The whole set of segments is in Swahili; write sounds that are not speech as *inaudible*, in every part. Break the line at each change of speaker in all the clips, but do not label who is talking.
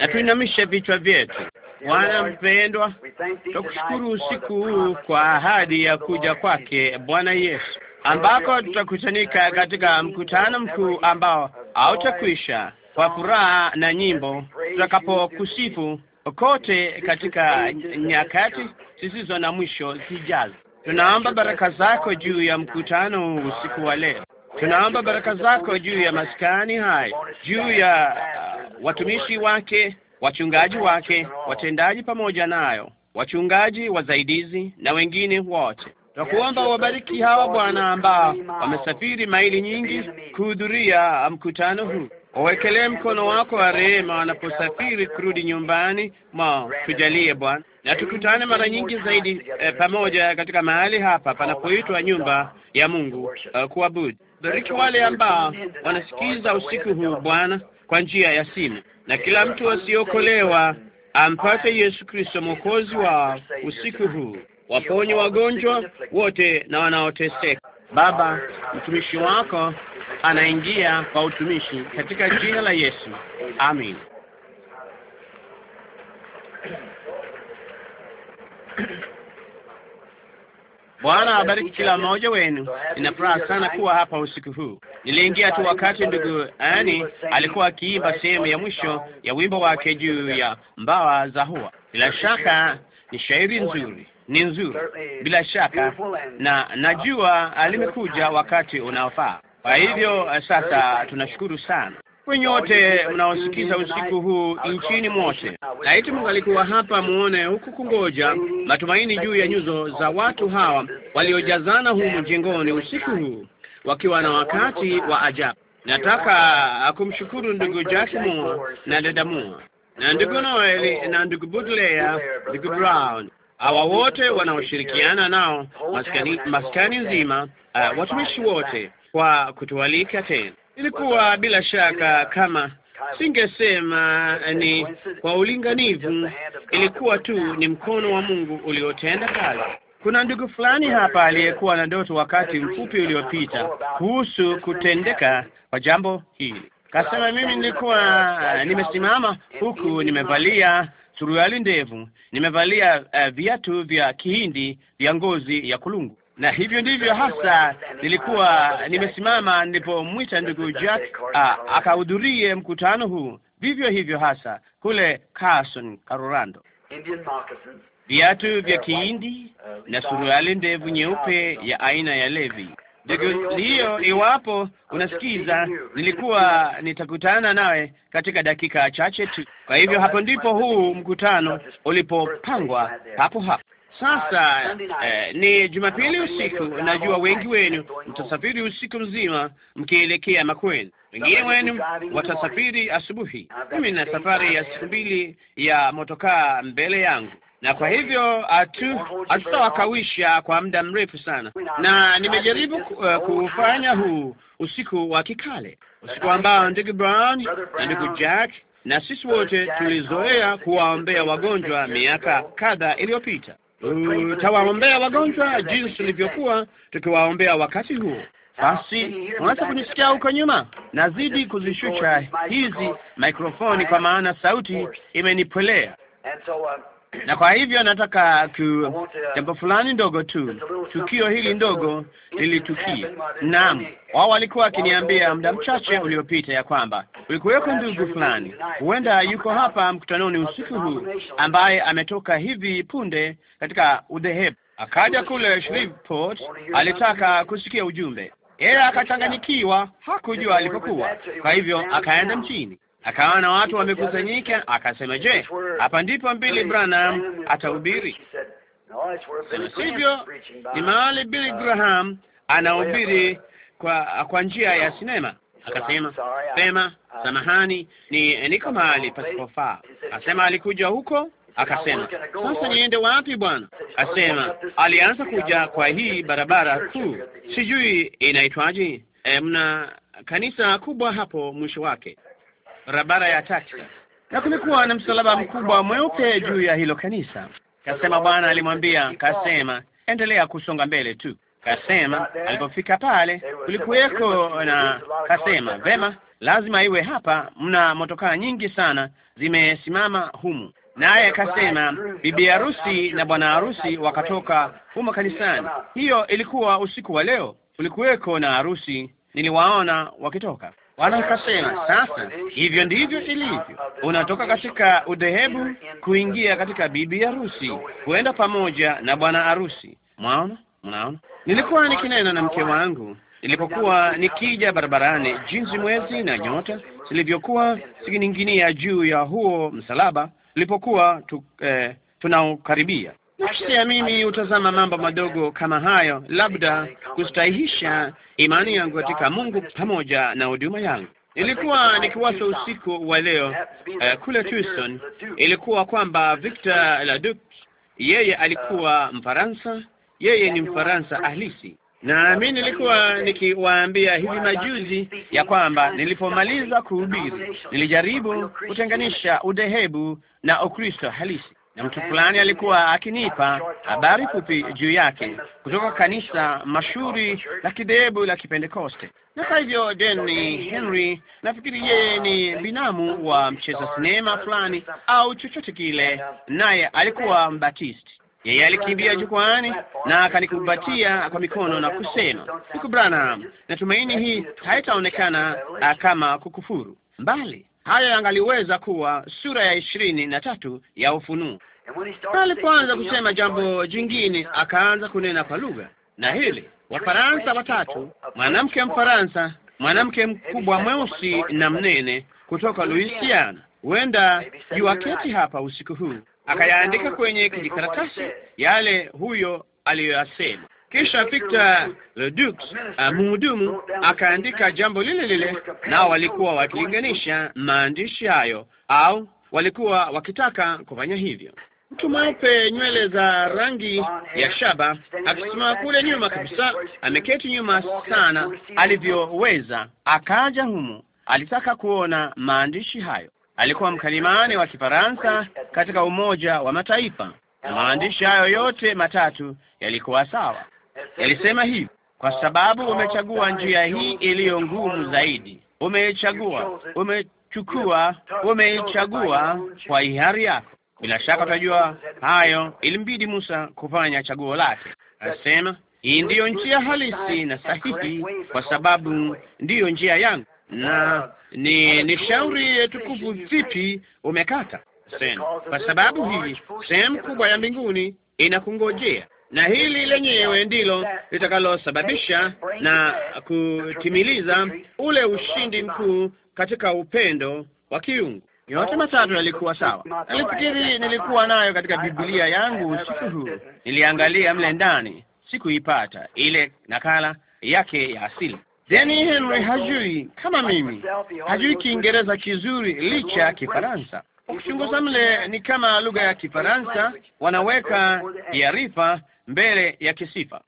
na tuinamishe vichwa vyetu. Bwana mpendwa, tukushukuru usiku huu kwa ahadi ya kuja kwake Bwana Yesu, ambako tutakutanika katika mkutano mkuu ambao hautakwisha kwa furaha na nyimbo tutakapokusifu kote katika nyakati zisizo na mwisho zijazo. Tunaomba baraka zako juu ya mkutano usiku wa leo. Tunaomba baraka zako juu ya maskani haya, juu ya watumishi wake, wachungaji wake, watendaji pamoja nayo, wachungaji wasaidizi na wengine wote. Twakuomba wabariki hawa Bwana, ambao wamesafiri maili nyingi kuhudhuria mkutano huu. Wawekelee mkono wako wa rehema wanaposafiri kurudi nyumbani mwao. Tujalie Bwana, na tukutane mara nyingi zaidi eh, pamoja katika mahali hapa panapoitwa nyumba ya Mungu, uh, kuabudu. Bariki wale ambao wanasikiza usiku huu Bwana kwa njia ya simu, na kila mtu asiyokolewa ampate Yesu Kristo mwokozi wa usiku huu, waponye wagonjwa wote na wanaoteseka. Baba, mtumishi wako anaingia kwa utumishi katika jina la Yesu, amin. *clears throat* Bwana abariki kila mmoja wenu. Nina furaha sana kuwa hapa usiku huu. Niliingia tu wakati ndugu Ani alikuwa akiimba sehemu ya mwisho ya wimbo wake juu ya mbawa za hua. Bila shaka ni shairi nzuri, ni nzuri bila shaka, na najua limekuja wakati unaofaa. Kwa hivyo sasa tunashukuru sana nyote mnaosikiza usiku huu nchini mwote, laiti mungalikuwa hapa muone huku kungoja matumaini juu ya nyuso za watu hawa waliojazana humu jengoni usiku huu wakiwa na wakati wa ajabu. Nataka kumshukuru ndugu Jack Moore na dada Moore na ndugu Noel na ndugu Budlea, ndugu Brown, hawa wote wanaoshirikiana nao maskani, maskani nzima, uh, watumishi wote kwa kutualika tena. Ilikuwa bila shaka, kama singesema ni kwa ulinganivu ilikuwa tu ni mkono wa Mungu uliotenda kazi. Kuna ndugu fulani hapa aliyekuwa na ndoto wakati mfupi uliopita kuhusu kutendeka kwa jambo hili. Kasema mimi nilikuwa eh, nimesimama huku nimevalia suruali ndevu, nimevalia uh, viatu vya kihindi vya ngozi ya kulungu, na hivyo ndivyo hasa nilikuwa nimesimama nilipomwita ndugu Jack akahudhurie mkutano huu. Vivyo hivyo hasa kule Carson, Colorado, viatu vya Kihindi uh, na suruali ndevu nyeupe ya aina ya Levi. Ndugu hiyo, iwapo unasikiza, nilikuwa nitakutana nawe katika dakika chache tu. Kwa hivyo hapo ndipo huu mkutano ulipopangwa papo hapo. Sasa eh, ni Jumapili usiku. Najua wengi wenu mtasafiri usiku mzima mkielekea Makueni, wengine wenu watasafiri asubuhi. Mimi na safari ya siku mbili ya motokaa mbele yangu, na kwa hivyo hatutawakawisha kwa muda mrefu sana, na nimejaribu eh, kufanya huu usiku wa kikale,
usiku ambao
ndugu Brown na ndugu Jack na sisi wote tulizoea kuwaombea wagonjwa miaka kadha iliyopita utawaombea wagonjwa jinsi tulivyokuwa tukiwaombea wakati huo. Basi unaweza kunisikia huko nyuma, nazidi kuzishusha hizi mikrofoni, kwa maana sauti imenipwelea na kwa hivyo nataka ku jambo fulani ndogo tu, tukio hili ndogo
lilitukia. Naam,
wao walikuwa wakiniambia muda mchache uliopita ya kwamba ulikuweko ndugu fulani, huenda yuko hapa mkutanoni usiku huu, ambaye ametoka hivi punde katika udhehebu, akaja kule Shreveport,
alitaka
kusikia ujumbe yeye akachanganyikiwa, hakujua alipokuwa. Kwa hivyo akaenda mjini, akaona watu wamekusanyika, akasema, je, hapa ndipo Billy Branham atahubiri?
Sivyo, ni mahali Billy Graham
anahubiri kwa kwa njia ya sinema. Akasema, sema samahani, ni niko mahali pasipofaa. Asema alikuja huko Akasema, sasa niende wapi bwana? Asema alianza kuja kwa hii barabara kuu, sijui inaitwaje. E, mna kanisa kubwa hapo mwisho wake barabara ya Taksas, na kumekuwa na msalaba mkubwa mweupe juu ya hilo kanisa. Kasema Bwana alimwambia, kasema endelea kusonga mbele tu. Kasema alipofika pale kulikuweko na kasema, vema, lazima iwe hapa, mna motokaa nyingi sana zimesimama humu. Naye kasema bibi harusi na bwana harusi wakatoka humo kanisani. Hiyo ilikuwa usiku wa leo, kulikuweko na harusi, niliwaona wakitoka wala akasema, sasa hivyo ndivyo ilivyo, unatoka katika udhehebu kuingia katika bibi harusi, kuenda pamoja na bwana harusi. Mwaona, mnaona, nilikuwa nikinena na mke wangu nilipokuwa nikija barabarani, jinsi mwezi na nyota zilivyokuwa zikininginia juu ya huo msalaba tulipokuwa tu, eh, tunaokaribia ya mimi hutazama mambo madogo kama hayo, labda kustahihisha imani yangu katika Mungu pamoja na huduma yangu. Nilikuwa nikiwaza usiku wa leo uh, kule Tucson, ilikuwa kwamba Victor Leduc, yeye alikuwa Mfaransa, yeye ni Mfaransa halisi na mimi nilikuwa nikiwaambia hivi majuzi ya kwamba nilipomaliza kuhubiri nilijaribu kutenganisha udhehebu na Ukristo halisi na mtu fulani alikuwa akinipa habari fupi juu yake kutoka kanisa mashuhuri la kidhehebu la Kipentekoste. Na kwa hivyo Denny Henry, nafikiri yeye ni binamu wa mcheza sinema fulani au chochote kile, naye alikuwa Mbatisti. Yeye alikimbia jukwaani na akanikubatia kwa mikono na kusema, Ndugu Branham, natumaini hii haitaonekana ah, kama kukufuru, mbali Haya yangaliweza kuwa sura ya ishirini na tatu ya Ufunuo.
Alipoanza kusema jambo
jingine, akaanza kunena kwa lugha, na hili Wafaransa watatu, mwanamke Mfaransa, mwanamke mkubwa mweusi na mnene kutoka Louisiana, huenda keti hapa usiku huu, akayaandika kwenye kijikaratasi yale huyo aliyoyasema. Kisha Victor Leduc uh, mhudumu akaandika jambo lile lile, nao walikuwa wakilinganisha maandishi hayo, au walikuwa wakitaka kufanya hivyo. Mtu mweupe, nywele za rangi ya shaba, akisimama kule nyuma kabisa, ameketi nyuma sana alivyoweza, akaja humu, alitaka kuona maandishi hayo. Alikuwa mkalimani wa Kifaransa katika Umoja wa Mataifa, na maandishi hayo yote matatu yalikuwa sawa. Yalisema hivi, kwa uh, sababu uh, umechagua uh, njia hii iliyo ngumu zaidi, umeichagua, umechukua, umeichagua kwa hiari yako. Bila shaka utajua hayo, ilimbidi Musa kufanya chaguo lake. Anasema hii ndiyo njia halisi na sahihi, kwa sababu ndiyo njia yangu, na ni ni shauri tukufu. Vipi umekata? Asema kwa sababu hii sehemu kubwa ya mbinguni inakungojea na hili lenyewe ndilo litakalosababisha na kutimiliza ule ushindi mkuu katika upendo wa kiungu. Yote matatu yalikuwa sawa. Nilifikiri nilikuwa nayo katika Biblia yangu usiku huu, niliangalia mle ndani, sikuipata ile nakala yake ya asili. Deni Henry hajui kama mimi, hajui Kiingereza kizuri licha ya Kifaransa. Ukichunguza mle ni kama lugha ya Kifaransa, wanaweka kiarifa mbele ya kisifa.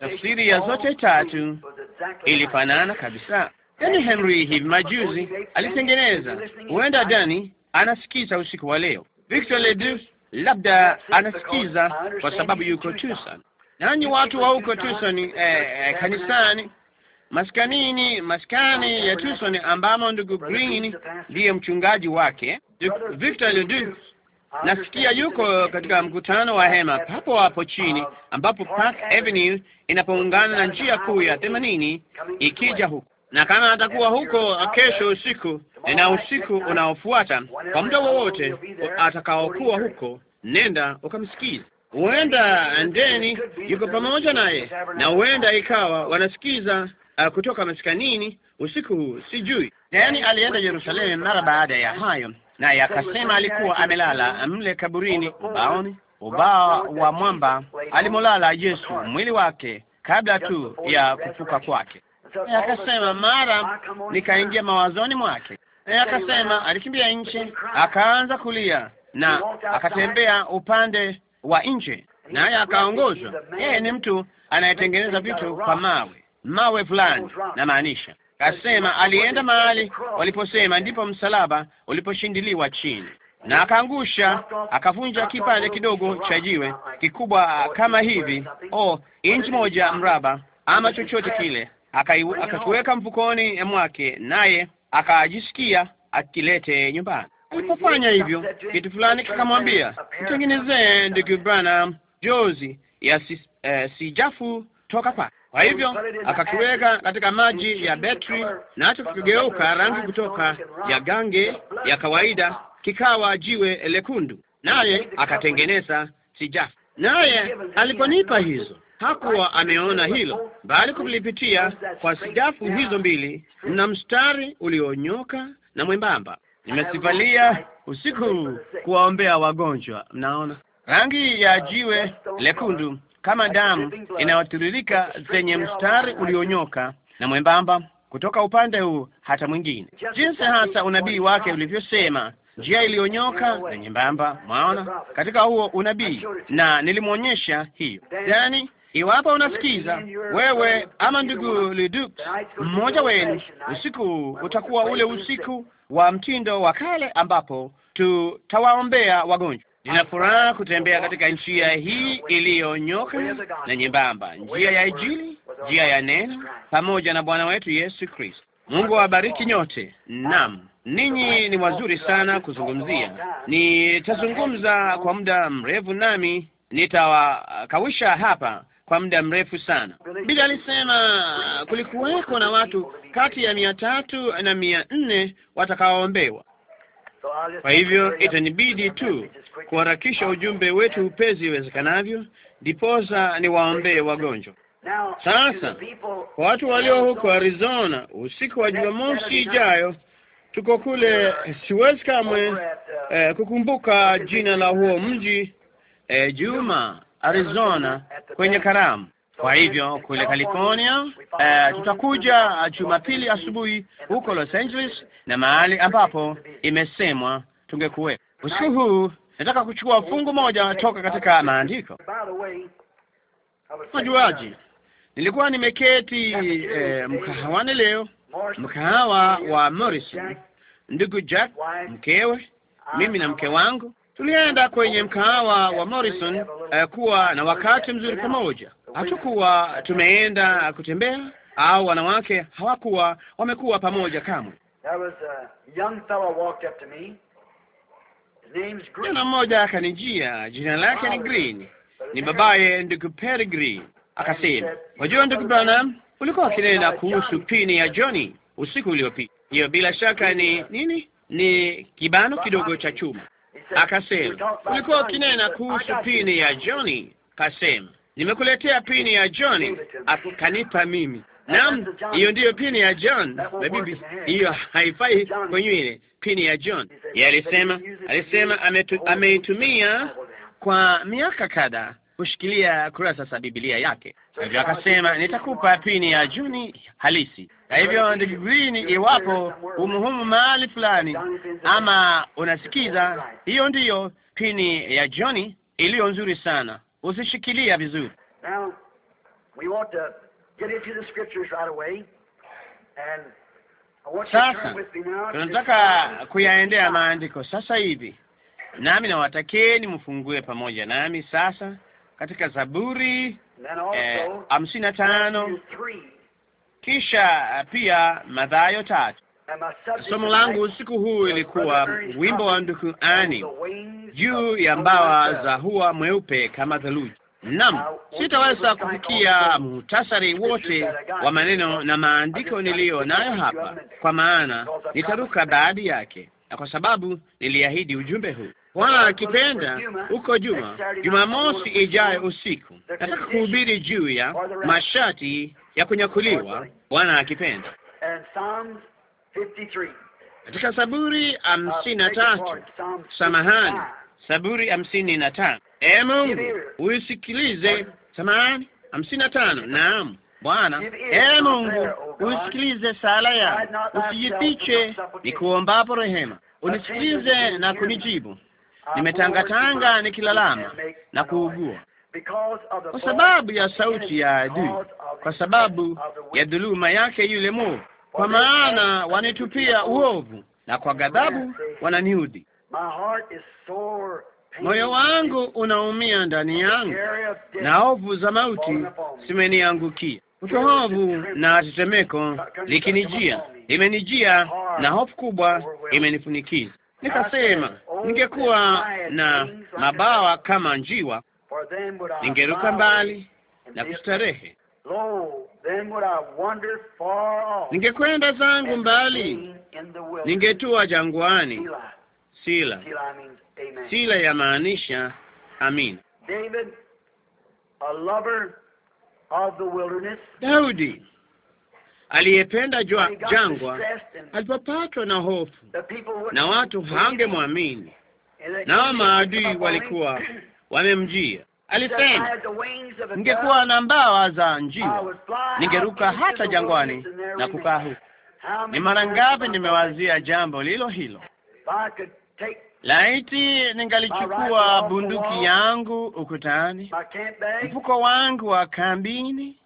Tafsiri ya zote
tatu
ilifanana
kabisa. Yani Henry hivi majuzi alitengeneza, huenda Dani anasikiza usiku wa leo. Victor ledu labda anasikiza kwa sababu yuko Tucson, nani watu wa huko Tucson eh, eh, kanisani maskanini maskani ya Tucson ambamo ndugu Green ndiye mchungaji wake. Victor Ledoux Nasikia yuko katika mkutano wa hema papo hapo chini ambapo Park Avenue inapoungana na njia kuu ya themanini ikija huko, na kama atakuwa huko kesho usiku na usiku unaofuata, kwa muda wowote atakaokuwa huko, nenda ukamsikiza. Huenda ndeni yuko pamoja naye, na huenda ikawa wanasikiza uh, kutoka masikanini usiku huu, sijui. Yaani alienda Yerusalemu mara baada ya hayo naye akasema alikuwa amelala mle kaburini, ubaoni, ubao wa mwamba alimolala Yesu, mwili wake kabla tu ya kufuka kwake.
Naye akasema mara nikaingia
mawazoni mwake. Naye akasema alikimbia nje, akaanza kulia na akatembea upande wa nje, naye akaongozwa. Yeye ni mtu anayetengeneza vitu kwa mawe, mawe fulani na maanisha kasema alienda mahali waliposema ndipo msalaba uliposhindiliwa chini, na akaangusha akavunja kipande kidogo cha jiwe kikubwa kama hivi, oh, inchi moja mraba ama chochote kile, akakiweka mfukoni mwake, naye akajisikia akilete nyumbani. Alipofanya hivyo, kitu fulani kikamwambia, mtengenezee ndugu Branham jozi ya si, eh, sijafu toka kwake. Kwa hivyo akakiweka katika maji ya betri, nacho kikigeuka rangi kutoka ya gange ya kawaida kikawa jiwe lekundu, naye akatengeneza sijafu. Naye aliponipa hizo hakuwa ameona hilo, bali kulipitia kwa sijafu hizo mbili, na mstari ulionyoka na mwembamba. Nimesivalia usiku kuwaombea wagonjwa. Mnaona rangi ya jiwe lekundu kama damu inayotiririka zenye mstari ulionyoka na mwembamba kutoka upande huu hata mwingine, jinsi hasa unabii wake ulivyosema njia iliyonyoka na nyembamba. Mwaona katika huo unabii, na nilimwonyesha hiyo yani Iwapo unasikiza wewe ama ndugu Leduc, mmoja wenu, usiku utakuwa ule usiku wa mtindo wa kale ambapo tutawaombea wagonjwa. Nina furaha kutembea katika njia hii iliyonyoka na nyembamba, njia ya Injili, njia ya neno, pamoja na Bwana wetu Yesu Kristo. Mungu awabariki nyote. Naam, ninyi ni wazuri sana kuzungumzia. Nitazungumza kwa muda mrefu, nami nitawakawisha hapa kwa muda mrefu sana. Biblia alisema kulikuweko na watu kati ya mia tatu na mia nne watakaoombewa. Kwa hivyo itanibidi tu kuharakisha ujumbe wetu upezi iwezekanavyo, ndiposa niwaombee wagonjwa.
Sasa kwa watu walio huko
Arizona, usiku wa Jumamosi ijayo tuko kule, siwezi kamwe uh, eh, kukumbuka jina la huo mji eh, Juma Arizona, kwenye karamu kwa hivyo kule California, uh, tutakuja eh, Jumapili asubuhi huko Los Angeles na mahali ambapo imesemwa tungekuwepo. Usiku huu nataka kuchukua fungu moja toka katika maandiko.
Majuaji,
nilikuwa nimeketi eh, mkahawani leo, mkahawa wa Morrison, ndugu Jack, mkewe, mimi na mke wangu tulienda kwenye mkahawa wa Morrison eh, kuwa na wakati mzuri pamoja hatukuwa tumeenda kutembea au wanawake hawakuwa wamekuwa pamoja kamwe. Jana mmoja akanijia, jina lake ni Green, ni babaye ndugu Perry Green. Akasema, wajua ndugu Branham, ulikuwa ukinena kuhusu pini ya Johnny usiku uliopita. Hiyo bila shaka ni nini? Ni kibano kidogo cha chuma.
Akasema, ulikuwa ukinena kuhusu pini ya
Johnny. Kasema nimekuletea pini ya John akanipa mimi. Naam, hiyo ndiyo pini ya John na bibi, hiyo haifai kwenye pini ya John. Yeye alisema alisema ameitumia kwa miaka kadhaa kushikilia kurasa za Biblia yake. Hivyo akasema nitakupa pini ya Juni halisi. Na hivyo ndivyo Green, iwapo umuhimu mahali fulani ama unasikiza, hiyo ndiyo pini ya Joni iliyo nzuri sana huzishikilia vizuri. Sasa tunataka kuyaendea maandiko sasa hivi, nami nawatakeni mfungue pamoja nami sasa katika Zaburi
eh, hamsini na tano
kisha eh, pia Mathayo tatu. Somo langu usiku huu ilikuwa wimbo wa nduku ani juu ya mbawa za hua mweupe kama theluji. Naam, sitaweza kufikia muhtasari wote wa maneno na maandiko niliyo nayo hapa, kwa maana nitaruka baadhi yake, na kwa sababu niliahidi ujumbe huu Bwana akipenda, huko juma Jumamosi ijayo usiku, nataka kuhubiri juu ya mashati ya kunyakuliwa, Bwana akipenda katika Saburi hamsini na uh, tatu
samahani,
Saburi hamsini na tano E Mungu uisikilize, samahani, hamsini na tano Naam Bwana, e Mungu uisikilize sala yangu, usijifiche nikuombapo rehema, unisikilize na kunijibu. Uh, Nimetangatanga nikilalama na kuugua
kwa sababu ya sauti ya adui,
kwa sababu ya dhuluma yake yule mwovu kwa maana wanitupia uovu na kwa ghadhabu wananiudhi.
Moyo wangu
unaumia ndani yangu,
na hofu za mauti
zimeniangukia. Utohovu na tetemeko likinijia, limenijia na hofu kubwa imenifunikiza.
Nikasema, ningekuwa na mabawa
kama njiwa,
ningeruka mbali
na kustarehe,
Oh,
Ningekwenda zangu mbali,
ningetua jangwani. Sila, sila
yamaanisha amina. Daudi aliyependa jangwa alipopatwa na hofu na watu hangemwamini,
nao maadui walikuwa
*clears throat* wamemjia Alisema,
ningekuwa na
mbawa za njiwa ningeruka hata jangwani na kukaa huko.
Ni mara ngapi
nimewazia jambo lilo hilo. Laiti ningalichukua bunduki yangu ukutani, mfuko wangu wa kambini,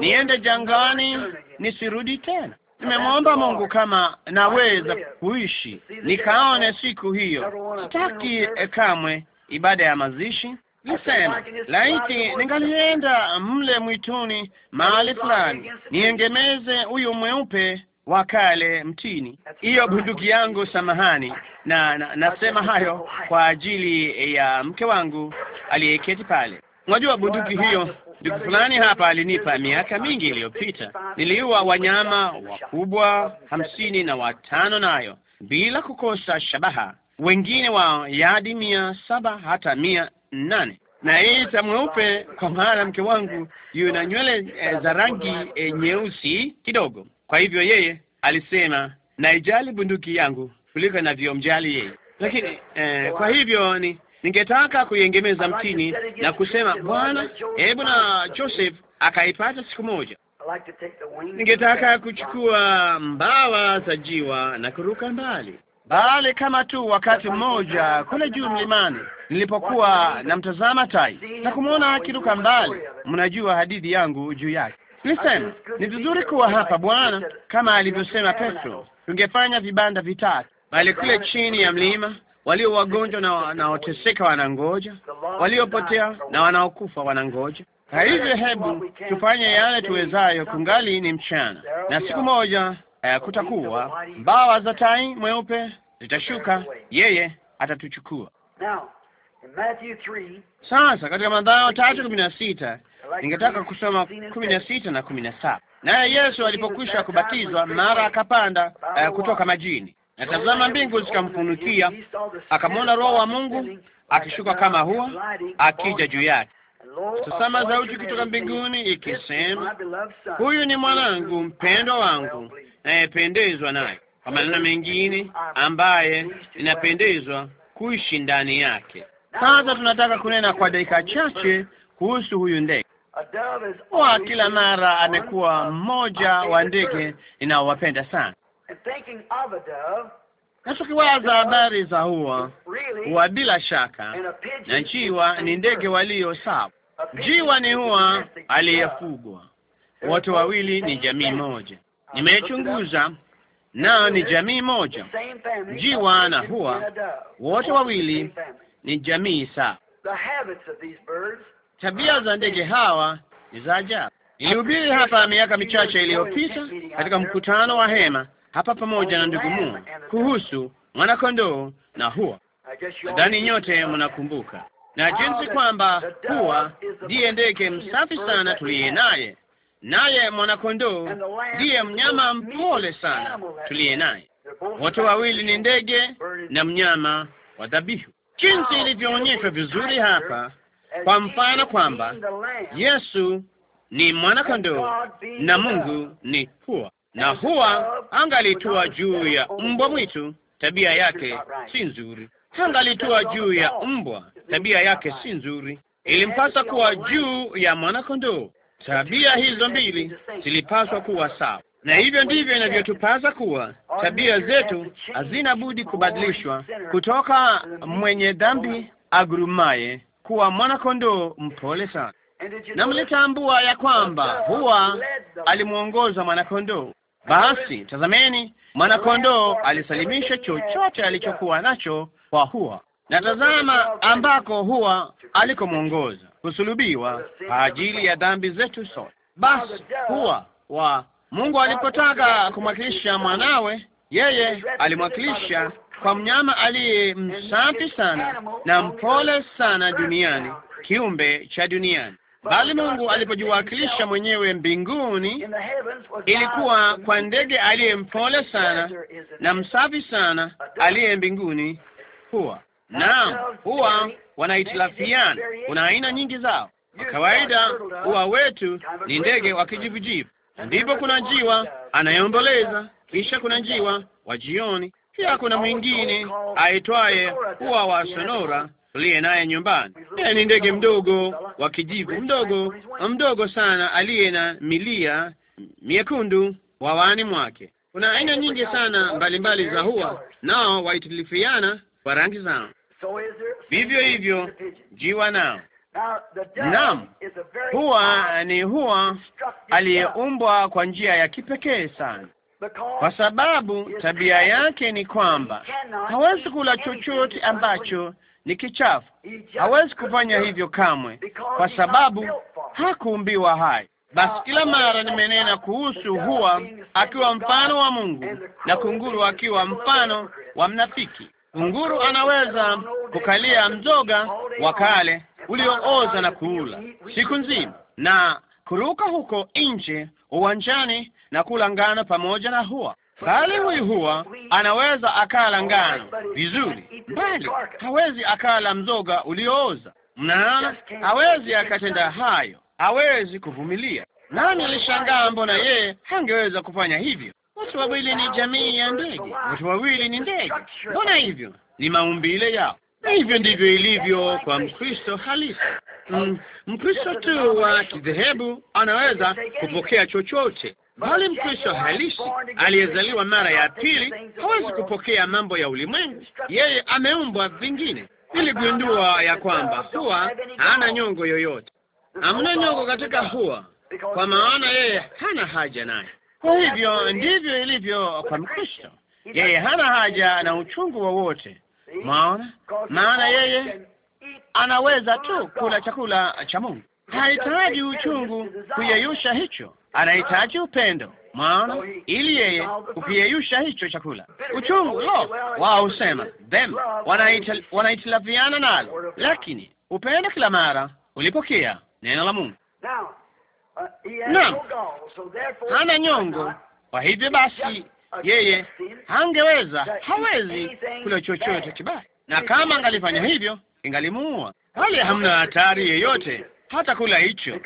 niende jangwani,
nisirudi tena. Nimemwomba Mungu kama naweza kuishi nikaone siku hiyo. Sitaki kamwe ibada ya mazishi, msema, laiti ningalienda mle mwituni mahali fulani niengemeze huyu mweupe wa kale mtini. Hiyo bunduki yangu, samahani na, na nasema hayo kwa ajili ya mke wangu aliyeketi pale. Unajua bunduki hiyo ndugu fulani hapa alinipa miaka mingi iliyopita. Niliua wanyama wakubwa hamsini na watano nayo bila kukosa shabaha, wengine wao yadi mia saba hata mia nane ta mweupe kwa maana mke wangu yuna nywele e, za rangi e, nyeusi kidogo. Kwa hivyo yeye alisema, naijali bunduki yangu kuliko inavyomjali yeye, lakini e, kwa hivyo ni ningetaka kuiengemeza mtini na kusema, Bwana, hebu na Joseph akaipata siku moja.
Ningetaka
kuchukua mbawa za jiwa na kuruka mbali bali kama tu wakati mmoja kule juu mlimani nilipokuwa namtazama tai na kumwona akiruka mbali. Mnajua hadithi yangu juu yake. Nilisema ni vizuri kuwa hapa Bwana, kama alivyosema Petro, tungefanya vibanda vitatu, bali kule chini ya mlima walio wagonjwa na wanaoteseka wanangoja, waliopotea na wanaokufa wanangoja. Kwa hivyo, hebu tufanye yale tuwezayo, kungali ni mchana, na siku moja uh, kutakuwa mbawa za tai mweupe zitashuka, yeye atatuchukua. Sasa katika Mathayo tatu kumi na sita ningetaka kusoma kumi na sita na kumi na saba Naye Yesu alipokwisha kubatizwa, mara akapanda uh, kutoka majini, na tazama mbingu zikamfunukia,
akamwona Roho wa Mungu
akishuka kama hua akija juu yake, sasama sauti kutoka mbinguni ikisema,
huyu ni mwanangu
mpendwa wangu nayependezwa naye, kwa maneno mengine, ambaye inapendezwa kuishi ndani yake. Sasa tunataka kunena kwa dakika chache kuhusu huyu ndege. wa kila mara amekuwa mmoja wa ndege ninaowapenda sana, na tukiwaza habari za huwa huwa, bila shaka na njiwa ni ndege walio sawa jiwa ni huwa aliyefugwa. Wote wawili ni jamii moja, nimechunguza nao ni jamii moja. Njiwa na huwa wote wawili ni jamii sawa.
Tabia za ndege
hawa ni za ajabu. Nilihubiri hapa miaka michache iliyopita katika mkutano wa hema hapa pamoja na ndugu Mungu kuhusu mwanakondoo na huwa,
nadhani nyote
mnakumbuka na jinsi kwamba huwa ndiye ndege msafi sana tuliye naye, naye mwanakondoo ndiye mnyama mpole sana tuliye naye. Wote wawili ni ndege na mnyama wa dhabihu, jinsi ilivyoonyeshwa vizuri hapa kwa mfano kwamba Yesu ni mwanakondoo na Mungu ni hua, na hua angalitua juu ya mbwa mwitu. Tabia yake si nzuri, angalitua juu ya mbwa tabia yake si nzuri, ilimpasa kuwa juu ya mwanakondoo. Tabia hizo mbili zilipaswa kuwa sawa, na hivyo ndivyo inavyotupasa kuwa. Tabia zetu hazina budi kubadilishwa kutoka mwenye dhambi agurumaye kuwa mwanakondoo mpole sana.
Na mlitambua
ya kwamba huwa alimwongoza mwanakondoo. Basi tazameni, mwanakondoo alisalimisha chochote alichokuwa nacho kwa hua na tazama ambako huwa alikomwongoza kusulubiwa kwa ajili ya dhambi zetu sote. Basi huwa wa Mungu alipotaka kumwakilisha mwanawe, yeye alimwakilisha kwa mnyama aliye msafi sana na mpole sana duniani, kiumbe cha duniani.
Bali Mungu alipojiwakilisha
mwenyewe mbinguni,
ilikuwa kwa
ndege aliye mpole sana na msafi sana aliye mbinguni. Huwa Naam, huwa wanahitilafiana. Kuna aina nyingi zao. Kwa kawaida huwa wetu ni ndege wa kijivujivu, na ndipo kuna njiwa anayeomboleza, kisha kuna njiwa wa jioni, pia kuna mwingine aitwaye huwa wa sonora tuliye naye nyumbani. Yeye ni ndege mdogo wa kijivu, mdogo mdogo sana, aliye na milia miekundu wawani mwake. Kuna aina nyingi sana mbalimbali za huwa nao waitilifiana kwa rangi zao, vivyo hivyo jiwa nao.
nam huwa
ni huwa aliyeumbwa kwa njia ya kipekee sana, kwa sababu tabia yake ni kwamba hawezi kula chochote ambacho ni kichafu. Hawezi kufanya hivyo kamwe, kwa sababu hakuumbiwa hai. Basi kila mara nimenena kuhusu huwa akiwa mfano wa Mungu na kunguru akiwa mfano wa mnafiki. Nguru anaweza kukalia mzoga wa kale uliooza na kuula siku nzima na kuruka huko nje uwanjani na kula ngano pamoja na hua. Bali huyu huwa anaweza akala ngano vizuri, bali hawezi akala mzoga uliooza. Mnaona, hawezi akatenda hayo, hawezi kuvumilia. Nani alishangaa mbona yeye hangeweza kufanya hivyo? Watu wawili ni jamii ya ndege, watu wawili ni ndege. Mbona hivyo? Ni maumbile yao, na hivyo ndivyo ilivyo kwa Mkristo halisi. Mm, Mkristo tu wa kidhehebu anaweza kupokea chochote, bali Mkristo halisi aliyezaliwa mara ya pili hawezi kupokea mambo ya ulimwengu. Yeye ameumbwa vingine. Niligundua ya kwamba huwa hana nyongo yoyote, hamna nyongo katika huwa, kwa maana yeye hana haja naye. Kwa hivyo ndivyo ilivyo kwa Mkristo,
yeye hana haja
na uchungu wowote. Maona, maana yeye anaweza tu kula chakula cha Mungu. Hahitaji uchungu kuyeyusha hicho, anahitaji upendo. maana ili yeye kukiyeyusha hicho chakula. Uchungu lo, wao husema vema, wanaitilaviana nalo, lakini upendo kila mara ulipokea neno la Mungu
Uh, na hana nyongo.
Kwa hivyo basi, yeye hangeweza, hawezi kula chochote kibaya, na kama angalifanya hivyo ingalimuua. Pale hamna hatari yeyote, hata kula hicho,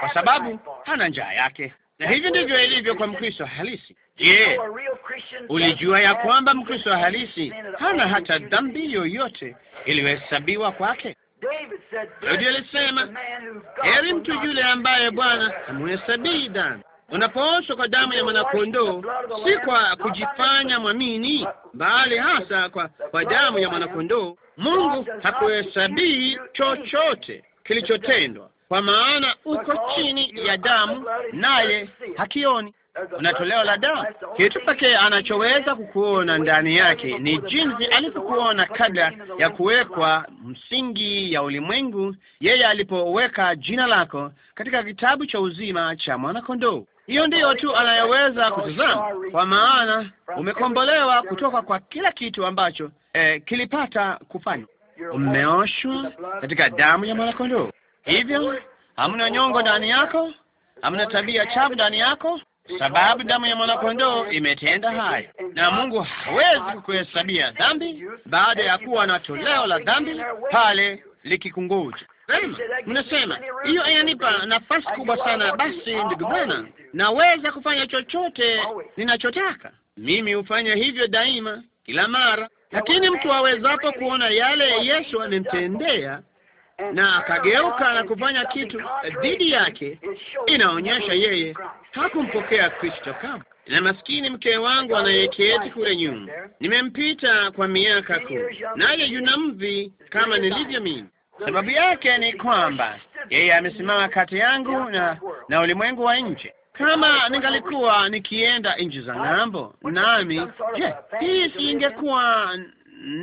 kwa sababu hana njaa yake. Na hivi ndivyo ilivyo kwa Mkristo halisi. Je,
ulijua ya kwamba
Mkristo halisi hana hata dhambi yoyote iliyohesabiwa kwake?
Daudi alisema, heri mtu yule ambaye Bwana
hamuhesabii dhambi. Unapooshwa kwa damu ya mwanakondoo, si kwa kujifanya mwamini, bali hasa kwa, kwa damu ya mwanakondoo. Mungu hakuhesabii chochote kilichotendwa, kwa maana uko chini ya damu, naye hakioni una la dawa. Kitu pekee anachoweza kukuona ndani yake ni jinsi alivyokuona kabla ya kuwekwa msingi ya ulimwengu, yeye alipoweka jina lako katika kitabu cha uzima cha mwanakondoo. Hiyo ndiyo tu anayeweza kutazama, kwa maana umekombolewa kutoka kwa kila kitu ambacho eh, kilipata kufanywa. Umeoshwa katika damu ya mwanakondoo, hivyo hamna nyongo ndani yako, hamna tabia chafu ndani yako, sababu damu ya mwanakondoo imetenda haya, na Mungu hawezi kukuhesabia dhambi baada ya kuwa na toleo la dhambi pale likikungoja. Vema, mnasema hiyo inanipa nafasi kubwa sana. Basi ndugu bwana, naweza kufanya chochote ninachotaka. Mimi hufanya hivyo daima, kila mara, lakini mtu awezapo kuona yale Yesu amemtendea na akageuka na kufanya kitu eh, dhidi yake, inaonyesha yeye hakumpokea Kristo kama na maskini mke wangu anayeketi kule nyuma, nimempita kwa miaka kumi, naye yuna mvi kama nilivyo mimi. Sababu yake ni kwamba yeye amesimama kati yangu na na ulimwengu wa nje. Kama ningalikuwa nikienda nchi za ng'ambo, nami je, hii si ingekuwa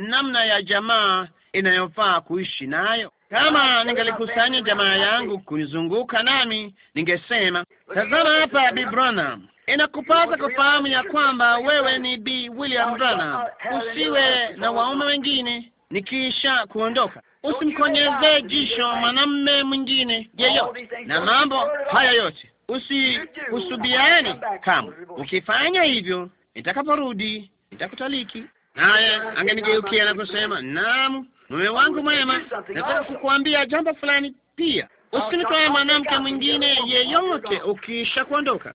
namna ya jamaa inayofaa kuishi nayo? Kama ningalikusanya jamaa yangu kunizunguka nami, ningesema tazama hapa, Bi Branham, inakupasa kufahamu ya kwamba wewe ni Bi William Branham. Usiwe na waume wengine nikiisha kuondoka. Usimkonyezee jisho mwanamme mwingine yeyote, na mambo haya yote usikusubiane kamwe. Ukifanya hivyo, nitakaporudi nitakutaliki. Naye angenigeukia na kusema naam mume wangu mwema, nataka kukuambia jambo fulani pia. Usinitoe mwanamke mwingine yeyote ukiisha kuondoka.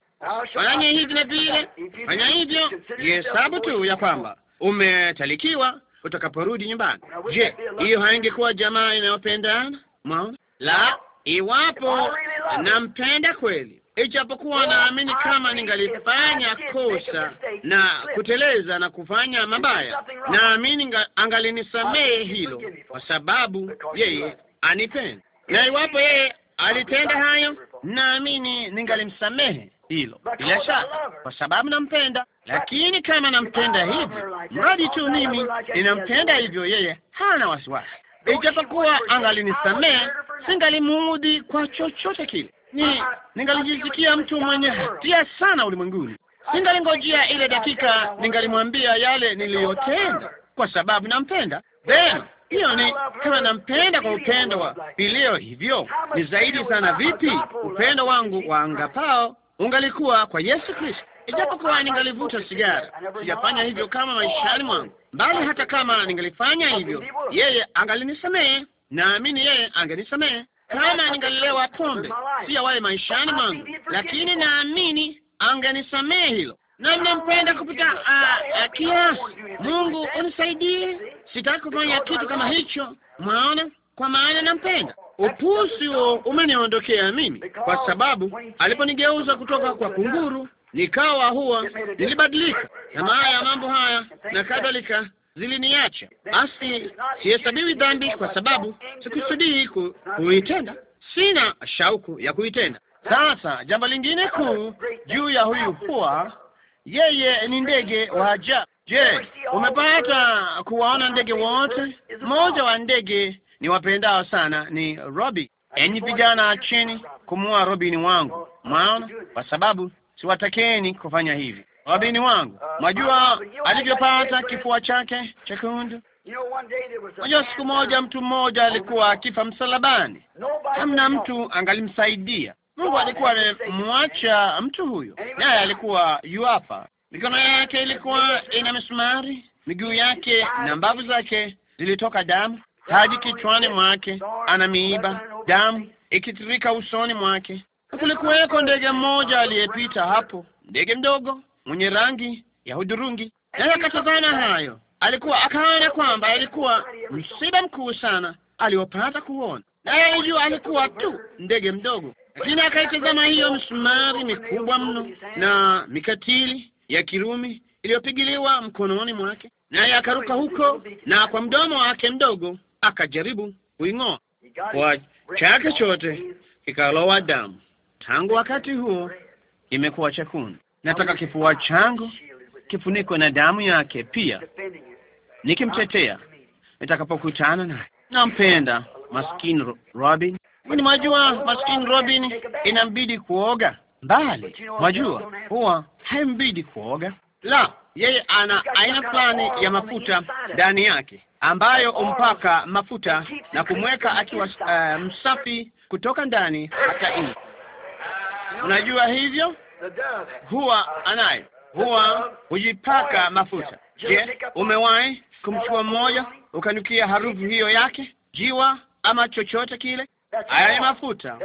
Fanya hivi na vile,
fanya hivyo, hesabu tu ya kwamba umetalikiwa utakaporudi nyumbani. Je, hiyo haingekuwa jamaa inayopendana? Mwaona la iwapo nampenda kweli ijapokuwa naamini kama ningalifanya kosa na kuteleza na kufanya mabaya, naamini angalinisamehe hilo, kwa sababu yeye anipenda, na iwapo yeye alitenda hayo, naamini ningalimsamehe hilo bila shaka, kwa sababu nampenda. Lakini kama nampenda hivyo, mradi tu mimi ninampenda hivyo, yeye hana wasiwasi. Ijapokuwa angalinisamehe, singalimuudhi kwa chochote kile ni ningalijisikia mtu mwenye hatia sana ulimwenguni. Ningalingojea ile dakika, ningalimwambia yale niliyotenda, kwa sababu nampenda. Then hiyo ni kama nampenda kwa upendo wa vilio. Hivyo ni zaidi sana. Vipi upendo wangu wa angapao ungalikuwa kwa Yesu Kristo! Ijapokuwa ningalivuta sigara, sijafanya hivyo kama maishani mwangu, bali hata kama ningalifanya hivyo, yeye angalinisamehe. Naamini yeye angenisamehe kama ningalelewa pombe, wale maishani mwangu, lakini naamini angenisamehe hilo na ninampenda kupita ah, ah, kiasi. Mungu unisaidie, sitaki kufanya kitu kama hicho, mwaona, kwa maana nampenda. Upusi huo umeniondokea mimi, kwa sababu aliponigeuza kutoka kwa kunguru nikawa huwa nilibadilika, na maana ya mambo haya na kadhalika ziliniacha, basi sihesabiwi dhambi kwa sababu sikusudii ku, kuitenda. Sina shauku ya kuitenda. Sasa jambo lingine kuu juu ya huyu huwa yeye ni ndege wa ajabu. Je, umepata kuwaona ndege wote? Mmoja wa ndege ni wapendao sana ni robi Enyi vijana, chini kumua robini wangu, mwaona, kwa sababu siwatakeni kufanya hivi wabini wangu, uh, mwajua uh, alivyopata kifua chake chekundu. mwajua siku moja mtu mmoja oh, alikuwa akifa msalabani,
hamna mtu
angalimsaidia. Mungu alikuwa amemwacha mtu huyo, naye alikuwa yuapa. Mikono yake ilikuwa ina misumari, miguu yake na mbavu zake zilitoka damu, taji kichwani mwake ana miiba, damu ikitirika usoni mwake. Kulikuweko ndege mmoja aliyepita hapo, ndege mdogo mwenye rangi ya hudhurungi, naye akatazama hayo. Alikuwa akaona kwamba alikuwa msiba mkuu sana aliopata kuona, naye alijua alikuwa tu ndege mdogo, lakini akaitazama hiyo msumari mikubwa mno na mikatili ya Kirumi iliyopigiliwa mkononi mwake, naye akaruka huko na kwa mdomo wake mdogo akajaribu kuing'oa kwa chake chote kikalowa damu. Tangu wakati huo imekuwa chekundu nataka kifua changu kifunikwe na damu yake pia, nikimtetea nitakapokutana naye. Nampenda maskini Robin. Ni mwajua, maskini Robin inambidi kuoga mbali, mwajua huwa haimbidi kuoga la yeye ana aina fulani ya mafuta ndani yake ambayo umpaka mafuta na kumweka akiwa uh, msafi kutoka ndani hata nje. Unajua hivyo huwa anayo, huwa hujipaka mafuta. Je, umewahi kumchukua mmoja ukanukia harufu hiyo yake, jiwa ama chochote kile? Haya ni mafuta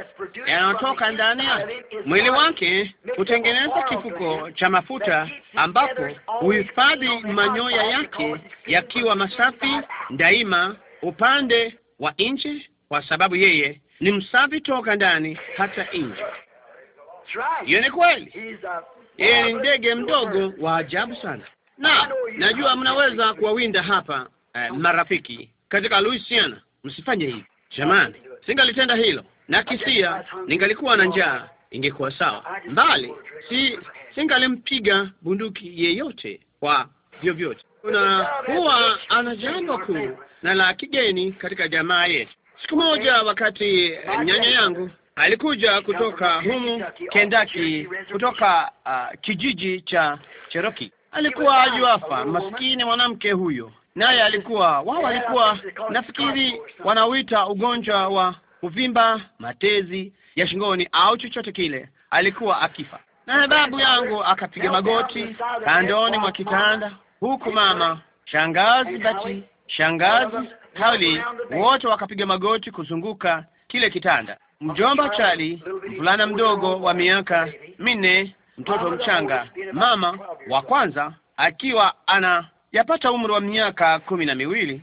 yanayotoka ndani yake. Mwili wake hutengeneza kifuko cha mafuta ambapo huhifadhi manyoya yake yakiwa masafi daima upande wa nje, kwa sababu yeye ni msafi toka ndani hata nje.
Hiyo ni kweli. Yeye ni ndege
mdogo wa ajabu sana, na najua mnaweza kuwawinda hapa eh, marafiki katika Louisiana. Msifanye hivi jamani, singalitenda hilo na kisia, ningalikuwa na njaa ingekuwa sawa, mbali si singalimpiga bunduki yeyote kwa vyovyote. Kuna huwa ana jambo kuu na la kigeni katika jamaa yetu. Siku moja, wakati eh, nyanya yangu alikuja kutoka humu Kendaki, kutoka uh, kijiji cha Cheroki. Alikuwa ajuafa maskini mwanamke huyo, naye alikuwa wao, alikuwa nafikiri wanauita ugonjwa wa kuvimba matezi ya shingoni au chochote kile. Alikuwa akifa, naye babu yangu akapiga magoti kandoni mwa kitanda, huku mama shangazi Bati, shangazi hali wote wakapiga magoti kuzunguka kile kitanda mjomba Chali, mvulana mdogo wa miaka minne, mtoto mchanga, mama wa kwanza akiwa anayapata umri wa miaka kumi na miwili.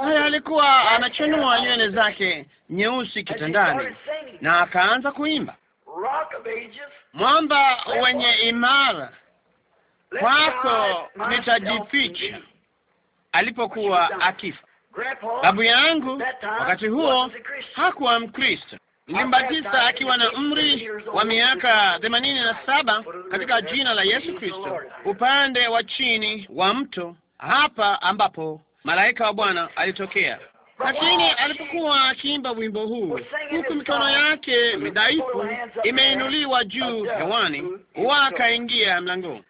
Haya, alikuwa anachanua nywele
zake nyeusi kitandani na akaanza kuimba,
mwamba wenye
imara kwako nitajificha, alipokuwa akifa.
Babu yangu wakati huo
hakuwa Mkristo, Nilimbatiza akiwa na umri wa miaka themanini na saba katika jina la Yesu Kristo, upande wa chini wa mto hapa, ambapo malaika wa Bwana alitokea. Lakini alipokuwa akiimba wimbo huu, huku mikono yake midhaifu imeinuliwa juu hewani, huwa akaingia mlangoni,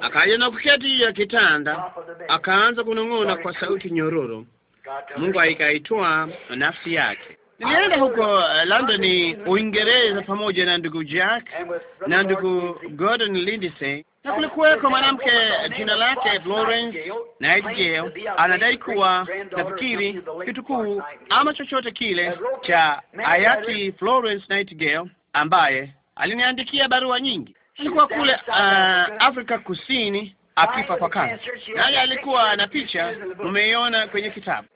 akaja na kuketi juu ya kitanda, akaanza kunong'ona kwa sauti nyororo Mungu aikaitoa nafsi yake. Nilienda huko uh, London, Uingereza, pamoja na ndugu Jack na ndugu Gordon Lindsay, na kulikuweko mwanamke uh, jina lake Florence Nightingale, anadai kuwa nafikiri kitu kuu ama chochote kile cha hayati Florence Nightingale ambaye aliniandikia barua nyingi. Alikuwa kule uh, Afrika Kusini akifa kwa kansa, naye alikuwa na picha, umeiona kwenye kitabu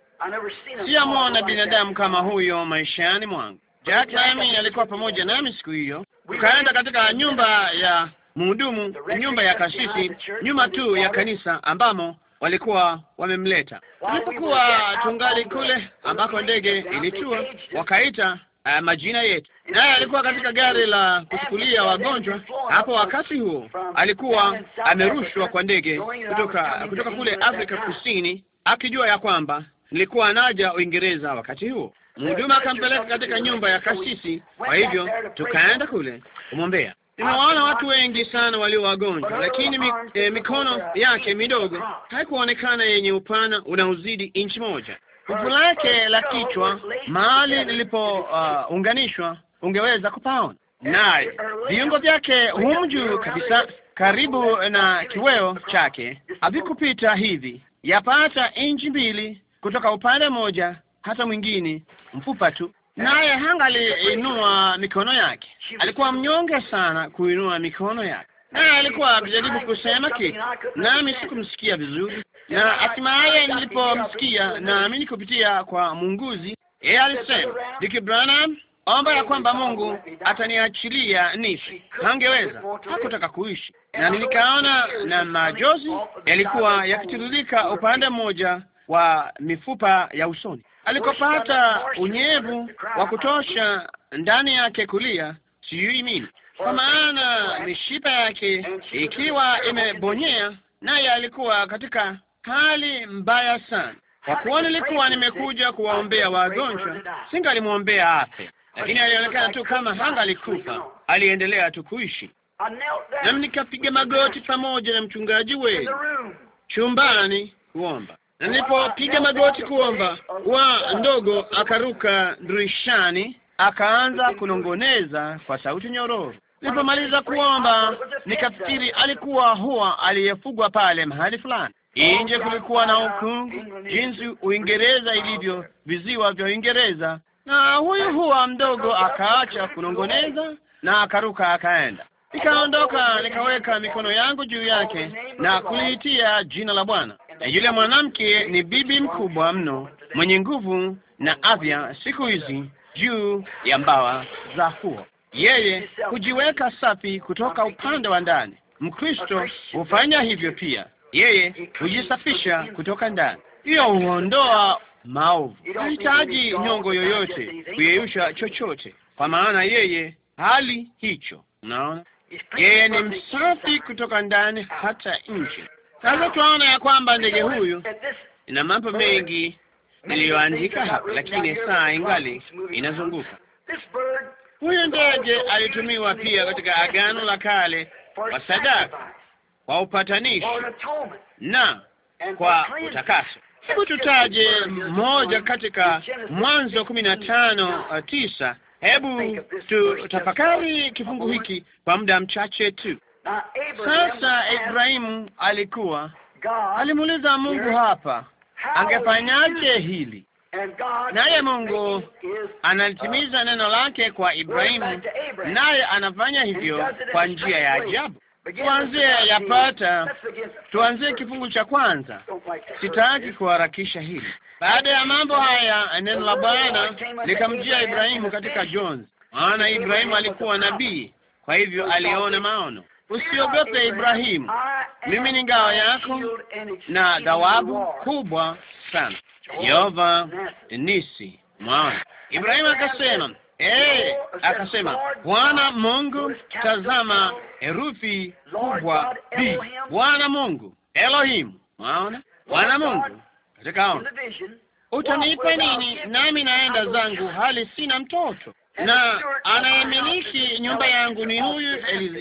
sijamwona binadamu
kama huyo maishani mwangu. Jack nami alikuwa pamoja nami siku hiyo, tukaenda katika nyumba ya mhudumu, nyumba ya kasisi, nyuma tu ya kanisa ambamo walikuwa wamemleta. Tulipokuwa tungali kule ambako ndege ilitua, wakaita uh, majina yetu, naye alikuwa katika gari la kuchukulia wagonjwa. Hapo wakati huo alikuwa amerushwa kwa ndege kutoka kutoka kule Afrika Kusini, akijua ya kwamba nilikuwa naja Uingereza wakati huo. Mhuduma akampeleka katika nyumba ya kasisi, kwa hivyo tukaenda kule kumwombea. Nimewaona watu wengi sana walio wagonjwa, lakini mi, eh, mikono yake midogo haikuonekana yenye upana unaozidi inchi moja. Fuvu lake la kichwa mahali lilipounganishwa ah, uh, ungeweza kupaona, naye viungo vyake humjuu kabisa karibu na kiweo chake havikupita hivi yapata inchi mbili kutoka upande mmoja hata mwingine, mfupa tu, naye hangaliinua mikono yake. Alikuwa mnyonge sana kuinua mikono yake, naye alikuwa akijaribu kusema kitu, nami sikumsikia vizuri, na hatimaye nilipomsikia, naamini kupitia kwa munguzi, yeye alisema, Dick Branham, omba ya kwamba Mungu ataniachilia nisi Hangeweza, hakutaka kuishi, na nilikaona na majozi yalikuwa yakitiririka upande mmoja wa mifupa ya usoni. Alikopata unyevu wa kutosha ndani yake kulia, sijui nini, kwa maana mishipa yake ikiwa imebonyea, naye alikuwa katika hali mbaya sana. Kwa kuwa nilikuwa nimekuja kuwaombea wagonjwa, singalimwombea afe, lakini alionekana tu kama hangalikufa, aliendelea tu kuishi. Nami nikapiga magoti pamoja na mchungaji wetu chumbani kuomba Nilipopiga magoti kuomba, wa ndogo akaruka dirishani akaanza kunongoneza kwa sauti nyororo. Nilipomaliza kuomba, nikafikiri alikuwa huwa aliyefugwa pale mahali fulani nje. Kulikuwa na ukungu, jinsi Uingereza ilivyo, viziwa vya Uingereza, na huyu huwa mdogo akaacha kunongoneza na akaruka akaenda. Nikaondoka, nikaweka mikono yangu juu yake na kuliitia jina la Bwana na yule mwanamke ni bibi mkubwa mno mwenye nguvu na afya siku hizi juu ya mbawa za huo. Yeye hujiweka safi kutoka upande wa ndani. Mkristo hufanya hivyo pia, yeye hujisafisha kutoka ndani. Hiyo huondoa maovu, hahitaji nyongo yoyote kuyeyusha chochote, kwa maana yeye hali hicho. Unaona, yeye ni msafi kutoka ndani hata nje. Sasa tunaona ya kwamba ndege huyu ina mambo mengi
iliyoandika hapa, lakini saa ingali
inazunguka. Huyu ndege alitumiwa pia katika Agano la Kale kwa sadaka, kwa upatanishi na kwa utakaso. Hebu tutaje mmoja katika Mwanzo kumi na tano uh, tisa. Hebu tutafakari kifungu hiki kwa muda mchache tu.
Uh, Sasa Ibrahimu
alikuwa alimuuliza Mungu hapa, angefanyaje hili? Naye Mungu uh, analitimiza neno lake kwa Ibrahimu, naye anafanya hivyo kwa njia ya ajabu. Tuanzie yapata, tuanzie kifungu cha kwanza. Sitaki kuharakisha hili. Baada ya mambo haya, neno la Bwana likamjia Ibrahimu katika jonzi, maana Ibrahimu alikuwa nabii, kwa hivyo aliona maono usiogope Ibrahimu, mimi ni ngao yako na dhawabu kubwa sana. Yehova nisi mwaona. Ibrahimu akasema Eh, akasema Bwana Mungu, tazama herufi kubwa B, Bwana Mungu Elohimu. Mwaona, Bwana Mungu katika utanipa nini, nami naenda zangu hali sina mtoto na anayemiliki nyumba yangu ni huyu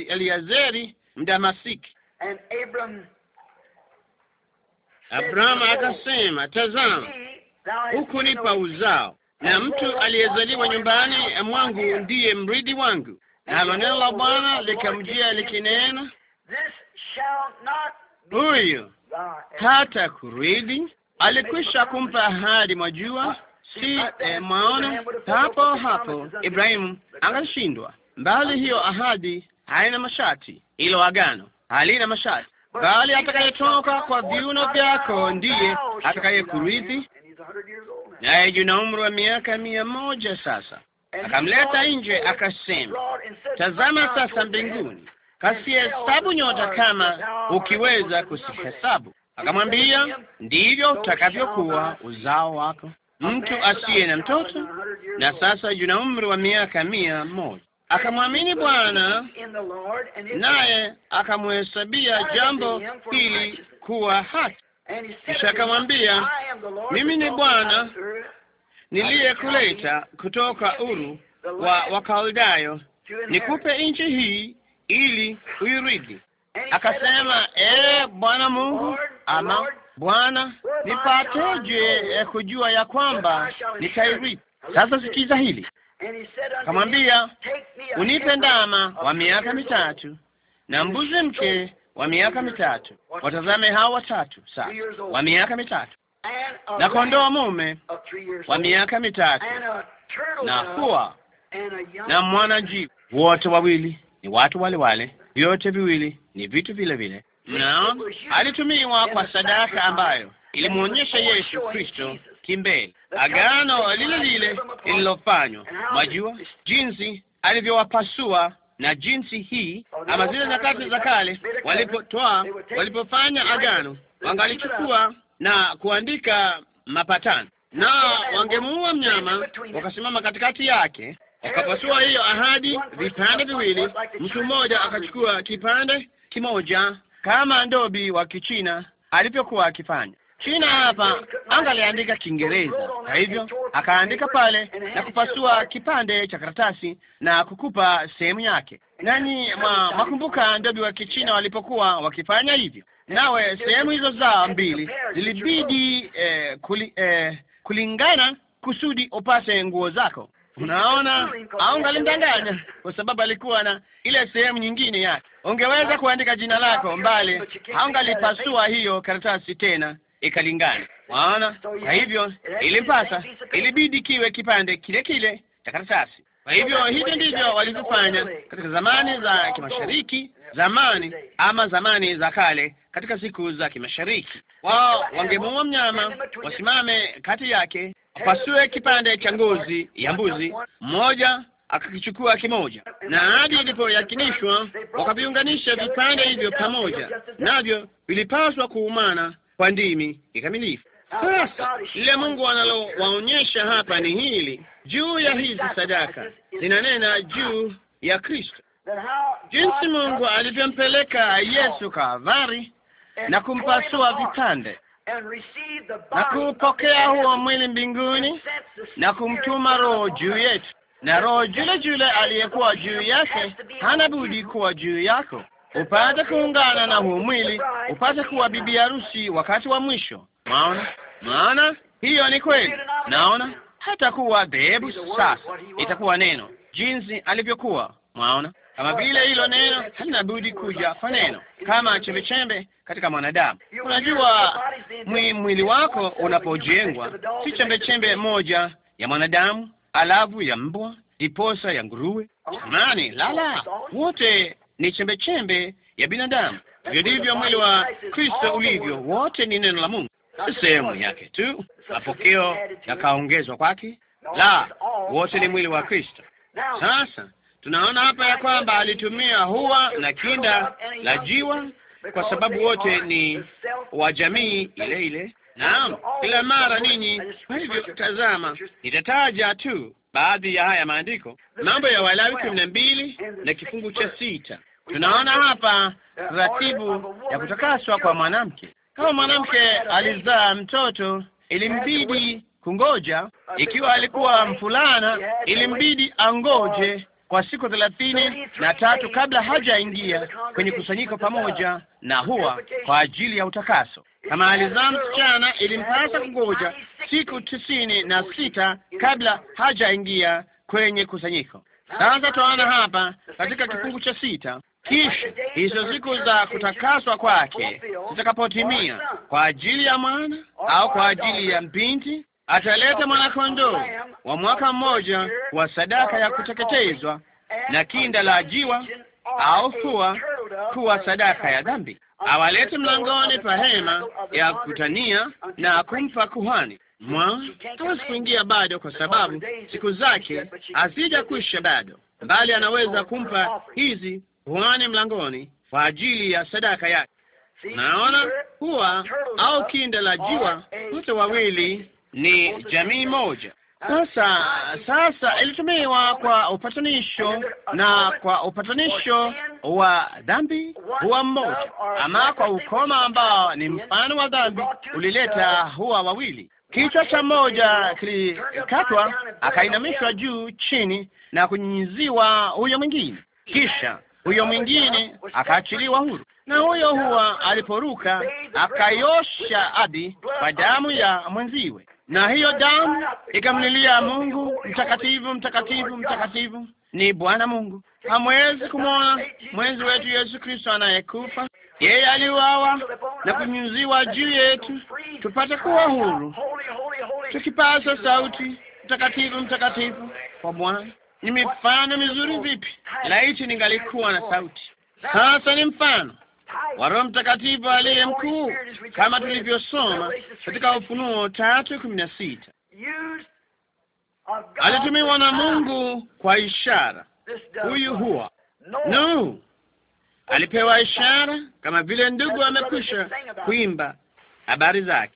Eliazeri Mdamasiki. Abrahamu akasema, tazama,
huku nipa uzao, na mtu aliyezaliwa nyumbani mwangu
ndiye mridi wangu. Nalo neno la Bwana likamjia likinena, huyu hata kuridi. Alikwisha kumpa ahadi, mwajua si eh, mwaona hapo hapo Ibrahimu angashindwa, mbali hiyo ahadi haina masharti. Ilo agano halina masharti, bali atakayetoka kwa viuno vyako ndiye atakayekurithi, naye juna umri wa miaka mia moja sasa.
Akamleta nje
akasema, tazama sasa mbinguni, kasihesabu nyota kama ukiweza kusihesabu. Akamwambia, ndivyo utakavyokuwa uzao wako mtu asiye na mtoto na sasa yuna umri wa miaka mia moja akamwamini Bwana
naye akamhesabia jambo hili
kuwa haki.
Kisha akamwambia, mimi ni Bwana
niliyekuleta kutoka Uru wa Wakaldayo nikupe nchi hii ili uiridhi Akasema, ee Bwana Mungu ama Bwana, nipateje eh, kujua ya kwamba nitairithi? Sasa sikiza hili,
kamwambia unipe ndama wa miaka mitatu
na mbuzi mke wa miaka mitatu, watazame hao watatu sasa, wa miaka mitatu
na kondoo mume wa miaka mitatu
na kuwa na mwana jibu, wote wawili ni watu wale wale, vyote viwili ni vitu vile vile Naam, alitumiwa kwa sadaka ambayo ilimwonyesha Yesu Kristo kimbele, agano lile lile lililofanywa. Mwajua jinsi alivyowapasua na jinsi hii ama zile nyakati za kale walipotoa, walipofanya agano, wangalichukua na kuandika mapatano, na wangemuua mnyama, wakasimama katikati yake, wakapasua hiyo ahadi vipande viwili, mtu mmoja akachukua kipande kimoja kama ndobi wa Kichina alivyokuwa akifanya. China hapa angaliandika Kiingereza, na hivyo akaandika pale na kupasua kipande cha karatasi na kukupa sehemu yake. Nani ma, makumbuka ndobi wa Kichina walipokuwa wakifanya hivyo, nawe sehemu hizo zao mbili zilibidi eh, kuli, eh, kulingana kusudi upate nguo zako. Unaona, au ngalimdanganya kwa sababu alikuwa na ile sehemu nyingine yake. Ungeweza kuandika jina lako mbali, haungalipasua hiyo karatasi tena ikalingana. Unaona, kwa hivyo ilimpasa, ilibidi kiwe kipande kile kile cha karatasi. Kwa hivyo hivyo ndivyo walivyofanya katika zamani za kimashariki, zamani ama zamani za kale, katika siku za kimashariki. Wao wangemuua mnyama, wasimame kati yake pasue kipande cha ngozi ya mbuzi mmoja, akakichukua kimoja, na hadi ilipoyakinishwa wakaviunganisha vipande hivyo pamoja, navyo vilipaswa kuumana kwa ndimi kikamilifu. Sasa lile Mungu analowaonyesha hapa ni hili, juu ya hizi sadaka zinanena juu ya Kristo, jinsi Mungu alivyompeleka Yesu Kalvari
na kumpasua vipande na kuupokea huo mwili mbinguni na kumtuma Roho
juu yetu, na Roho jule jule aliyekuwa juu yake hana budi kuwa juu yako, upate kuungana na huu mwili, upate kuwa bibi harusi wakati wa mwisho. Maona, maana hiyo ni kweli. Naona hatakuwa dhehebu sasa, itakuwa neno jinsi alivyokuwa. Mwaona kama vile hilo neno halina budi kuja kwa neno, kama chembechembe katika mwanadamu. Unajua, mwili wako unapojengwa, si chembechembe moja ya mwanadamu alafu ya mbwa diposa ya nguruwe. Jamani, lala, wote ni chembechembe ya binadamu. Ndivyo mwili wa Kristo ulivyo, wote ni neno la Mungu, sehemu yake tu, mapokeo yakaongezwa kwake. La, wote ni mwili wa Kristo. Sasa Tunaona hapa ya kwamba alitumia hua na kinda la jiwa, kwa sababu wote ni wa jamii ile ile. Naam, kila mara ninyi. Kwa hivyo tazama, nitataja tu baadhi ya haya maandiko, mambo ya Walawi kumi na mbili na kifungu cha sita. Tunaona hapa ratibu ya kutakaswa kwa mwanamke. Kama mwanamke alizaa mtoto, ilimbidi kungoja. Ikiwa alikuwa mfulana, ilimbidi angoje kwa siku thelathini na tatu kabla hajaingia kwenye kusanyiko pamoja na huwa kwa ajili ya utakaso. Kama alizaa msichana, ilimpasa kungoja siku tisini na sita kabla hajaingia kwenye kusanyiko. Sasa twaona hapa katika kifungu cha sita, kisha hizo siku za kutakaswa kwake zitakapotimia, kwa ajili ya mwana au kwa ajili ya binti ataleta mwanakondoo wa mwaka mmoja wa sadaka ya kuteketezwa na kinda la jiwa au fua kuwa sadaka ya dhambi. Awalete mlangoni pa hema ya kutania na kumpa kuhani. Mwa hawezi kuingia bado, kwa sababu siku zake hazijakwisha bado, bali anaweza kumpa hizi kuhani mlangoni kwa ajili ya sadaka yake. Naona huwa au kinda la jiwa, wote wawili ni jamii moja. Sasa sasa ilitumiwa kwa upatanisho, na kwa upatanisho wa dhambi huwa mmoja, ama kwa ukoma ambao ni mfano wa dhambi ulileta huwa wawili. Kichwa cha mmoja kilikatwa, akainamishwa juu chini na kunyinyiziwa huyo mwingine, kisha huyo mwingine akaachiliwa huru, na huyo huwa aliporuka akaiosha adi kwa damu ya mwenziwe na hiyo damu ikamlilia Mungu mtakatifu, mtakatifu, mtakatifu ni Bwana Mungu. Hamwezi kumwona mwenzi wetu Yesu Kristo anayekufa. Yeye aliuawa na kunyuziwa juu yetu tupate kuwa huru, tukipasa sauti mtakatifu, mtakatifu kwa Bwana. Ni mifano mizuri vipi! Laiti ningalikuwa na sauti! Sasa ni mfano wa Roho Mtakatifu aliye mkuu, kama tulivyosoma katika Ufunuo tatu kumi na sita
alitumiwa na Mungu
kwa ishara.
Huyu huwa
Nuhu alipewa ishara, kama vile ndugu amekwisha kuimba habari zake.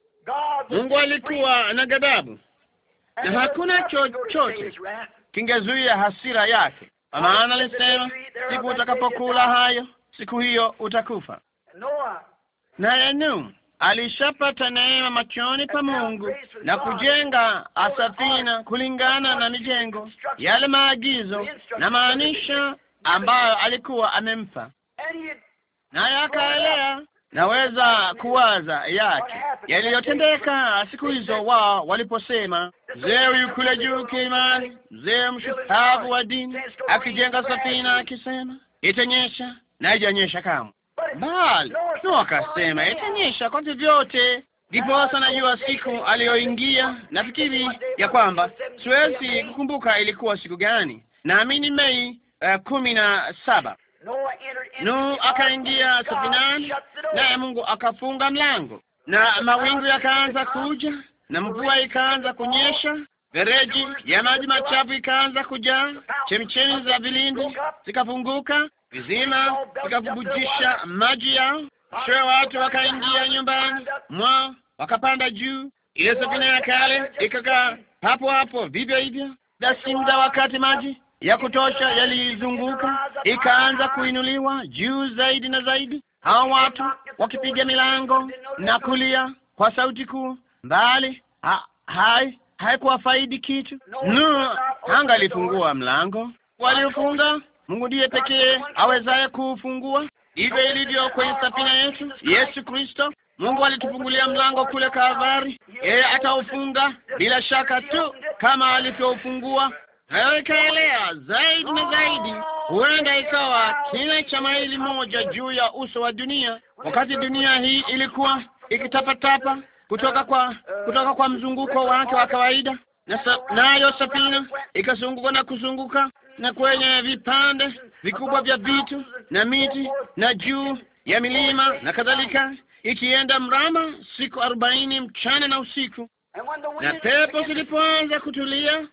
Mungu alikuwa na ghadhabu, na hakuna chochote kingezuia hasira yake, kwa maana alisema, siku utakapokula hayo siku hiyo utakufa. Naye Nuhu alishapata neema machoni pa Mungu na kujenga asafina kulingana na mijengo yale maagizo na maanisha ambayo alikuwa amempa, naye akaelea naweza kuwaza yake yaliyotendeka siku hizo, wao waliposema mzee huyu kule juu kiimani, mzee mshupavu wa dini, akijenga safina akisema itanyesha na haijanyesha kamwe, bali no, akasema itanyesha kwa vyovyote. Ndiposa najua siku aliyoingia, nafikiri ya kwamba siwezi kukumbuka ilikuwa siku gani, naamini Mei uh, kumi na saba.
Nuhu akaingia safinani,
naye Mungu akafunga mlango, na mawingu yakaanza kuja na mvua ikaanza kunyesha, fereji ya maji machafu ikaanza kujaa, chemchemi za vilindi zikafunguka, vizima vikavubujisha maji yao. Kisha watu wakaingia nyumbani mwa wakapanda juu, ile sokina ya kale ikakaa hapo hapo vivyo hivyo. Basi wakati maji ya kutosha yalizunguka, ikaanza kuinuliwa juu zaidi na zaidi, hao watu wakipiga milango na kulia kwa sauti kuu mbali. Ha, hai haikuwafaidi kitu. Nu anga alifungua mlango, waliofunga Mungu ndiye pekee awezaye kuufungua, hivyo ilivyo kwenye safina yetu Yesu Kristo. Mungu alitufungulia mlango kule Kalvari, yeye ataufunga bila shaka tu kama alivyoufungua nayo ikaelea zaidi na zaidi. Huenda ikawa kile cha maili moja juu ya uso wa dunia. Wakati dunia hii ilikuwa ikitapatapa kutoka kwa kutoka kwa mzunguko wake wa kawaida, nayo na safina ikazunguka na kuzunguka na kwenye vipande vikubwa vya vitu na miti na juu ya milima na kadhalika, ikienda mrama siku arobaini mchana na usiku. Na pepo zilipoanza kutulia,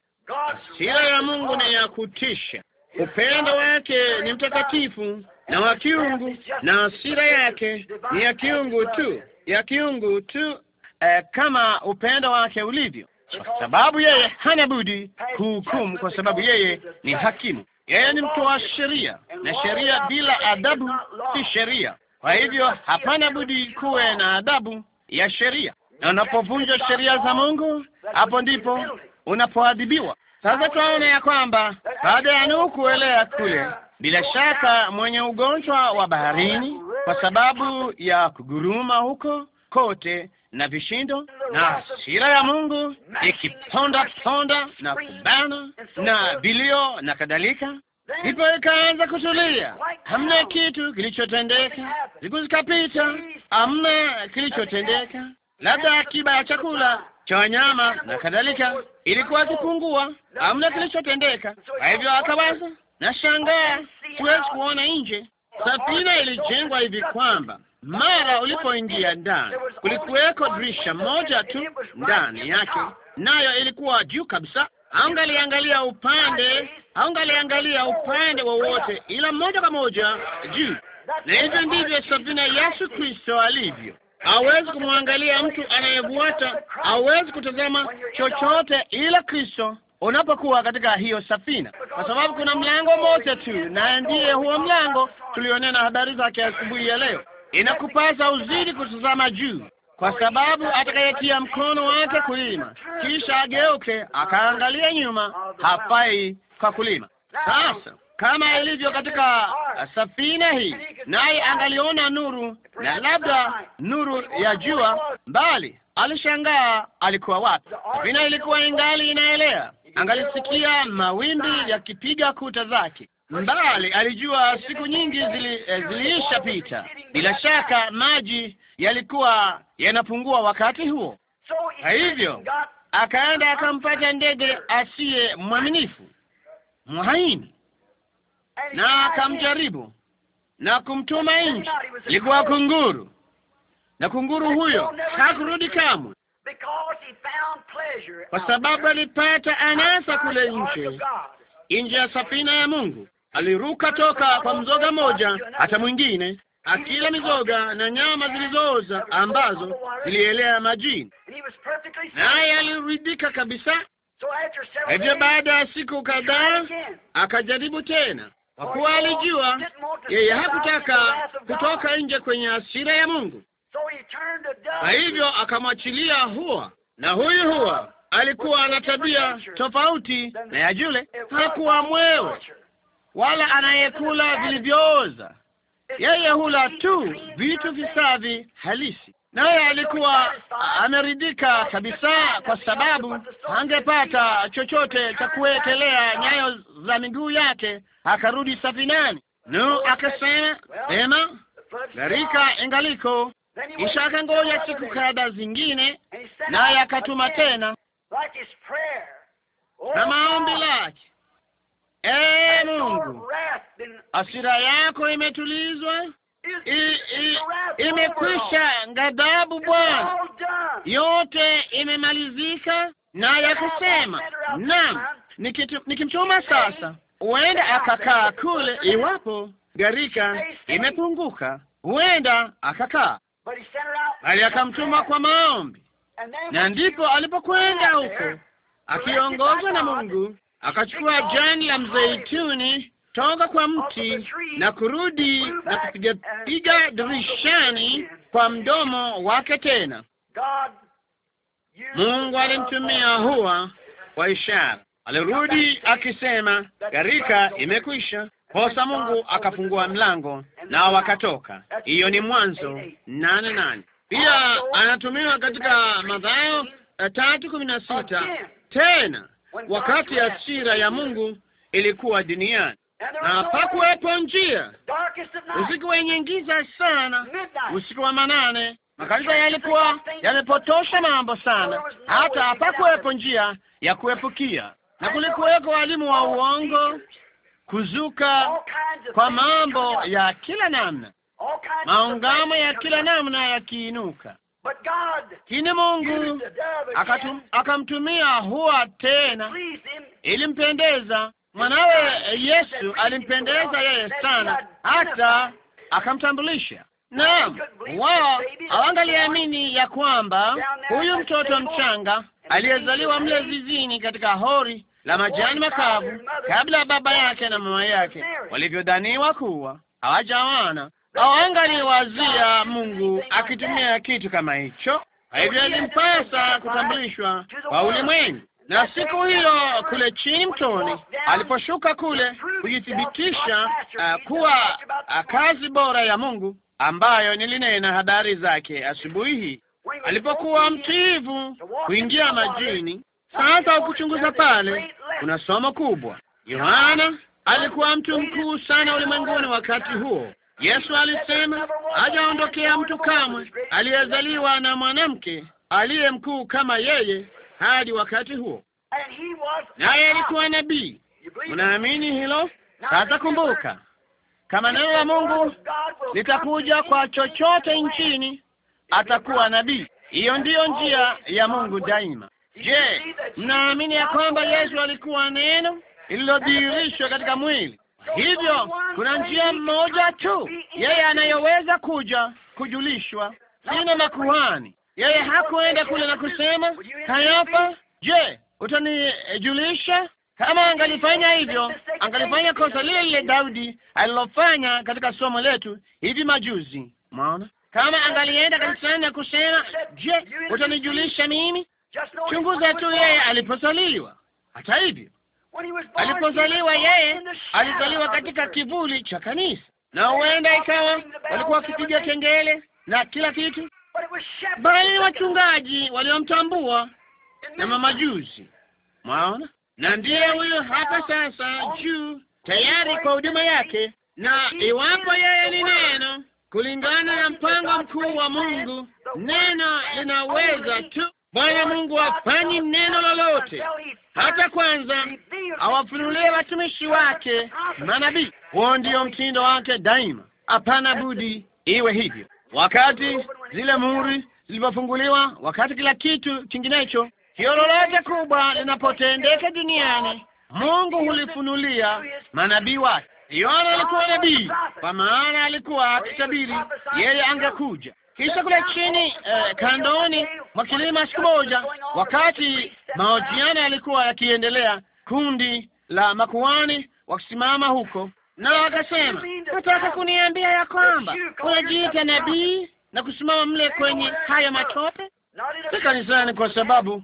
hasira ya Mungu ni ya kutisha, upendo wake ni mtakatifu na wa kiungu, na hasira yake ni ya kiungu tu, ya kiungu tu, eh, kama upendo wake ulivyo kwa sababu yeye hana budi kuhukumu, kwa sababu yeye ni hakimu. Yeye ni mtoa sheria, na sheria bila adabu si sheria. Kwa hivyo hapana budi kuwe na adabu ya sheria, na unapovunja sheria za Mungu, hapo ndipo unapoadhibiwa. Sasa tunaona ya kwamba baada ya Nuhu kuelea kule, bila shaka mwenye ugonjwa wa baharini, kwa sababu ya kuguruma huko kote na vishindo na hasira ya Mungu ikiponda ponda na kubana na vilio na kadhalika, ndipo ikaanza kutulia. Hamna kitu kilichotendeka, siku zikapita, hamna kilichotendeka, labda akiba ya chakula cha wanyama na kadhalika ilikuwa ikipungua, hamna kilichotendeka. Kwa hivyo akawaza, nashangaa, siwezi kuona nje Safina ilijengwa hivi kwamba mara ulipoingia ndani kulikuweko dirisha moja tu ndani yake, nayo ilikuwa juu kabisa. Haungaliangalia upande, haungaliangalia upande wowote, ila moja kwa moja juu. Na hivyo ndivyo safina Yesu Kristo alivyo. Hawezi kumwangalia mtu anayevuata hawezi kutazama chochote ila Kristo unapokuwa katika hiyo safina, kwa sababu kuna mlango mmoja tu, na ndiye huo mlango tulionena habari zake asubuhi ya leo. Inakupasa uzidi kutazama juu, kwa sababu atakayetia mkono wake kulima kisha ageuke akaangalia nyuma hafai kwa kulima.
Sasa kama ilivyo katika
uh, safina hii, naye angaliona nuru na labda nuru ya jua mbali, alishangaa alikuwa wapi. Safina ilikuwa ingali inaelea, angalisikia mawimbi yakipiga kuta zake mbali. Alijua siku nyingi zili, eh, ziliisha pita. Bila shaka maji yalikuwa yanapungua wakati huo.
Kwa hivyo
akaenda akampata ndege asiye mwaminifu, mhaini, na akamjaribu na kumtuma nje. Ilikuwa kunguru, na kunguru huyo hakurudi kamwe kwa sababu alipata anasa kule nje, nje ya safina ya Mungu. Aliruka toka kwa mzoga moja hata mwingine, akila mizoga na nyama zilizooza ambazo zilielea majini,
naye aliridhika kabisa. Hivyo baada ya siku kadhaa
akajaribu tena, kwa kuwa alijua
yeye hakutaka
kutoka nje kwenye asira ya Mungu. Kwa hivyo akamwachilia hua, na huyu hua alikuwa na tabia tofauti na ya yule. Hakuwa mwewe wala anayekula vilivyooza, yeye hula tu vitu visavi halisi, naye alikuwa ameridhika kabisa, kwa sababu angepata chochote cha kuwekelea nyayo za miguu yake. Akarudi Safinani, nu akasema, tena garika ingaliko kisha akangoja siku kadha zingine, naye akatuma tena
oh, na maombi lake,
ee Mungu, hasira yako imetulizwa, imekwisha ghadhabu Bwana, yote imemalizika. Naye akasema naam, nikimtuma sasa, huenda akakaa kule, iwapo gharika imepunguka, huenda akakaa bali akamtuma kwa maombi, na ndipo alipokwenda huko akiongozwa na Mungu, akachukua jani la mzeituni toka kwa mti na kurudi na kupiga piga dirishani kwa mdomo wake tena.
Mungu alimtumia hua
kwa ishara, alirudi akisema gharika imekwisha, Posa Mungu akafungua mlango na wakatoka. Hiyo ni Mwanzo nane nane. Pia anatumiwa katika Mathayo eh, tatu kumi na sita tena
wakati asira
ya Mungu ilikuwa duniani na pakuwepo njia usiku wenye giza sana, usiku wa manane. Makanisa yalikuwa yamepotosha mambo sana, hata hapakuwepo njia ya kuepukia, na kulikuweko walimu wa uongo kuzuka
kwa mambo ya kila namna, maungamo ya kila
namna yakiinuka,
lakini Mungu
akamtumia huwa tena ilimpendeza mwanawe Yesu, alimpendeza yeye sana, hata akamtambulisha. Naam, wao hawangaliamini ya kwamba huyu mtoto mchanga aliyezaliwa mle zizini katika hori la majani makavu kabla ya baba yake na mama yake walivyodhaniwa kuwa hawajawana au angaliwazia Mungu akitumia kitu kama hicho. Kwa hivyo alimpasa kutambulishwa kwa ulimwengu, na siku hiyo kule chini mtoni aliposhuka kule kujithibitisha uh, kuwa uh, kazi bora ya Mungu ambayo nilinena habari zake asubuhi hii,
alipokuwa
mtiivu kuingia majini sasa ukichunguza pale, kuna somo kubwa. Yohana alikuwa mtu mkuu sana ulimwenguni wakati huo. Yesu alisema hajaondokea mtu kamwe aliyezaliwa na mwanamke aliye mkuu kama yeye hadi wakati huo,
naye alikuwa nabii. Unaamini
hilo? Sasa kumbuka, kama neno la Mungu litakuja kwa chochote nchini, atakuwa nabii. Hiyo ndiyo njia ya Mungu daima. Je, mnaamini ya kwamba Yesu alikuwa neno lililodhihirishwa katika mwili? Hivyo kuna njia mmoja tu yeye anayoweza kuja kujulishwa, sina makuhani. Yeye
hakuenda kule na kusema Kayafa,
je, utanijulisha? Kama angalifanya hivyo, angalifanya kosa lile lile Daudi alilofanya katika somo letu hivi majuzi. Maona kama angalienda kanisani na kusema, je, utanijulisha mimi? Chunguza tu yeye alipozaliwa. Hata hivyo,
alipozaliwa yeye alizaliwa katika
kivuli cha kanisa, na huenda ikawa walikuwa wakipiga kengele na kila kitu, bali wachungaji waliomtambua na mamajuzi, mwaona, na ndiye huyo hapa sasa juu tayari kwa huduma yake, na iwapo yeye ni neno kulingana na mpango mkuu wa Mungu, neno linaweza tu Bwana Mungu hafanyi neno lolote hata kwanza awafunulie watumishi wake manabii. Huo ndio mtindo wake daima, hapana budi iwe hivyo. Wakati zile muhuri zilipofunguliwa, wakati kila kitu kinginecho, hiyo lolote kubwa linapotendeka duniani, Mungu hulifunulia manabii wake. Yohana alikuwa nabii, kwa maana alikuwa akitabiri yeye angekuja.
Kisha kule chini eh, kandoni
mwa kilima, siku moja, wakati mahojiano yalikuwa yakiendelea, kundi la makuhani wakisimama huko, na akasema, nataka kuniambia ya kwamba unajiita nabii na kusimama mle kwenye haya matope? Si kanisani, kwa sababu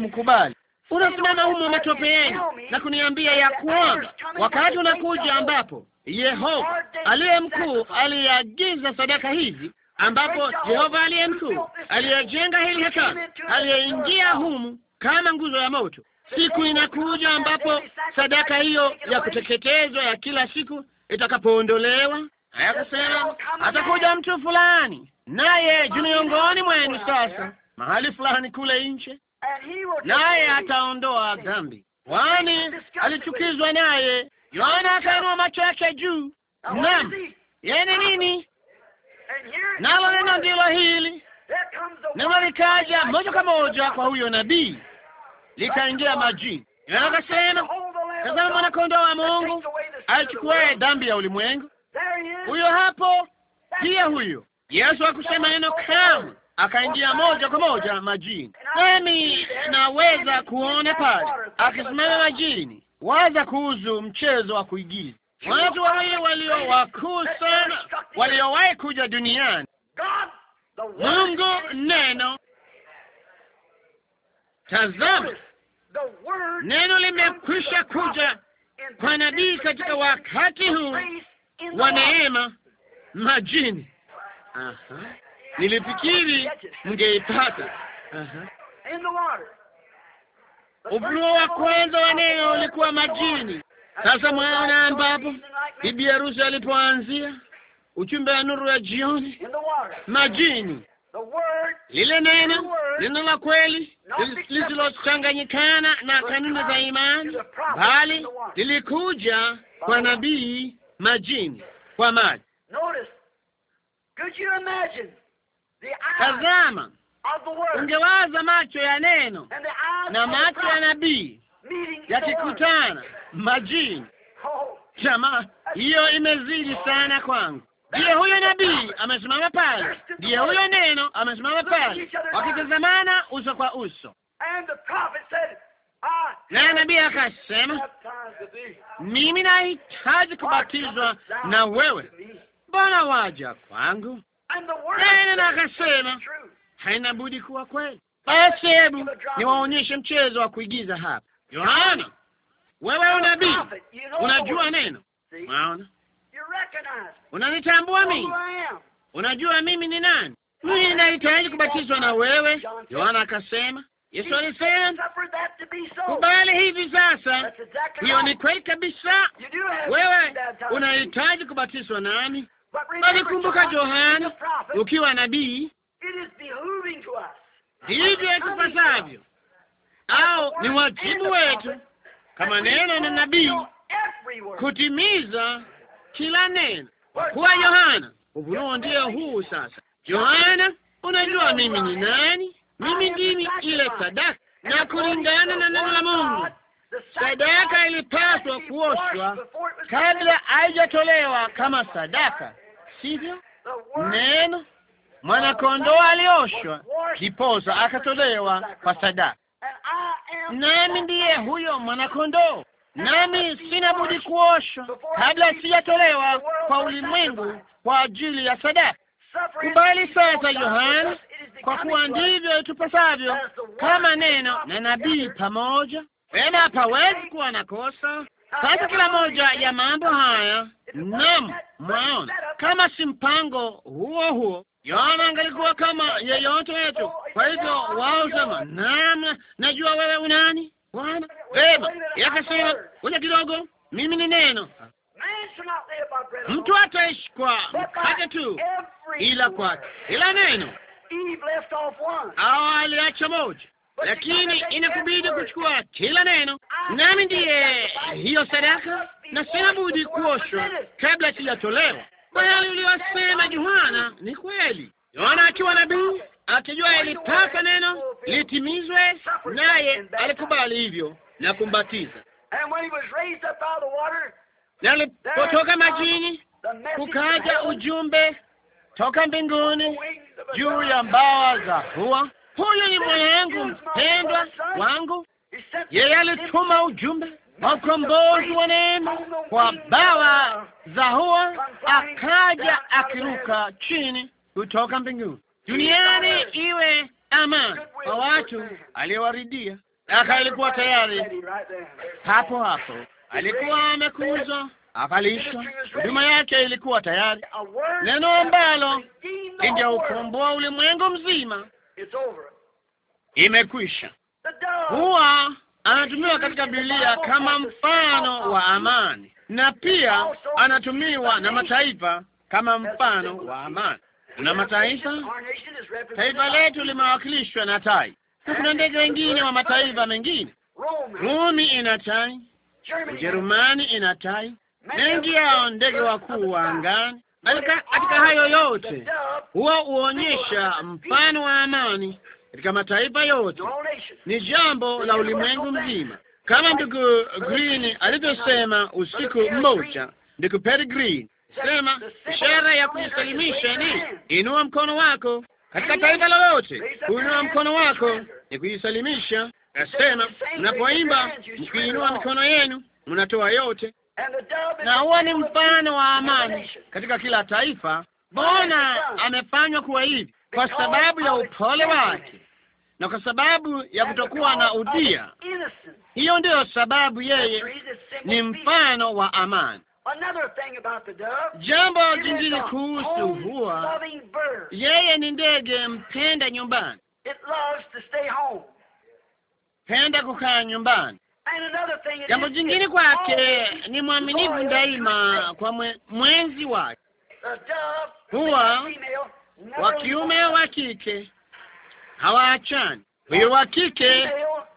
mkubali Unasimama humo matope yenu na kuniambia ya kwamba wakati unakuja ambapo Yehova aliye mkuu aliagiza sadaka hizi ambapo Jehova aliye mkuu aliyejenga hili hekalu aliyeingia humu kama nguzo ya moto. Siku inakuja ambapo sadaka hiyo ya kuteketezwa ya kila siku itakapoondolewa. Hayakusema atakuja mtu fulani naye juu miongoni mwenu, sasa mahali fulani kule nje,
naye ataondoa
dhambi, kwani alichukizwa naye. Yohana akainua macho yake juu. Naam, yeye ni nini?
nalo neno ndilo hili, neno likaja moja kwa moja
kwa huyo nabii, likaingia majini. akasema, kasema,
tazama mwanakondoo
wa Mungu aichukuaye dhambi ya ulimwengu. Huyo hapo pia huyo Yesu akusema neno kamwe, akaingia moja kwa moja majini. Nami naweza kuona pale akisimama majini. Waza kuhusu mchezo wa kuigiza watu wale walio wakuu sana waliowahi kuja duniani,
Mungu
neno. Tazama,
neno limekwisha kuja kwa nabii
katika wakati huu wa neema majini. Aha. Nilifikiri mngeipata. Ufunuo wa kwanza wa neno ulikuwa majini, sasa mwaona ambapo bibi harusi alipoanzia uchumbe wa nuru ya jioni
majini, lile neno neno la kweli
lisilochanganyikana na kanuni za imani, bali lilikuja kwa nabii majini, kwa maji.
Tazama,
ungewaza macho ya neno na macho ya nabii yakikutana majini. Jamaa, hiyo imezidi sana kwangu. Ndiye huyo nabii amesimama pale, ndiye huyo neno amesimama pale, wakitazamana uso kwa uso.
Naye nabii akasema,
mimi nahitaji kubatizwa na wewe, mbona waja kwangu?
Naye neno akasema,
haina budi kuwa kweli. Basi hebu niwaonyeshe mchezo wa kuigiza hapa. Yohana, wewe unabii, unajua neno. Unaona, unanitambua mimi, unajua mimi ni nani. Mimi ninahitaji kubatizwa na wewe. Yohana akasema, Yesu alisema kubali hivi
sasa.
Hiyo ni kweli kabisa.
Wewe unahitaji
kubatizwa nani bali kumbuka, Yohana, ukiwa nabii, ndivyo ikupasavyo au ni wajibu wetu kama neno na nabii kutimiza kila neno. Kwa Yohana, ufunuo ndio huu sasa. Yohana, unajua mimi ni nani? Mimi ndimi ile sadaka, na kulingana na neno la Mungu sadaka ilipaswa kuoshwa kabla haijatolewa kama sadaka, sivyo? Neno mwanakondoo alioshwa, kipoza akatolewa kwa sadaka nami ndiye huyo mwanakondoo, nami sina budi kuoshwa kabla sijatolewa kwa ulimwengu kwa ajili ya sadaka.
Kubali sasa, Yohana,
kwa kuwa ndivyo itupasavyo kama neno na nabii pamoja. wema hapawezi kuwa na kosa. Sasa kila moja ya mambo haya, naam, mwaona kama si mpango huo huo Yohana angalikuwa kama yeyote yetu. Kwa hivyo wao sema, naam, najua wewe unani Bwana. Vema, yakasema kuja kidogo, mimi ni neno.
Mtu ataishi kwa mkate tu, ila kwa ila neno.
Hawa aliacha moja, lakini inakubidi kuchukua kila neno, nami ndiye hiyo sadaka, na sina budi kuoshwa kabla sijatolewa kwa yale uliyosema Yohana ni kweli. Yohana akiwa nabii akijua ilipasa neno litimizwe, naye alikubali hivyo na kumbatiza. Na alipotoka majini,
kukaja ujumbe
toka mbinguni juu ya mbawa za hua, huyu ni mwanangu mpendwa wangu. Yeye alituma ujumbe wakombozi wa neema kwa bawa za hua, akaja akiruka chini kutoka mbinguni duniani iwe amani kwa watu aliyowaridia. Aka alikuwa tayari hapo hapo, alikuwa amekuzwa akalishwa, huduma yake ilikuwa tayari. Neno ambalo ukomboa ulimwengu mzima imekwisha. Huwa anatumiwa katika Biblia kama mfano wa amani, na pia anatumiwa na mataifa kama mfano wa amani. Na mataifa,
taifa letu
limewakilishwa na tai,
na kuna ndege wengine wa mataifa mengine.
Rumi ina tai, Ujerumani ina tai, mengi yao ndege wakuu wa angani. Katika hayo yote huwa huonyesha mfano wa amani katika mataifa yote, ni jambo la ulimwengu mzima, kama ndugu Green alivyosema usiku mmoja. Ndugu Perry Green sema, ishara ya kujisalimisha ni inua mkono wako. Katika taifa lolote, kuinua mkono wako ni kujisalimisha. Nasema mnapoimba mkiinua mikono yenu mnatoa yote, na huwa ni mfano wa amani katika kila taifa. Bwana amefanywa kuwa hivi kwa sababu ya upole wake na kwa sababu ya kutokuwa na udhia. Hiyo ndiyo sababu yeye
ni mfano
wa amani.
Jambo jingine kuhusu huwa,
yeye ni ndege mpenda nyumbani, penda kukaa nyumbani.
Jambo jingine kwake ni mwaminifu daima
kwa mwenzi wake.
Huwa wa kiume
wa kike hawaachani. Huyo wa kike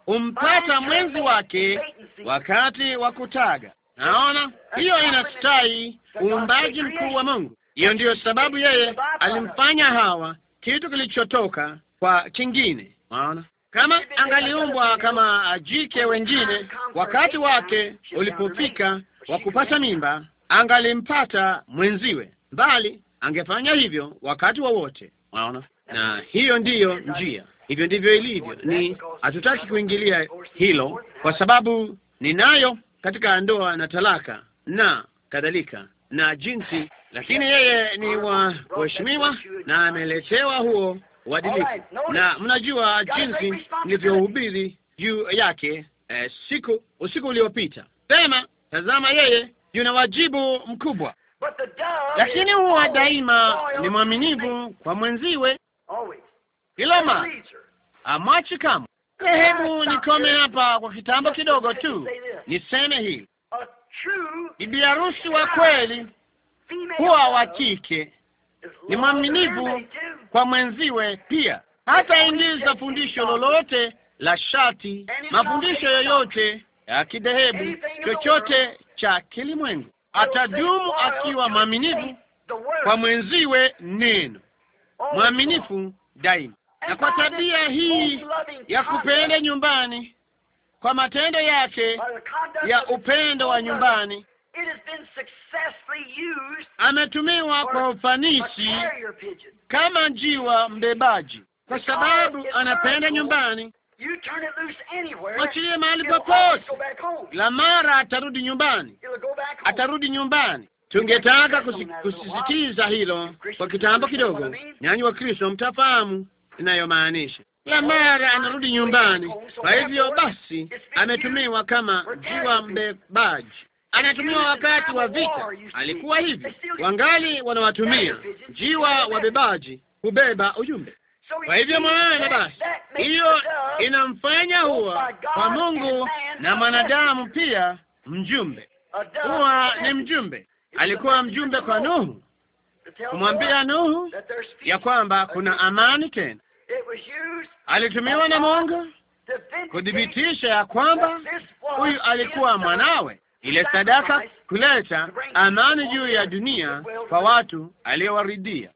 umpata mwenzi wake wakati wa kutaga. Naona hiyo inastahi uumbaji mkuu wa Mungu. Hiyo ndiyo sababu yeye alimfanya Hawa kitu kilichotoka kwa kingine. Naona kama angaliumbwa kama jike wengine, wakati wake ulipofika wa kupata mimba, angalimpata mwenziwe, bali angefanya hivyo wakati wowote wa. Maona na hiyo ndiyo njia, hivyo ndivyo ilivyo. Ni hatutaki kuingilia hilo, kwa sababu ninayo katika ndoa na talaka na kadhalika na jinsi, lakini yeye ni wa kuheshimiwa na ameletewa huo uadilifu, na mnajua jinsi nilivyohubiri juu yake eh, siku usiku uliopita. Sema, tazama, yeye yuna wajibu mkubwa, lakini huwa daima ni mwaminivu kwa mwenziwe kila mara, amwachi kamwe. Hebu nikome hapa kwa kitambo kidogo tu, niseme hili: bibi harusi wa kweli huwa wa kike, ni mwaminivu kwa mwenziwe pia, hata ingiza fundisho lolote la shati, mafundisho yoyote ya kidhehebu chochote cha kilimwengu. Atadumu akiwa mwaminivu
kwa mwenziwe
neno
mwaminifu
daima, na kwa tabia hii ya kupenda nyumbani, kwa matendo yake
ya upendo wa nyumbani
ametumiwa kwa ufanisi kama njiwa mbebaji, kwa sababu anapenda nyumbani.
Mwachilie mahali popote, la mara
atarudi nyumbani, atarudi nyumbani, Tungetaka kusisitiza hilo kwa kitambo kidogo, nyanyi wa Kristo mtafahamu inayomaanisha.
Kila mara anarudi nyumbani. Kwa hivyo
basi, ametumiwa kama jiwa mbebaji,
anatumiwa wakati wa vita, alikuwa hivi,
wangali wanawatumia jiwa wabebaji kubeba ujumbe. Kwa hivyo mwana, basi hiyo inamfanya huwa kwa Mungu na mwanadamu pia mjumbe, huwa ni mjumbe alikuwa mjumbe kwa Nuhu kumwambia Nuhu ya kwamba kuna amani tena. Alitumiwa na Mungu
kudhibitisha ya kwamba huyu alikuwa
mwanawe, ile sadaka kuleta amani juu ya dunia kwa watu aliyowaridhia.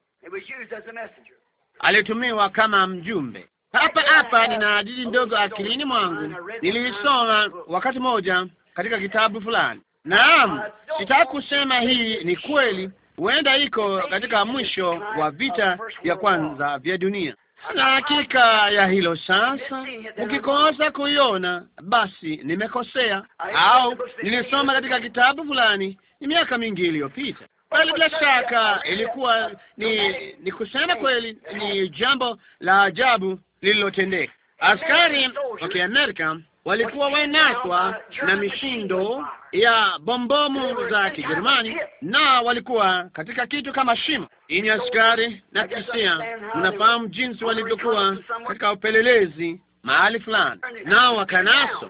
Alitumiwa kama mjumbe. Hapa hapa nina hadithi ndogo akilini mwangu, niliisoma wakati mmoja katika kitabu fulani. Naam, uh, sitaki kusema hii ni kweli, huenda iko katika mwisho wa vita uh, vya kwanza vya dunia. Uh, Na hakika ya hilo sasa, ukikosa kuiona basi nimekosea, au nilisoma katika kitabu fulani, ni miaka mingi iliyopita. Bali bila shaka ilikuwa ni, ni kusema kweli, ni jambo la ajabu lililotendeka. Askari wa okay, Kiamerika walikuwa waenaswa na mishindo ya bombomu za Kijerumani, na walikuwa katika kitu kama shimo yenye askari na kisia. Mnafahamu jinsi walivyokuwa katika upelelezi mahali fulani, nao wakanaso,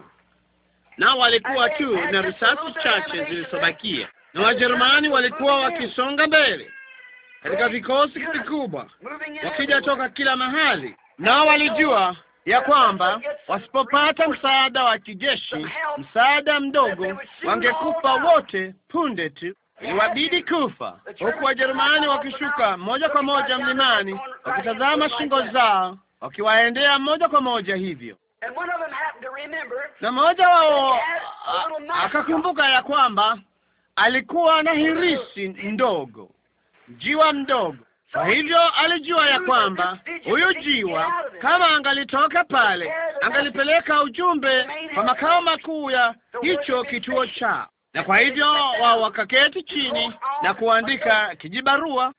nao walikuwa tu na risasi chache zilizobakia, na Wajerumani walikuwa wakisonga mbele katika vikosi vikubwa,
wakija toka
kila mahali, nao walijua ya kwamba wasipopata msaada wa kijeshi, msaada mdogo, wangekufa wote punde tu. Iliwabidi kufa huku Wajerumani wakishuka moja kwa moja mlimani, wakitazama shingo zao, wakiwaendea moja kwa moja hivyo.
Na mmoja wao akakumbuka
ya kwamba alikuwa na hirisi ndogo, jiwa mdogo kwa hivyo alijua ya kwamba huyu jiwa kama angalitoka pale, angalipeleka ujumbe kwa makao makuu ya hicho kituo cha, na kwa hivyo wao wakaketi chini na kuandika kijibarua.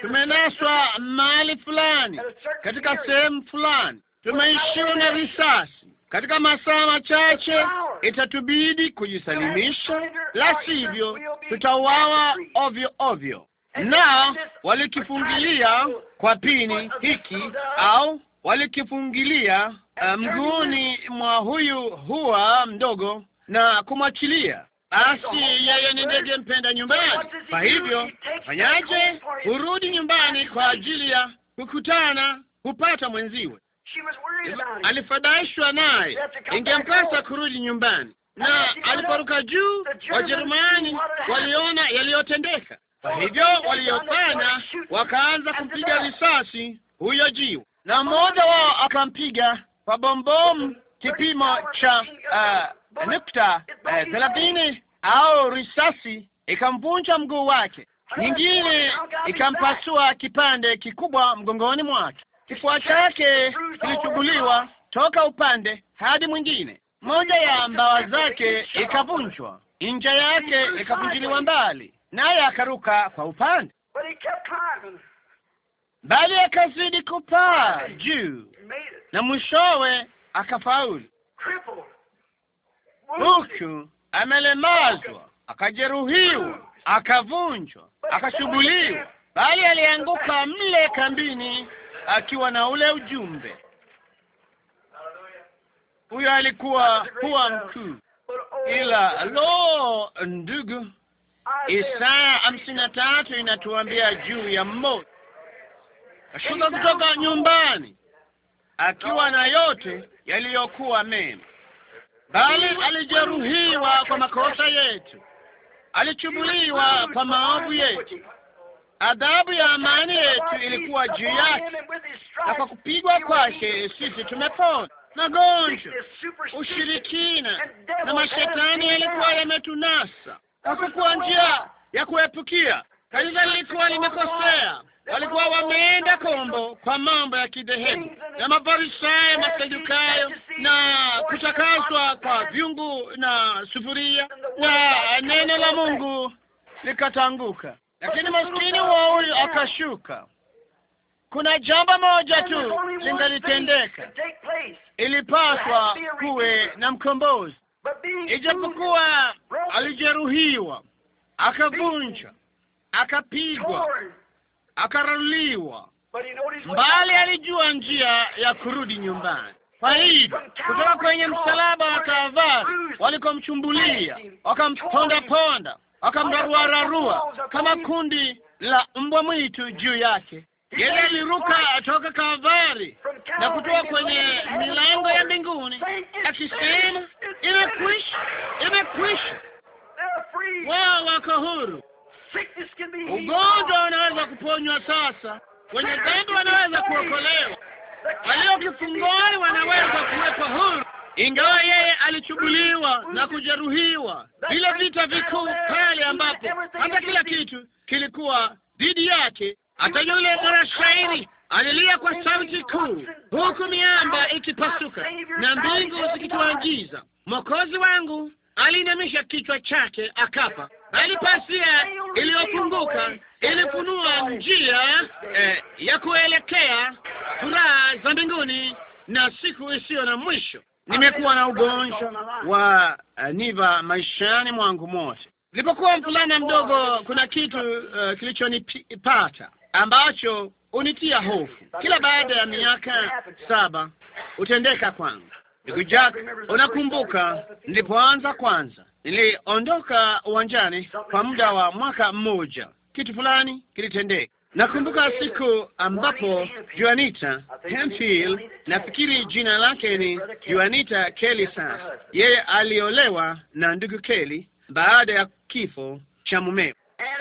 Tumenaswa
mahali fulani, katika sehemu fulani, tumeishiwa na risasi. Katika masaa machache itatubidi kujisalimisha, la sivyo tutauawa ovyo ovyo na walikifungilia kwa pini hiki au walikifungilia eh, mguuni mwa huyu huwa mdogo na kumwachilia. Basi yeye ni ndege mpenda nyumbani. Kwa hivyo fanyaje? Hurudi nyumbani kwa ajili ya kukutana kupata mwenziwe. Alifadhaishwa naye, ingempasa kurudi nyumbani. Na aliporuka juu, Wajerumani waliona yaliyotendeka. Kwa hivyo waliyofanya wakaanza kupiga risasi huyo jiwe, na mmoja wao akampiga kwa bombomu kipimo cha uh, nukta uh, thelathini au risasi ikamvunja mguu wake, nyingine ikampasua kipande kikubwa mgongoni mwake. Kifua chake kilichuguliwa toka upande hadi mwingine, moja ya mbawa zake ikavunjwa, nja yake ikavunjiliwa mbali naye akaruka kwa upande, bali akazidi kupaa juu na mwishowe akafaulu,
huku
amelemazwa, akajeruhiwa, akavunjwa, akashughuliwa, bali alianguka mle kambini akiwa na ule ujumbe. Huyo alikuwa huwa mkuu, oh, ila lo, ndugu Isaya hamsini na tatu inatuambia juu ya mmoja kashuka kutoka nyumbani akiwa na yote yaliyokuwa mema, bali alijeruhiwa kwa makosa yetu, alichubuliwa kwa maovu yetu. Adhabu ya amani yetu ilikuwa juu yake,
na kwa kupigwa kwake
sisi tumepona. Magonjwa,
ushirikina na mashetani yalikuwa
yametunasa hakukuwa njia ya kuepukia. Kanisa lilikuwa limekosea, walikuwa wameenda kombo kwa mambo ya kidhehebu na Mafarisayo, Masadukayo na kutakaswa kwa vyungu na sufuria, na neno la Mungu likatanguka. Lakini maskini wa huyu akashuka. Kuna jambo moja tu lingalitendeka,
ilipaswa kuwe na
mkombozi ijapokuwa alijeruhiwa, akavunja, akapigwa, akaruliwa, mbali alijua njia ya kurudi nyumbani. Kwa hivyo kutoka kwenye msalaba wa Kalvari walikomchumbulia, wakamponda ponda, rarua kama kundi la mbwa mwitu juu yake. Yeye aliruka toka Kalvari na kutoka kwenye milango ya mbinguni akisema, imekwisha, imekwisha. Wao wako huru. Ugonjwa unaweza kuponywa sasa, wenye dhambi wanaweza kuokolewa, walio kifungoni wanaweza kuwekwa huru. Ingawa yeye alichubuliwa na kujeruhiwa, vile vita vikuu pale ambapo hata kila kitu kilikuwa dhidi yake hata yule shairi alilia kwa sauti kuu, huku miamba ikipasuka na mbingu zikituagiza. Mwokozi wangu aliinamisha kichwa chake akapa, bali pasia iliyopunguka
ilifunua
njia eh, ya kuelekea furaha za mbinguni na siku isiyo na mwisho. Nimekuwa na ugonjwa wa uh, niva maishani mwangu mote. Nilipokuwa mvulana mdogo, kuna kitu uh, kilichonipata ambacho unitia hofu kila baada ya miaka saba utendeka kwangu. Ndugu Jack, unakumbuka nilipoanza kwanza, niliondoka uwanjani kwa muda wa mwaka mmoja, kitu fulani kilitendeka. Nakumbuka siku ambapo Juanita Hemphill, nafikiri jina lake ni Juanita Kelly, sasa yeye aliolewa na ndugu Kelly baada ya kifo cha mumeo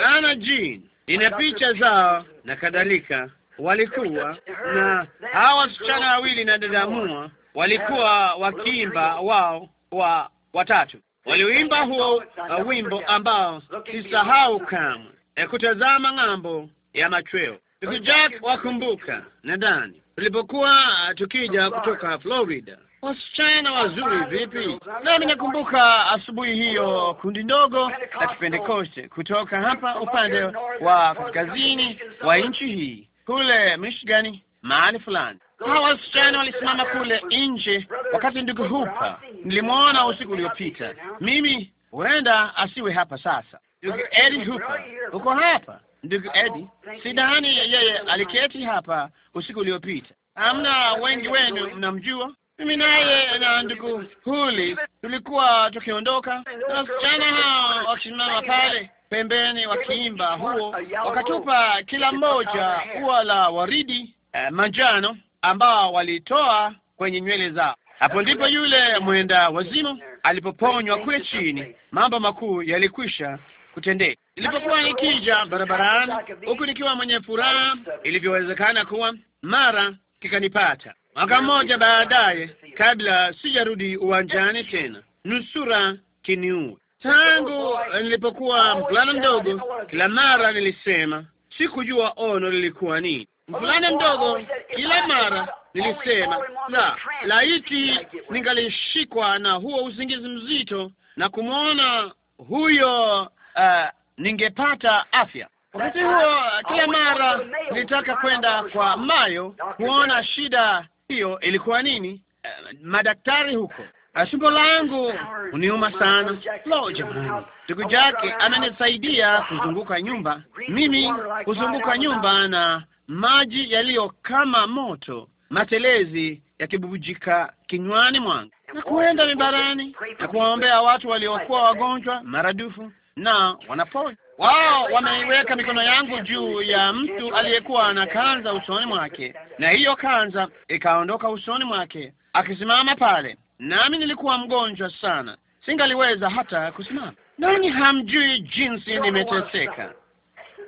Ana Jean ina picha zao na kadhalika. Walikuwa na hawa wasichana wawili na dada Mua, walikuwa wakiimba wao wa watatu, walioimba huo uh, wimbo ambao sisahau kamwe, ya e, kutazama ng'ambo ya machweo. Ndugu Jack wakumbuka, nadhani tulipokuwa uh, tukija kutoka Florida wasichana wazuri vipi. Nami nakumbuka asubuhi hiyo, kundi ndogo la Kipentekoste kutoka hapa upande wa kaskazini wa nchi hii kule Michigani mahali fulani, hawa wasichana walisimama kule nje wakati ndugu Hupa nilimwona usiku uliopita. Mimi huenda asiwe hapa sasa. Ndugu Eddie Hupa, uko hapa ndugu Eddie? Sidhani yeye aliketi hapa usiku uliopita. Hamna wengi wenu mnamjua mimi naye na ndugu Huli tulikuwa tukiondoka, na wasichana hao wakisimama pale pembeni wakiimba huo, wakatupa kila mmoja ua la waridi eh, manjano ambao walitoa kwenye nywele zao. Hapo ndipo yule mwenda wazimu alipoponywa kule chini. Mambo makuu yalikwisha kutendeka. Nilipokuwa nikija barabarani huku nikiwa mwenye furaha ilivyowezekana kuwa, mara kikanipata Mwaka mmoja baadaye, kabla sijarudi uwanjani tena, nusura kiniue Tangu nilipokuwa mvulana mdogo, kila mara nilisema sikujua ono lilikuwa nini. Mvulana mdogo, kila mara nilisema la, laiti ningalishikwa na huo usingizi mzito na kumwona huyo, uh, ningepata afya. Wakati huo kila mara nilitaka kwenda kwa Mayo kuona shida hiyo ilikuwa nini? Uh, madaktari huko Tumbo ah, langu uniuma sana. Lo, jamani, ndugu Jake amenisaidia kuzunguka nyumba, mimi kuzunguka nyumba na maji yaliyo kama moto, matelezi yakibubujika kinywani mwangu,
na kuenda mibarani na kuwaombea watu waliokuwa
wagonjwa maradufu na wanaponya wao wameiweka mikono yangu juu ya mtu aliyekuwa na kanza usoni mwake, na hiyo kanza ikaondoka usoni mwake, akisimama pale. Nami nilikuwa mgonjwa sana, singaliweza hata kusimama. Nani hamjui jinsi nimeteseka?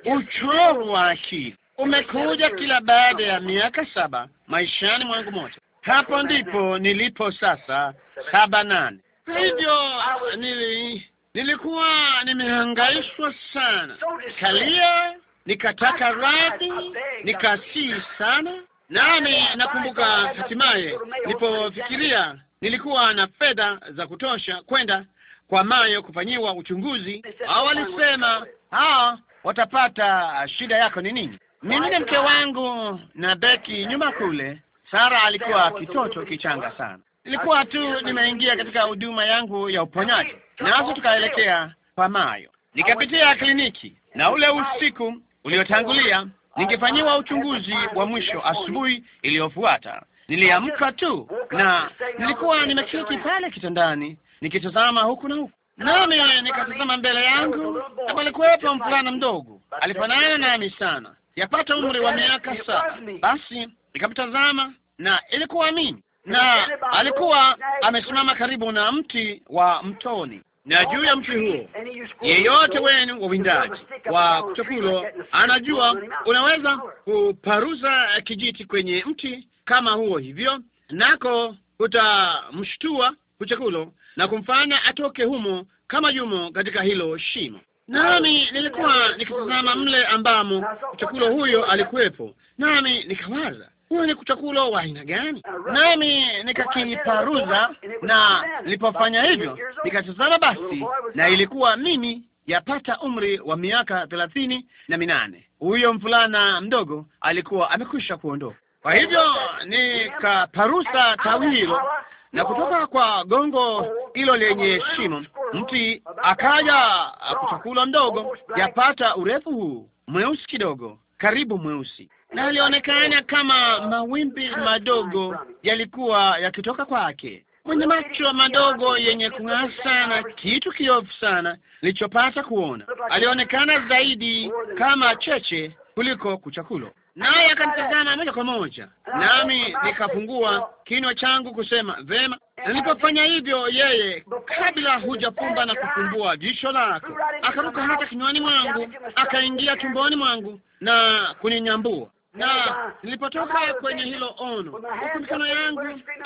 Uchovu wa akili umekuja kila baada ya miaka saba maishani mwangu mote. Hapo ndipo nilipo sasa, saba nane. Hivyo nili nilikuwa nimehangaishwa sana, kalia nikataka radhi, nikasii sana nami nakumbuka hatimaye nilipofikiria nilikuwa na fedha za kutosha kwenda kwa mayo kufanyiwa uchunguzi. Hao walisema hawa watapata ah, shida yako ni nini? Mimi na mke wangu na beki nyuma kule, Sara alikuwa kitoto kichanga sana, Nilikuwa tu nimeingia katika huduma yangu ya uponyaji, nazo tukaelekea Pamayo, nikapitia kliniki, na ule usiku uliotangulia ningefanyiwa uchunguzi wa mwisho. Asubuhi iliyofuata niliamka tu na nilikuwa nimeketi pale kitandani nikitazama huku na huku, nami nikatazama mbele yangu, na palikuwepo mvulana mdogo, alifanana nami sana, yapata umri wa miaka saba. Basi nikamtazama na ilikuwa mimi na alikuwa amesimama karibu na mti wa mtoni, na juu ya mti huo, yeyote wenu wawindaji wa kuchakulo anajua, unaweza kuparuza kijiti kwenye mti kama huo hivyo, nako utamshtua kuchakulo na kumfanya atoke humo kama yumo katika hilo shimo. Nami nilikuwa nikitazama mle ambamo kuchakulo huyo alikuwepo, nami nikawaza huyu ni chakula wa aina gani? Nami nikakiparuza na nilipofanya hivyo nikatazama, basi na ilikuwa mimi yapata umri wa miaka thelathini na minane. Huyo mvulana mdogo alikuwa amekwisha kuondoka. Kwa hivyo nikaparusa tawi hilo na kutoka kwa gongo oh, hilo lenye shimo mti akaja kuchakula mdogo, yapata urefu huu mweusi kidogo, karibu mweusi na alionekana kama mawimbi madogo yalikuwa yakitoka kwake, mwenye macho madogo yenye kung'aa sana, kitu kiovu sana nilichopata kuona. Alionekana zaidi kama cheche kuliko kuchakulo, naye akanitazama moja kwa moja, nami nikafungua kinywa changu kusema vema. Nilipofanya hivyo, yeye kabla hujapumba na kufumbua jicho lako, akaruka hata kinywani mwangu, akaingia tumboni mwangu na kuninyambua na nilipotoka kwenye hilo ono, huku mikono yangu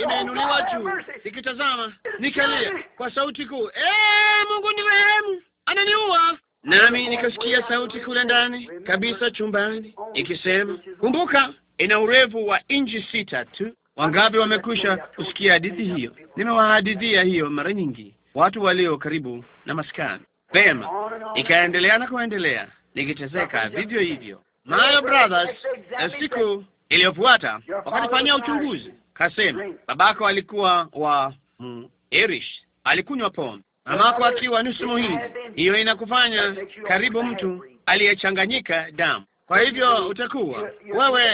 imeinuliwa juu nikitazama, nikalia kwa sauti kuu, ee, Mungu ni rehemu, ananiua. Nami nikasikia sauti kule ndani kabisa chumbani ikisema, kumbuka, ina urefu wa inchi sita tu. Wangapi wamekwisha kusikia hadithi hiyo? Nimewahadithia hiyo mara nyingi, watu walio karibu na maskani. Vema,
ikaendelea
na kuendelea, nikitezeka vivyo hivyo Mayo Brothers eh, siku iliyofuata wakatufanyia uchunguzi, kasema babako alikuwa wa mm, Irish, alikunywa pombe, mamako akiwa nusu Muhindi. Hiyo inakufanya karibu mtu aliyechanganyika damu. Kwa hivyo utakuwa wewe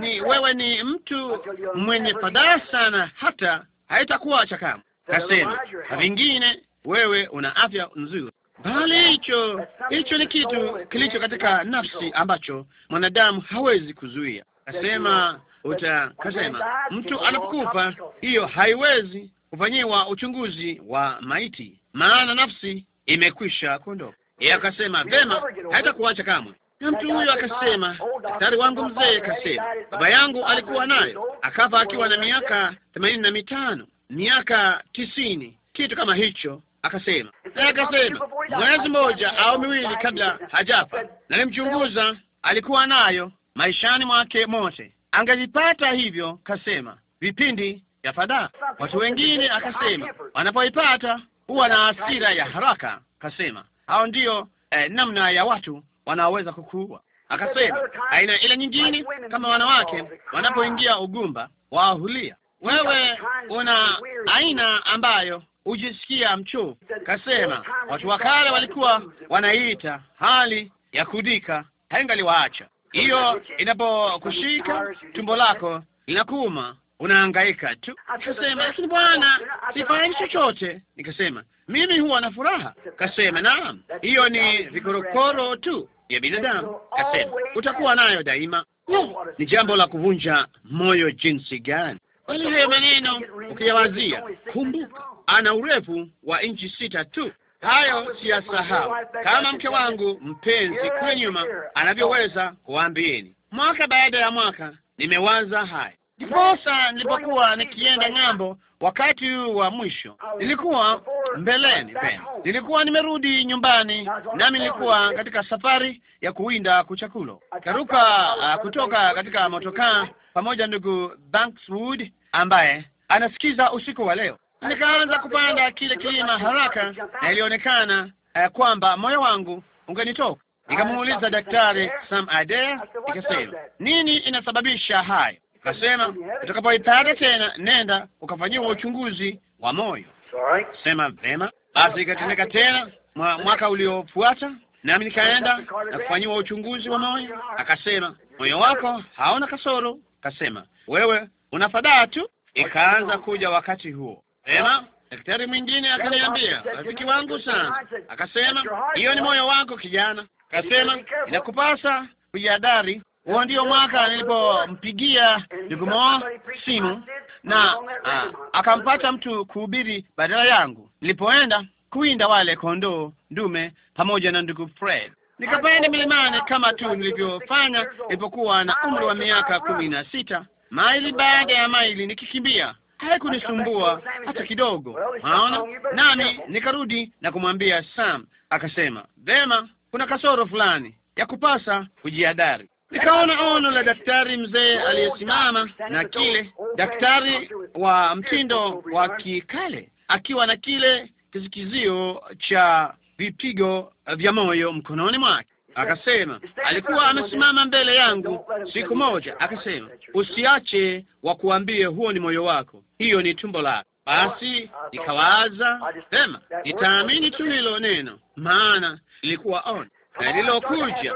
ni wewe ni mtu mwenye fadhaa sana, hata haitakuwa chakamu. Kasema na vingine, wewe una afya nzuri bali hicho hicho ni kitu kilicho katika nafsi ambacho mwanadamu hawezi kuzuia. Kasema utakasema, mtu anapokufa, hiyo haiwezi kufanyiwa uchunguzi wa maiti, maana nafsi imekwisha kuondoka. Yeye akasema vema, haitakuacha kamwe. Na mtu huyo akasema, daktari wangu mzee kasema, baba yangu alikuwa nayo, akafa akiwa na miaka themanini na mitano miaka tisini, kitu kama hicho akasema naye akasema mwezi moja au miwili kabla hajafa, na nimchunguza, alikuwa nayo maishani mwake mote, angelipata hivyo, kasema vipindi ya fadhaa. Watu wengine akasema wanapoipata huwa na hasira ya haraka, kasema hao ndiyo eh, namna ya watu wanaoweza kukuua. Akasema aina ile nyingine, kama wanawake wanapoingia ugumba hulia Wewe una aina ambayo hujisikia mchovu. Kasema watu wa kale walikuwa wanaita hali ya kudika, haingaliwaacha hiyo. Inapokushika tumbo lako linakuuma, unahangaika tu. Kasema lakini bwana, sifanyi chochote. Nikasema mimi huwa na furaha. Kasema naam, hiyo ni vikorokoro tu ya binadamu. Kasema utakuwa nayo daima. No, ni jambo la kuvunja moyo jinsi gani! hayo maneno ukiyawazia, kumbuka ana urefu wa inchi sita tu. Hayo siyasahau, kama mke wangu mpenzi kule nyuma anavyoweza kuwaambieni. Mwaka baada ya mwaka nimewaza haya, ndiposa nilipokuwa nikienda ng'ambo wakati huu wa mwisho, nilikuwa mbeleni pena, nilikuwa nimerudi nyumbani, nami nilikuwa katika safari ya kuwinda kuchakulo. Karuka uh, ah, kutoka katika motokaa pamoja ndugu Bankswood ambaye anasikiza usiku wa leo nikaanza kupanda kile kilima haraka, na ilionekana uh, eh, kwamba moyo wangu ungenitoka. Nikamuuliza Daktari Sam Adair, nikasema nini inasababisha hayo? Akasema utakapoipata tena, nenda ukafanyiwa uchunguzi wa moyo. Sema vema basi, ikatendeka tena mwaka uliofuata, nami nikaenda na kufanyiwa uchunguzi wa moyo. Akasema moyo wako hauna kasoro, akasema wewe unafadhaa tu. Ikaanza kuja wakati huo Sema. Daktari mwingine akaniambia, rafiki wangu sana, akasema, hiyo ni moyo wako kijana. Akasema, inakupasa kujihadhari. Huo ndio mwaka nilipompigia ndugu Moa simu na ah, akampata mtu kuhubiri badala yangu. Nilipoenda kuinda wale kondoo ndume pamoja na ndugu Fred, nikapanda milimani kama tu nilivyofanya nilipokuwa na umri wa miaka kumi na sita, maili baada ya maili nikikimbia haikunisumbua hata kidogo, unaona. Nami nikarudi na kumwambia Sam, akasema vema, kuna kasoro fulani ya kupasa kujihadhari. Nikaona ono la daktari mzee aliyesimama na kile daktari wa mtindo wa kikale akiwa na kile kisikizio cha vipigo vya moyo mkononi mwake. Akasema alikuwa amesimama mbele yangu siku moja, akasema usiache wakuambie, huo ni moyo wako, hiyo ni tumbo lako. Basi nikawaza sema, nitaamini tu hilo neno, maana ilikuwa on na lilokuja.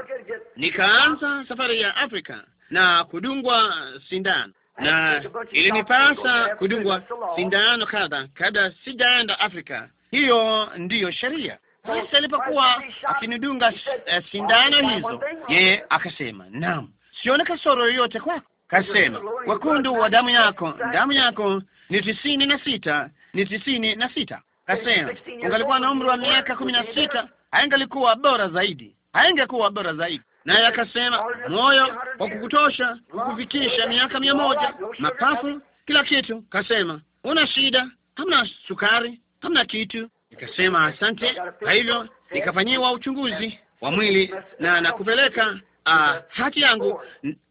Nikaanza safari ya Afrika na kudungwa sindano, na ilinipasa kudungwa sindano kadha kabla sijaenda Afrika. Hiyo ndiyo sheria. Yesu alipokuwa akinidunga eh, sindano hizo, yeye akasema, naam, sione kasoro yoyote kwako. Kasema, wekundu wa damu yako, damu yako ni tisini na sita, ni tisini na sita. Kasema, ungalikuwa na umri wa miaka kumi na sita, haingalikuwa bora zaidi, haingekuwa bora zaidi. Naye akasema, moyo wa kukutosha kukufikisha miaka mia moja, mapafu, kila kitu. Kasema, una shida, hamna sukari, hamna kitu nikasema asante. Kwa hivyo nikafanyiwa uchunguzi wa mwili na nakupeleka uh, hati yangu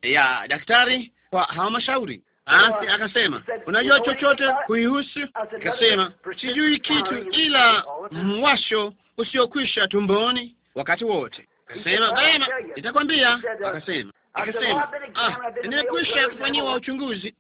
ya daktari kwa halmashauri. Basi akasema unajua chochote kuihusu?
Nikasema sijui kitu, ila
mwasho usiokwisha tumboni wakati wote. Akasema vyema, nitakwambia. Akasema akasema ah, nimekwisha kufanyiwa uchunguzi,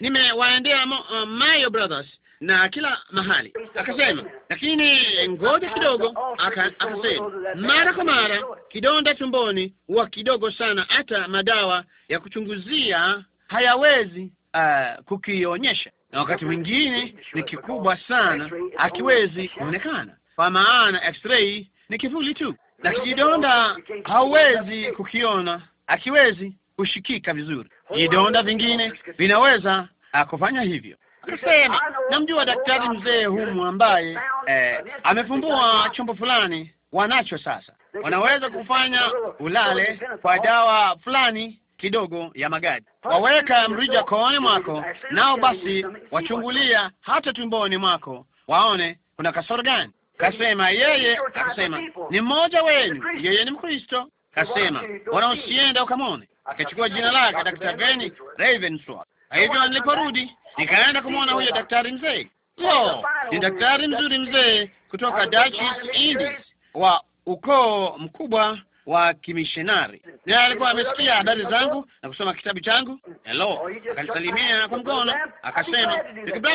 nimewaendea uh, Mayo Brothers na kila mahali. Akasema, lakini ngoja kidogo. akasema mara kwa mara kidonda tumboni huwa kidogo sana, hata madawa ya kuchunguzia hayawezi uh, kukionyesha, na wakati mwingine ni kikubwa sana, akiwezi kuonekana kwa maana x-ray ni kivuli tu, na kidonda hauwezi kukiona, akiwezi kushikika vizuri. Vidonda vingine vinaweza ah, kufanya hivyo Tuseme namjua daktari mzee humu ambaye eh, amefumbua chombo fulani wanacho sasa, wanaweza kufanya ulale kwa dawa fulani kidogo ya magadi, waweka mrija kooni mwako, nao basi wachungulia hata tumboni mwako, waone kuna kasoro gani. Kasema yeye, akasema ni mmoja wenu, yeye ni Mkristo. Kasema wanaosienda usienda ukamwone? Akachukua jina lake Dr. Glenn Ravenswood. Hivyo niliporudi nikaenda kumwona huyo daktari mzee. Lo, ni daktari mzuri mzee kutoka Dutch Indies wa ukoo mkubwa wa kimishonari, naye alikuwa amesikia habari zangu na kusoma kitabu changu. Hello, akanisalimia kwa mkono, akasema ndugu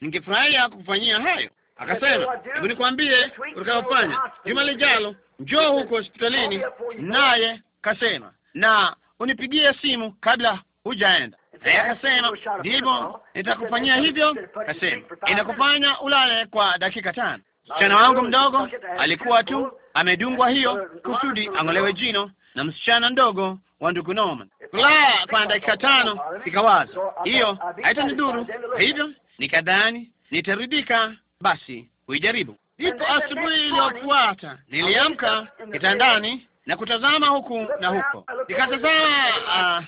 ningefurahia kukufanyia hayo. Akasema hebu nikwambie utakayofanya juma lijalo, njoo huko hospitalini. Naye kasema na unipigie simu kabla hujaenda. Eh, akasema ndipo nitakufanyia hivyo. Kasema inakufanya ulale kwa dakika tano. Msichana wangu mdogo alikuwa tu amedungwa hiyo kusudi ang'olewe jino na msichana ndogo wa ndugu Norman. Kulala kwa dakika tano, ikawaza hiyo haitanidhuru, hivyo nikadhani nitaridhika, basi huijaribu. Ndipo asubuhi iliyofuata niliamka kitandani na kutazama huku na huko, nikatazama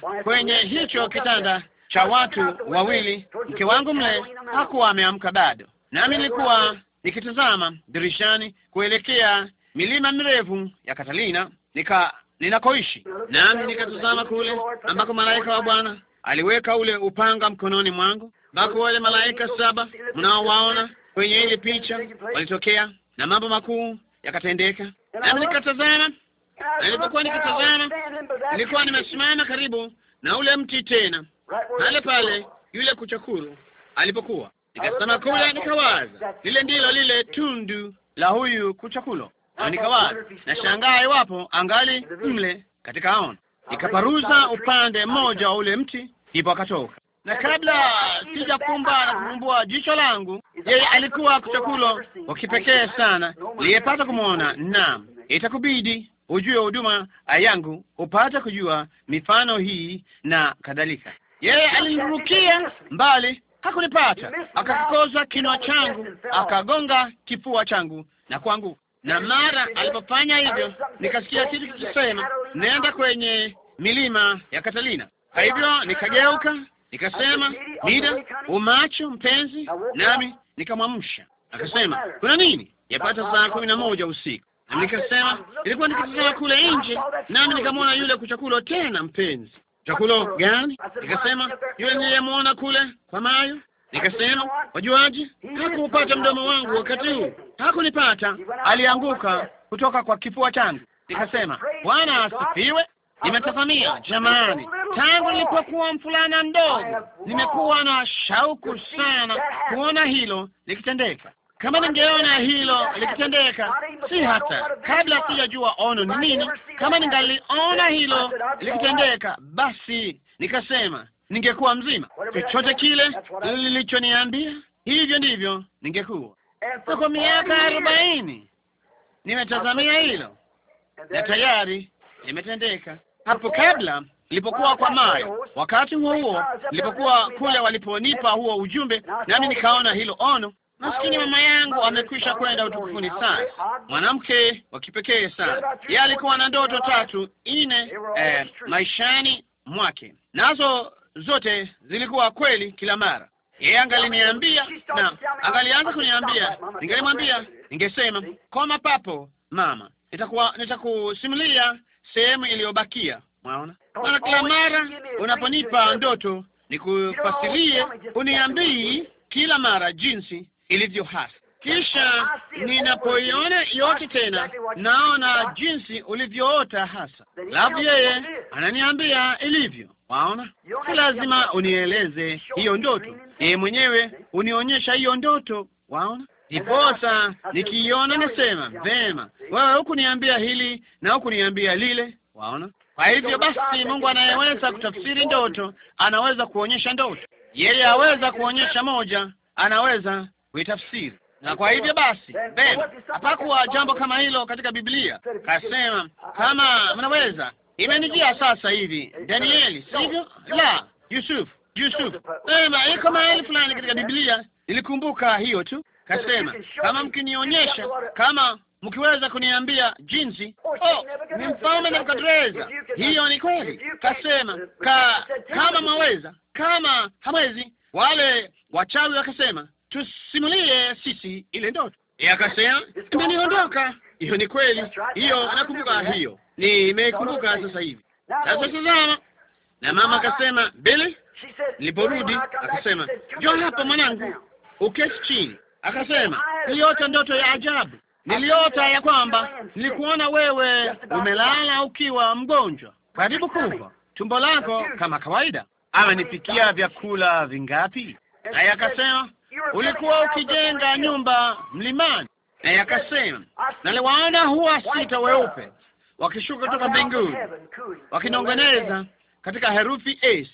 uh, kwenye hicho kitanda cha watu wawili. Mke wangu mle hakuwa ameamka bado, nami nilikuwa nikitazama dirishani kuelekea milima mirefu ya Catalina nika ninakoishi,
nami nikatazama kule ambako malaika wa Bwana
aliweka ule upanga mkononi mwangu,
ambako wale malaika saba mnaowaona kwenye ile picha
walitokea na mambo makuu yakatendeka, nami nikatazama Nilipokuwa nikitazama, nilikuwa nimesimama karibu na ule mti tena pale pale yule kuchakuru alipokuwa. Nikasema kule, nikawaza lile ndilo lile tundu la huyu kuchakulo, na nikawaza na shangaa iwapo angali mle katika aona. Nikaparuza upande mmoja wa ule mti, ndipo akatoka, na kabla sijakumba na kufumbua jicho langu, yeye alikuwa kuchakulo wa kipekee sana, niliyepata kumwona. Naam, itakubidi ujue huduma ah, yangu, upata kujua mifano hii na kadhalika. Yeye alinirukia mbali, hakunipata, akakikoza kinwa changu, akagonga kifua changu na kwangu. Na mara alipofanya hivyo, nikasikia kitu kikisema, nenda kwenye milima ya Katalina. Kwa hivyo nikageuka, nikasema, Nida, umacho mpenzi? Nami nikamwamsha. Akasema, kuna nini? Yapata saa kumi na moja usiku na nikasema, ilikuwa nikitazama kule nje, nami nikamwona yule kuchakulo tena. Mpenzi, chakulo gani? Nikasema, yule niliyemwona kule kwa mayo. Nikasema, wajuaji Hakuupata mdomo wangu wakati huu, hakunipata, alianguka kutoka kwa kifua changu. Nikasema, Bwana asifiwe. Nimetazamia jamani, tangu nilipokuwa mfulana mdogo, nimekuwa na shauku sana kuona hilo likitendeka. Kama ningeona hilo likitendeka, si hata kabla sijajua ono ni nini, kama ningaliona hilo likitendeka, basi nikasema ningekuwa mzima. Chochote kile lilichoniambia hivyo ndivyo ningekuwa.
So kwa miaka arobaini
nimetazamia hilo na tayari imetendeka. Hapo kabla nilipokuwa kwa Mayo, wakati huo huo nilipokuwa kule waliponipa huo ujumbe, nami nikaona hilo ono, Maskini mama yangu amekwisha kwenda utukufuni sana, mwanamke wa kipekee sana. Yeye alikuwa na ndoto tatu nne eh, maishani mwake, nazo zote zilikuwa kweli kila mara. Yeye angaliniambia na angalianza kuniambia, ningelimwambia, ningesema koma papo mama, nitakuwa nitakusimulia sehemu iliyobakia. Mwaona, maana kila mara unaponipa ndoto nikufasilie, uniambii kila mara jinsi ilivyo hasa. Kisha ninapoiona yote tena, naona jinsi ulivyoota hasa, labda yeye ananiambia ilivyo. Waona, si lazima unieleze hiyo ndoto, yeye mwenyewe unionyesha hiyo ndoto. Waona, ndiposa nikiiona nasema vema, wewe hukuniambia hili na hukuniambia lile. Waona, kwa hivyo basi, Mungu anayeweza kutafsiri ndoto anaweza kuonyesha ndoto.
Yeye aweza kuonyesha
moja, anaweza kuitafsiri na kwa hivyo basi, vema, hapakuwa jambo kama hilo katika Biblia. Kasema kama mnaweza, imenijia sasa hivi, Danieli, sivyo? La, Yusuf, Yusuf. Vema, iko mahali fulani katika Biblia, nilikumbuka hiyo tu. Kasema kama mkinionyesha, kama mkiweza kuniambia jinsi, oh, oh ni mfalme Nebukadreza, hiyo ni kweli. Kasema ka, kama mwaweza, kama hamwezi, wale wachawi wakasema tusimulie sisi ile ndoto. Yeye akasema imeniondoka. Hiyo ni kweli, hiyo nakumbuka, hiyo nimekumbuka sasa hivi. Sasa tazama, na mama akasema Bili, niliporudi akasema njoo hapa mwanangu, uketi chini. Akasema niliota ndoto ya ajabu, niliota ya kwamba nilikuona wewe umelala ukiwa mgonjwa karibu kufa, tumbo lako kama kawaida, amenipikia vyakula vingapi? Naye akasema ulikuwa ukijenga nyumba mlimani, na yakasema, naliwaona huwa sita weupe wakishuka kutoka mbinguni
wakinongoneza
katika herufi S,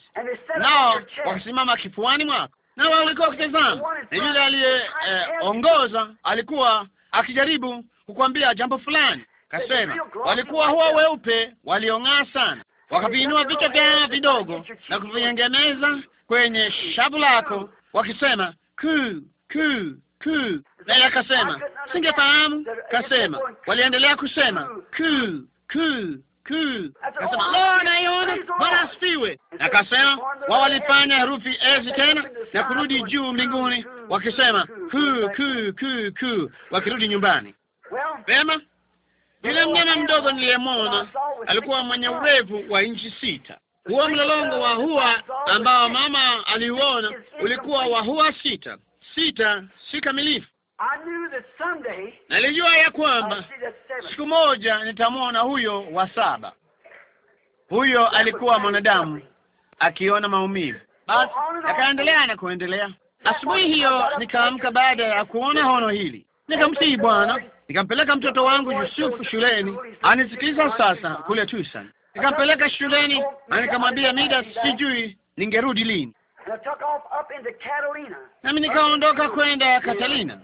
nao wakasimama kifuani mwako, na walikuwa wakitazama. Na yule aliyeongoza eh, alikuwa akijaribu kukwambia jambo fulani. Kasema walikuwa huwa weupe waliong'aa sana, wakaviinua vichwa vyao vidogo na kuviegemeza kwenye shavu lako, wakisema kuu kuu kuu, naye akasema singefahamu. Kasema waliendelea kusema kuu kuu kuu, akasema lo, naiona, Bwana asifiwe. Akasema wao walifanya herufi ezi tena na kurudi juu mbinguni, wakisema kuu kuu kuu kuu, wakirudi nyumbani. Vema, yule mnyama mdogo niliyemwona alikuwa mwenye urefu wa inchi sita. Huo mlolongo wa hua ambao mama aliuona ulikuwa wa hua sita sita, si kamilifu.
Nalijua ya kwamba
siku moja nitamwona huyo wa saba. Huyo alikuwa mwanadamu akiona maumivu. Basi akaendelea na kuendelea. Asubuhi hiyo nikaamka baada ya kuona hono hili,
nikamsihi Bwana,
nikampeleka mtoto wangu Yusufu shuleni. Anisikiliza sasa kule Tucson nikampeleka shuleni
na nikamwambia mida, sijui
ningerudi lini, nami nikaondoka kwenda Catalina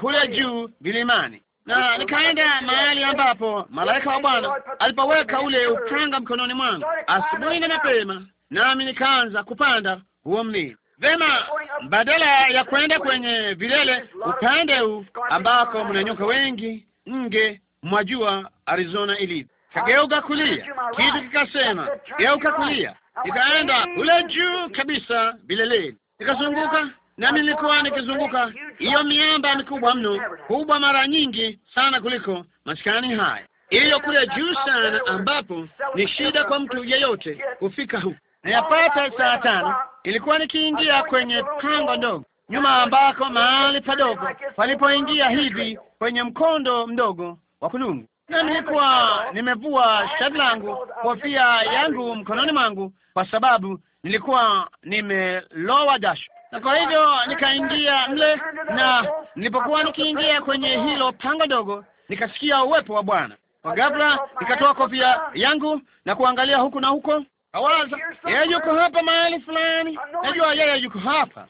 kule juu vilimani, na nikaenda mahali ambapo malaika wa Bwana alipoweka ule upanga mkononi mwangu asubuhi na mapema, nami nikaanza kupanda huo mlima. Vema,
badala ya kwenda kwenye vilele upande
huu ambako mnanyoka wengi, nge mwajua Arizona ilivyo kageuka kulia, kitu kikasema geuka kulia, nikaenda kule juu kabisa vileleni, nikazunguka nami nilikuwa nikizunguka hiyo miamba mikubwa mno, kubwa mara nyingi sana kuliko maskani haya, hiyo kule juu sana, ambapo ni shida kwa mtu yeyote kufika huko. yapata saa tano, ilikuwa nikiingia kwenye pango ndogo nyuma, ambako mahali padogo palipoingia hivi kwenye mkondo mdogo wa kulungu na nilikuwa nimevua shati langu, kofia yangu mkononi mwangu, kwa sababu nilikuwa nimelowa jasho, na kwa hivyo nikaingia mle, na nilipokuwa nikiingia kwenye hilo pango dogo, nikasikia uwepo wa Bwana. Kwa ghafla nikatoa kofia yangu na kuangalia huku na huko, kawaza yeye yuko hapa mahali fulani, najua yeye yuko hapa.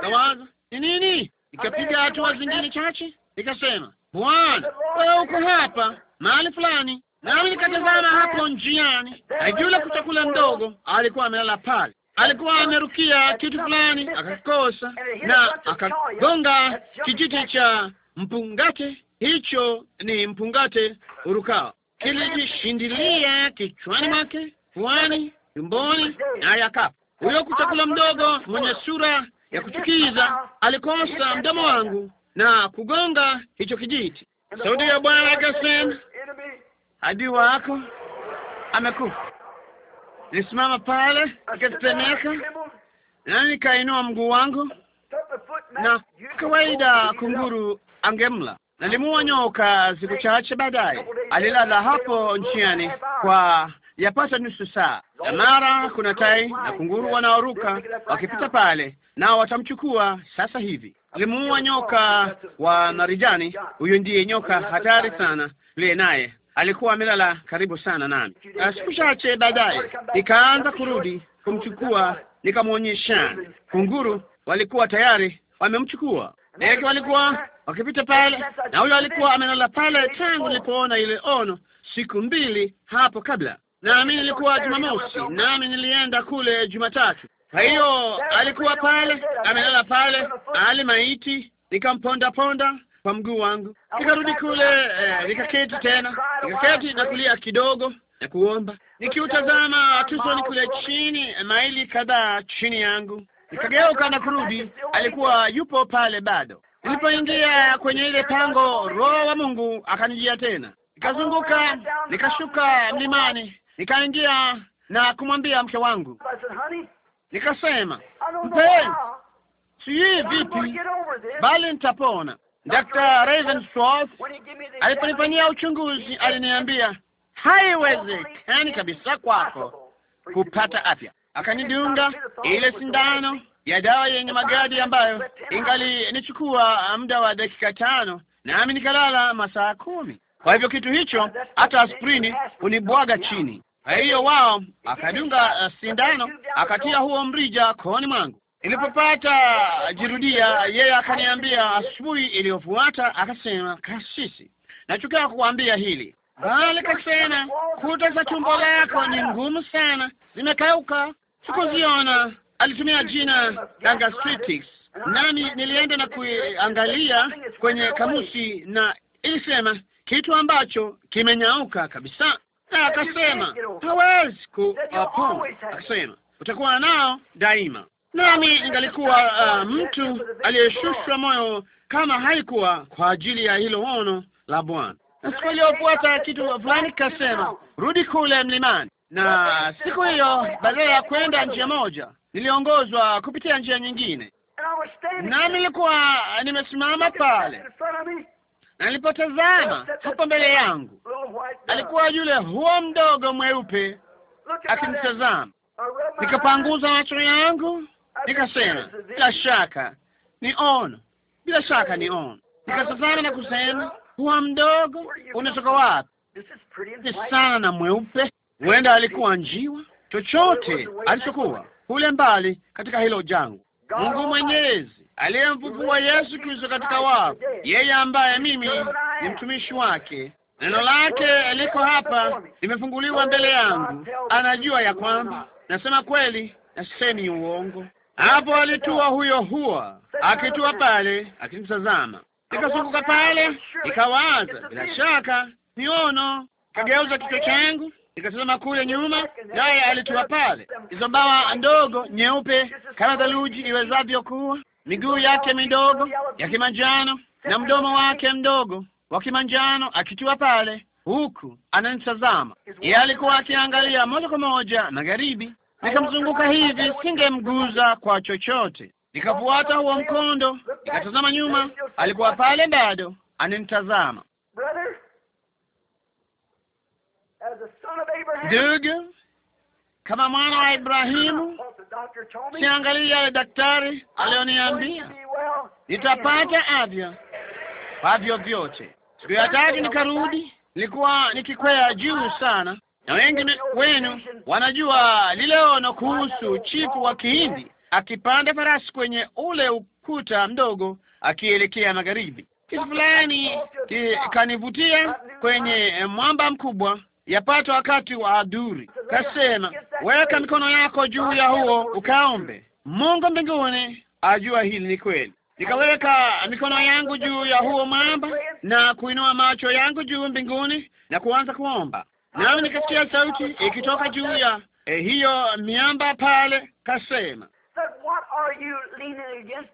Kawaza oh, ni nini? Nikapiga hatua zingine chache, nikasema Bwana, wewe uko hapa mahali fulani, nami nikatazama hapo njiani, ajula kuchakula ndogo, alikuwa amelala pale alikuwa amerukia kitu fulani akakikosa, na akagonga kijiti cha mpungate. Hicho ni mpungate urukao, kilijishindilia kichwani mwake, puani, tumboni, naye akapa. Huyo kuchakula mdogo mwenye sura ya kuchukiza alikosa mdomo wangu, na kugonga hicho kijiti. Sauti ya Bwana akasema, adui wako amekufa. Nilisimama pale nikatetemeka, na nikainua mguu wangu, na kawaida kunguru angemla. Nalimuua nyoka siku chache baadaye, alilala hapo njiani kwa yapata nusu saa, na mara kuna tai na kunguru wanaoruka wakipita pale, nao watamchukua sasa hivi. Alimuua nyoka wa marijani, huyo ndiye nyoka hatari sana. Liye naye alikuwa amelala karibu sana nami. Siku chache baadaye nikaanza kurudi kumchukua, nikamwonyesha kunguru walikuwa tayari wamemchukua. Ndege walikuwa wakipita pale, na huyo alikuwa amelala pale tangu nilipoona ile ono siku mbili hapo kabla nami nilikuwa Jumamosi, nami nilienda kule Jumatatu. Kwa hiyo alikuwa pale, amelala pale, ali maiti, nikamponda ponda kwa mguu wangu, nikarudi kule eh, nikaketi tena, nikaketi na kulia kidogo na kuomba, nikiutazama Tusoni kule chini, maili kadhaa chini yangu. Nikageuka na kurudi, alikuwa yupo pale bado. Nilipoingia kwenye ile pango, roho wa Mungu akanijia tena, nikazunguka, nikashuka mlimani nikaingia na kumwambia mke wangu, nikasema mpenzi, sijui vipi, bali nitapona. Dr. Ravensworth
aliponifanyia
uchunguzi aliniambia haiwezekani kabisa kwako kupata afya. Akanidunga ile sindano ya dawa yenye magadi ambayo ingali nichukua muda wa dakika tano, nami nikalala masaa kumi. Kwa hivyo kitu hicho hata asprini ulibwaga chini. Kwa hiyo wao akadunga uh, sindano akatia huo mrija kooni mwangu. Ilipopata jirudia, yeye akaniambia asubuhi iliyofuata akasema, kasisi, nachukia kuambia hili bali kasema, kuta za tumbo lako ni ngumu sana, zimekauka, sikuziona. Alitumia jina gastritis, nami nilienda na kuiangalia kwenye kamusi na ilisema kitu ambacho kimenyauka kabisa, na akasema hawezi
kuwapona, akasema
utakuwa nao daima. Nami ingalikuwa uh, mtu aliyeshushwa moyo kama haikuwa kwa ajili ya hilo ono la Bwana. Siku iliyofuata kitu fulani kasema, rudi kule mlimani. Na siku hiyo badala ya kwenda njia moja, niliongozwa kupitia njia nyingine,
nami nilikuwa
nimesimama pale Nalipotazama hapo mbele yangu,
alikuwa yule
huo mdogo mweupe
akimtazama. Nikapanguza macho
yangu, nikasema, bila shaka ni ono, bila shaka ni ono.
Nikatazama na kusema,
huwa mdogo unatoka wapi? Ni sana na mweupe, huenda alikuwa njiwa, chochote alichokuwa kule mbali katika hilo jangu. Mungu Mwenyezi aliyemfufua Yesu Kristo katika wafu, yeye ambaye mimi ni mtumishi wake. Neno lake liko hapa, limefunguliwa mbele yangu. Anajua ya kwamba nasema kweli na sisemi uongo. Hapo alitua huyo huwa akitua pale, akimtazama. Nikazunguka pale, nikawaza, bila shaka niono. kageuza kichwa changu nikatazama kule nyuma, naye alitua pale, hizo bawa ndogo nyeupe kama theluji iwezavyo kuwa miguu yake midogo ya kimanjano na mdomo wake mdogo wa kimanjano, akitua pale huku ananitazama. Yeye alikuwa akiangalia moja kwa moja magharibi. Nikamzunguka hivi, singemguza kwa chochote. Nikafuata huo mkondo, nikatazama nyuma, alikuwa pale bado ananitazama.
Ndugu,
kama mwana wa Ibrahimu
niangalia yale
daktari alioniambia,
nitapata
afya kwa vyovyote. Siku ya tatu nikarudi, nilikuwa nikikwea juu sana, na wengi wenu wanajua ono kuhusu chifu wa Kihindi akipanda farasi kwenye ule ukuta mdogo akielekea magharibi. Kitu fulani kanivutia kwenye mwamba mkubwa yapata wakati wa adhuri. Kasema, weka mikono yako juu ya huo ukaombe. Mungu mbinguni ajua hili ni kweli. Nikaweka mikono yangu juu ya huo mwamba na kuinua macho yangu juu mbinguni na kuanza kuomba, nami nikasikia sauti ikitoka juu ya eh, hiyo miamba pale, kasema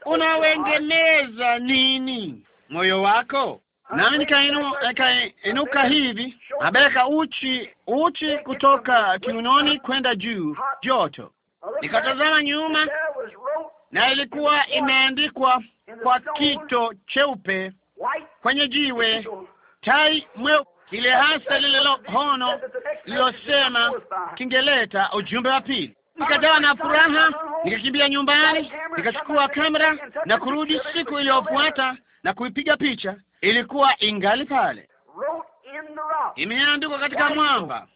unawengemeza
nini moyo wako? na nikainuka hivi, abeka uchi uchi kutoka kiunoni kwenda juu, joto. Nikatazama nyuma,
na ilikuwa imeandikwa kwa kito
cheupe
kwenye jiwe,
tai mweupe, ile hasa lililo hono lililosema kingeleta ujumbe wa pili. Nikatawa na furaha, nikakimbia nyumbani, nikachukua kamera na kurudi siku iliyofuata na kuipiga picha ilikuwa ingali pale,
imeandikwa katika mwamba,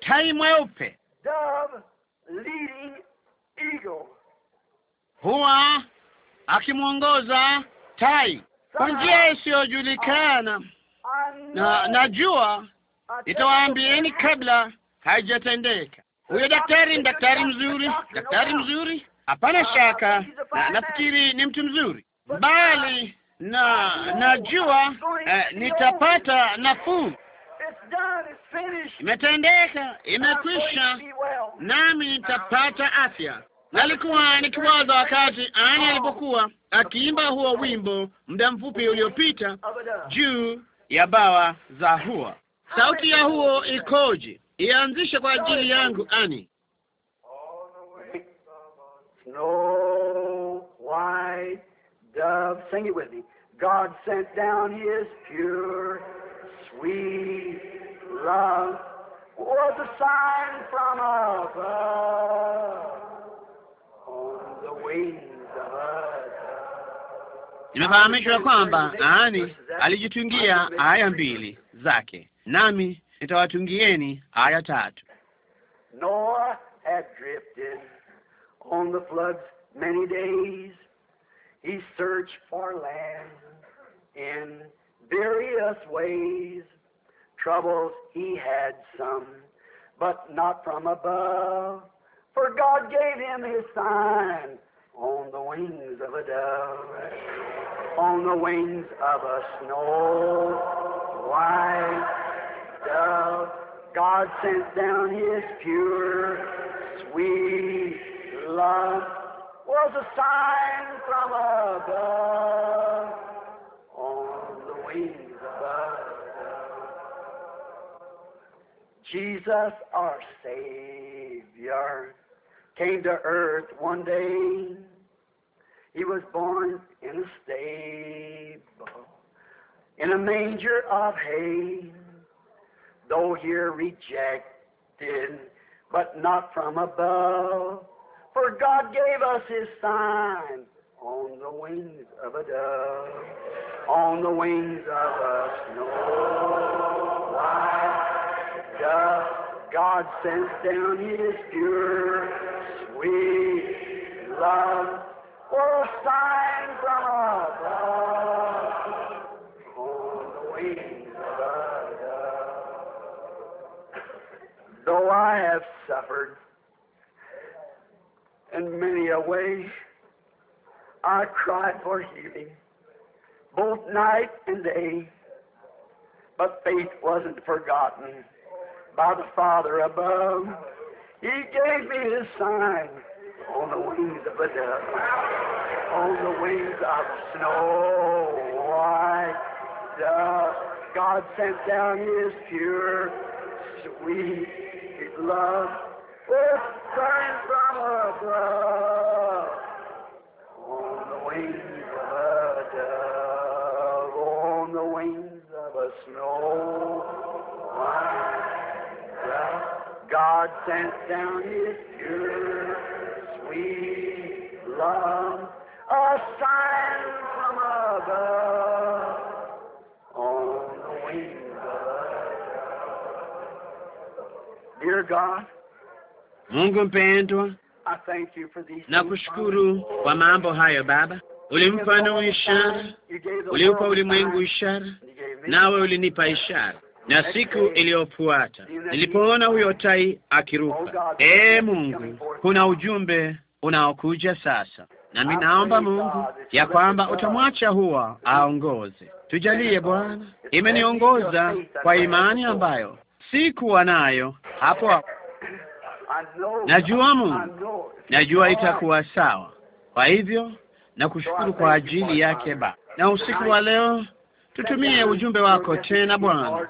tai mweupe huwa akimwongoza tai kwa njia isiyojulikana.
Na najua
itawaambieni kabla haijatendeka. Huyo daktari ni daktari mzuri, daktari mzuri, hapana uh, shaka, na nafikiri ni mtu mzuri, bali na najua uh, nitapata nafuu.
Imetendeka,
imekwisha, nami nitapata afya. Nalikuwa nikiwaza wakati Ani alipokuwa akiimba huo wimbo muda mfupi uliopita, juu ya bawa za hua. Sauti ya huo ikoje? Ianzishe kwa ajili yangu, Ani.
dove. Sing it with me. God sent down his pure, sweet love was a sign from above on the wings of a Inafahamishwa kwamba Ani. alijitungia aya mbili
zake, nami nitawatungieni aya tatu.
Noah had drifted on the floods many days he searched for land in various ways. Troubles he had some, but not from above. For God gave him his sign on the wings of a dove, on the wings of a snow white dove. God sent down his pure, sweet love was a sign from above on the wings above. Jesus, our Savior, came to earth one day. He was born in a stable, in a manger of hay, though here rejected, but not from above. For God gave us His sign on the wings of a dove, on the wings of a snow white dove. God sends down His pure, sweet love for a sign from above, on the wings of a dove. Though I have suffered in many a way. I cried for healing, both night and day. But faith wasn't forgotten by the Father above. He gave me his sign on the wings of a dove, on the wings of snow white dove. God sent down his pure, sweet love. Oh, shine from above on the wings of a dove, on the wings of a snow white God sent down His pure, sweet love, a sign from above on the wings of a dove. Dear God,
Mungu mpendwa, nakushukuru kwa mambo hayo Baba. Ulimpa Nuhu ishara,
uliupa ulimwengu
ishara, nawe ulinipa ishara. Na siku iliyofuata nilipoona huyo tai akiruka, oh ee Mungu, kuna ujumbe unaokuja sasa, nami naomba Mungu ya kwamba utamwacha huwa aongoze. Tujalie Bwana, imeniongoza kwa imani ambayo sikuwa nayo hapo hapo.
Najua Mungu, najua itakuwa
sawa. Kwa hivyo nakushukuru kwa ajili yake ba, na usiku wa leo tutumie ujumbe wako tena Bwana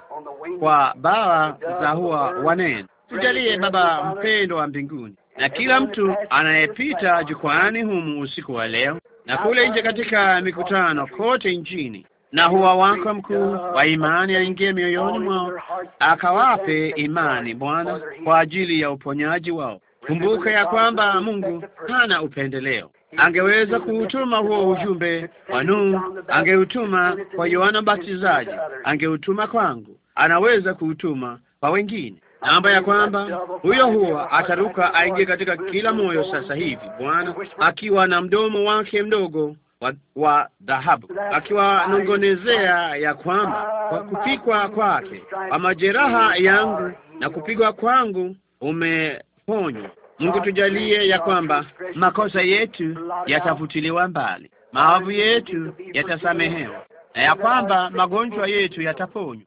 kwa baba za huwa wanene. Tujalie Baba mpendo wa mbinguni, na kila mtu anayepita jukwani humu usiku wa leo na kule nje katika mikutano kote nchini, na huwa wako mkuu wa imani aingie mioyoni mwao, akawape imani Bwana kwa ajili ya uponyaji wao. Kumbuka ya kwamba Mungu hana upendeleo. Angeweza kuutuma huo ujumbe wa Nuhu, angeutuma kwa Yohana Mbatizaji, angeutuma kwangu, anaweza kuutuma kwa wengine. Namba ya kwamba
huyo huwa ataruka aingie katika
kila moyo sasa hivi, Bwana akiwa na mdomo wake mdogo wa, wa dhahabu akiwanongonezea ya kwamba ah, kwa kupikwa kwake kwa majeraha yangu na kupigwa kwangu umeponywa. Mungu tujalie ya kwamba makosa yetu yatafutiliwa mbali, maovu yetu yatasamehewa,
na ya kwamba
magonjwa yetu yataponywa.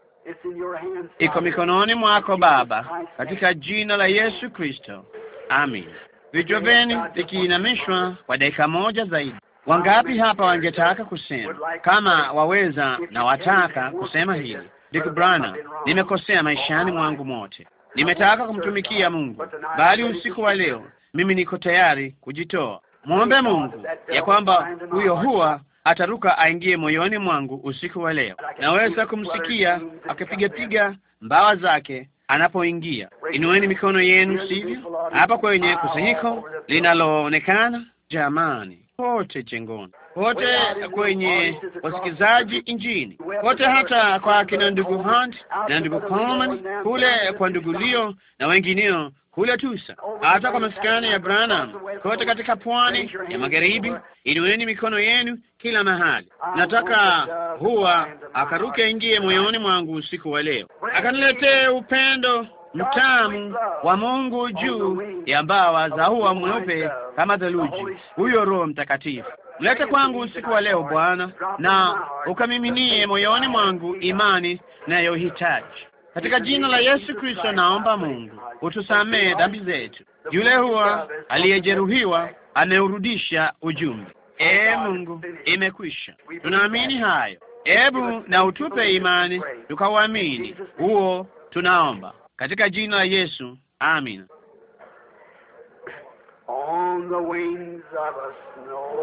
Iko mikononi
mwako Baba, katika jina la Yesu Kristo, amin. Vichwa vyenu vikiinamishwa kwa dakika moja zaidi. Wangapi hapa wangetaka kusema kama waweza na wataka kusema hili, Dick Branham, nimekosea maishani mwangu mote, nimetaka kumtumikia Mungu, bali usiku wa leo mimi niko tayari kujitoa. Mwombe Mungu ya kwamba huyo huwa ataruka aingie moyoni mwangu usiku wa leo. Naweza kumsikia akipiga piga mbawa zake anapoingia. Inueni mikono yenu, sivyo? Hapa kwenye kusanyiko linaloonekana, jamani kote jengoni, pote kwenye wasikizaji injini, pote hata kwa akina ndugu Hunt na ndugu Coleman, kule kwa ndugu Leo na wengineo kule Tusa, hata kwa masikani ya Branham, kote katika pwani ya magharibi. Inueni mikono yenu kila mahali. Nataka huwa akaruke ingie moyoni mwangu usiku wa leo, akaniletee upendo mtamu wa Mungu juu ya mbawa za huwa mweupe kama theluji. Huyo Roho Mtakatifu mlete kwangu usiku wa leo Bwana, na ukamiminie moyoni mwangu imani nayohitaji. Katika jina la Yesu Kristo naomba Mungu utusamee dhambi zetu. Yule huwa aliyejeruhiwa ameurudisha ujumbe. E Mungu, imekwisha. Tunaamini hayo,
hebu na
utupe imani tukauamini huo, tunaomba katika jina la Yesu, amina.
On the wings of a snow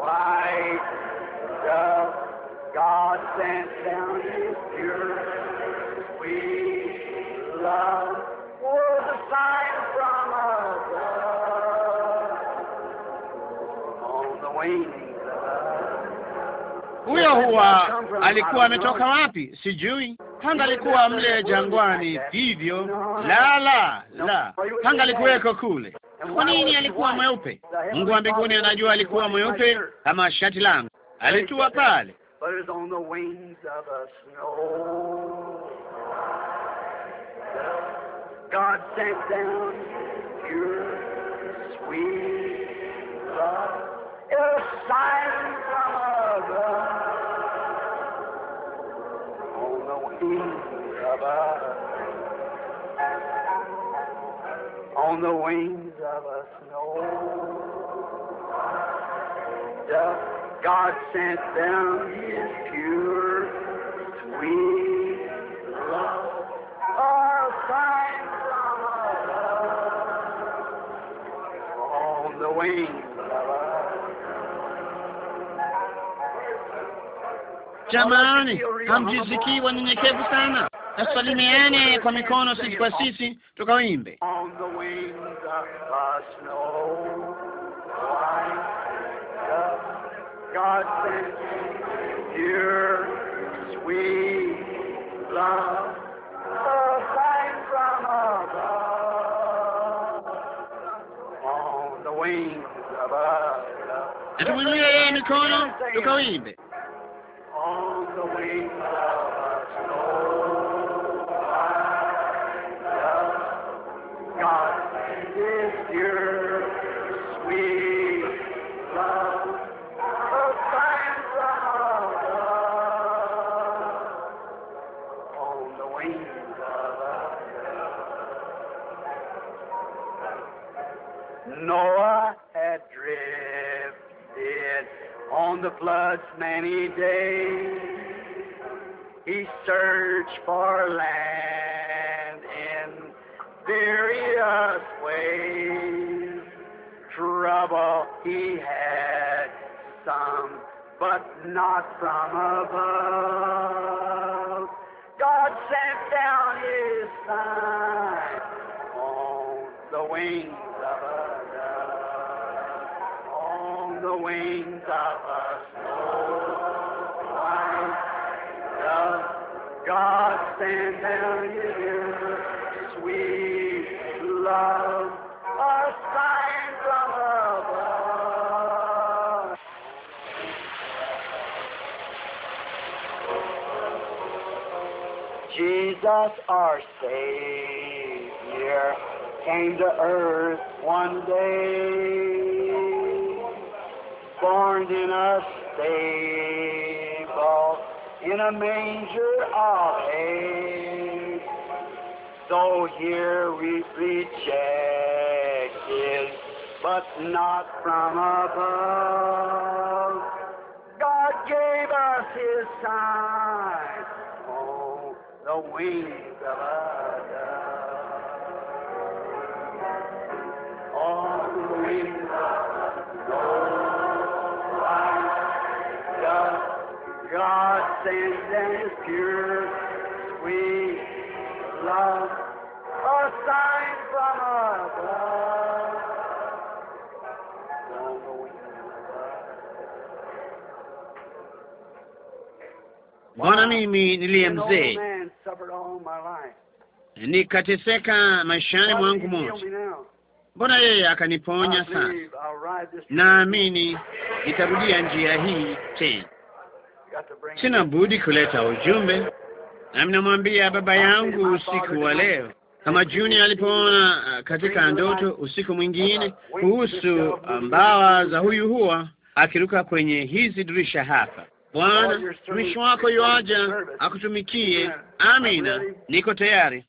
white dove, God sent down his pure sweet love was the sign from above. On the
wings of a... Huyo huwa alikuwa ametoka wapi? Sijui. alikuwa mle jangwani, hivyo la la la, alikuweko kule. Kwa nini alikuwa mweupe? Mungu wa mbinguni anajua alikuwa mweupe kama shati langu, alitua pale
on the wings of a snow. Dust God sent down His pure, sweet love. Our sign from above on the wings. Jamani, hamjisikii wanyenyekevu sana? Nasalimiane kwa mikono sisi kwa sisi,
tukawimbe
natuilie yeye mikono tukawimbe on the wings of a snow. on the flood's many days, he searched for land in various ways. Trouble he had some, but not from above. God sent down his son on
the wings
the wings of a snow-white dove. God send down you sweet love, a from above. Jesus, our Savior, came to earth one day born in a stable, in a manger of hay. So here we rejected, but not from above. God gave us his sign, oh, the wings of a dove.
Oh, the wings of a dove.
sins and his pure, sweet love, a sign from above.
Bwana, mimi niliye mzee nikateseka maishani mwangu mote, mbona yeye akaniponya sana?
Naamini
nitarudia njia hii tena sina budi kuleta ujumbe, na mnamwambia baba yangu usiku wa leo, kama Juni alipoona uh, katika ndoto usiku mwingine kuhusu uh, mbawa za huyu huwa akiruka kwenye hizi dirisha hapa. Bwana, mtumishi wako yoaja akutumikie. Amina, niko tayari.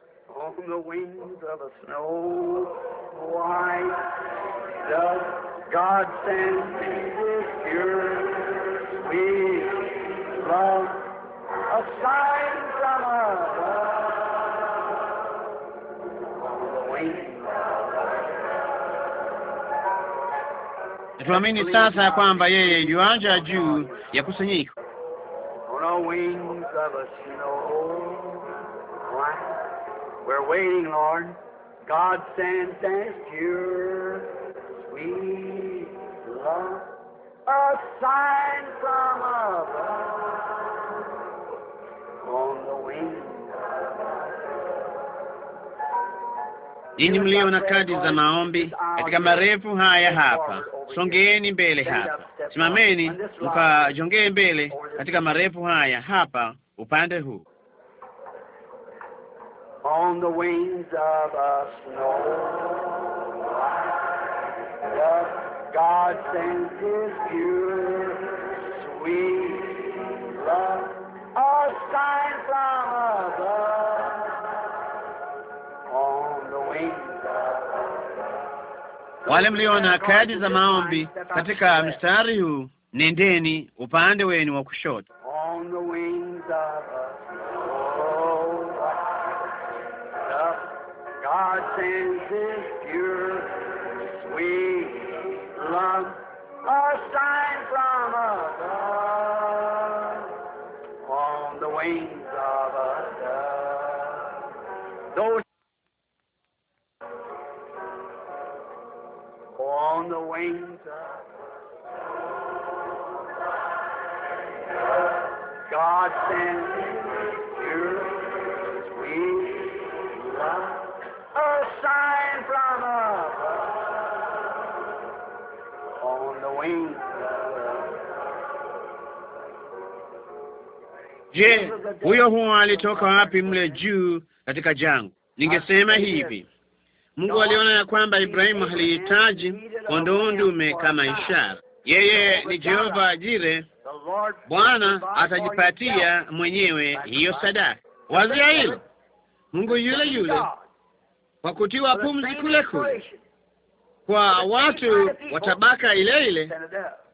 Brown, a sign from above.
Tuamini sasa ya kwamba yeye yu anja juu ya kusanyiko
a sign from above.
Ninyi mlio na kadi za maombi katika marefu haya hapa, songeeni mbele hapa, simameni mkajongee mbele katika marefu haya hapa, upande huu
On the wings of a snow God sends his pure, sweet love.
Wale mliona kadi za maombi katika mstari huu, nendeni upande wenu wa kushoto.
oh, God sends His pure, sweet love, on the wings of God sends you sweet love, a sign from above on the wings
Je, huyo huwa alitoka wapi mle juu katika jangu? Ningesema hivi Mungu aliona ya kwamba Ibrahimu halihitaji kondoo ndume kama ishara. Yeye ni Jehova Jire,
Bwana atajipatia mwenyewe
hiyo sadaka. Wazia hilo, Mungu yule yule kwa kutiwa pumzi kule kule kwa watu wa tabaka ile ile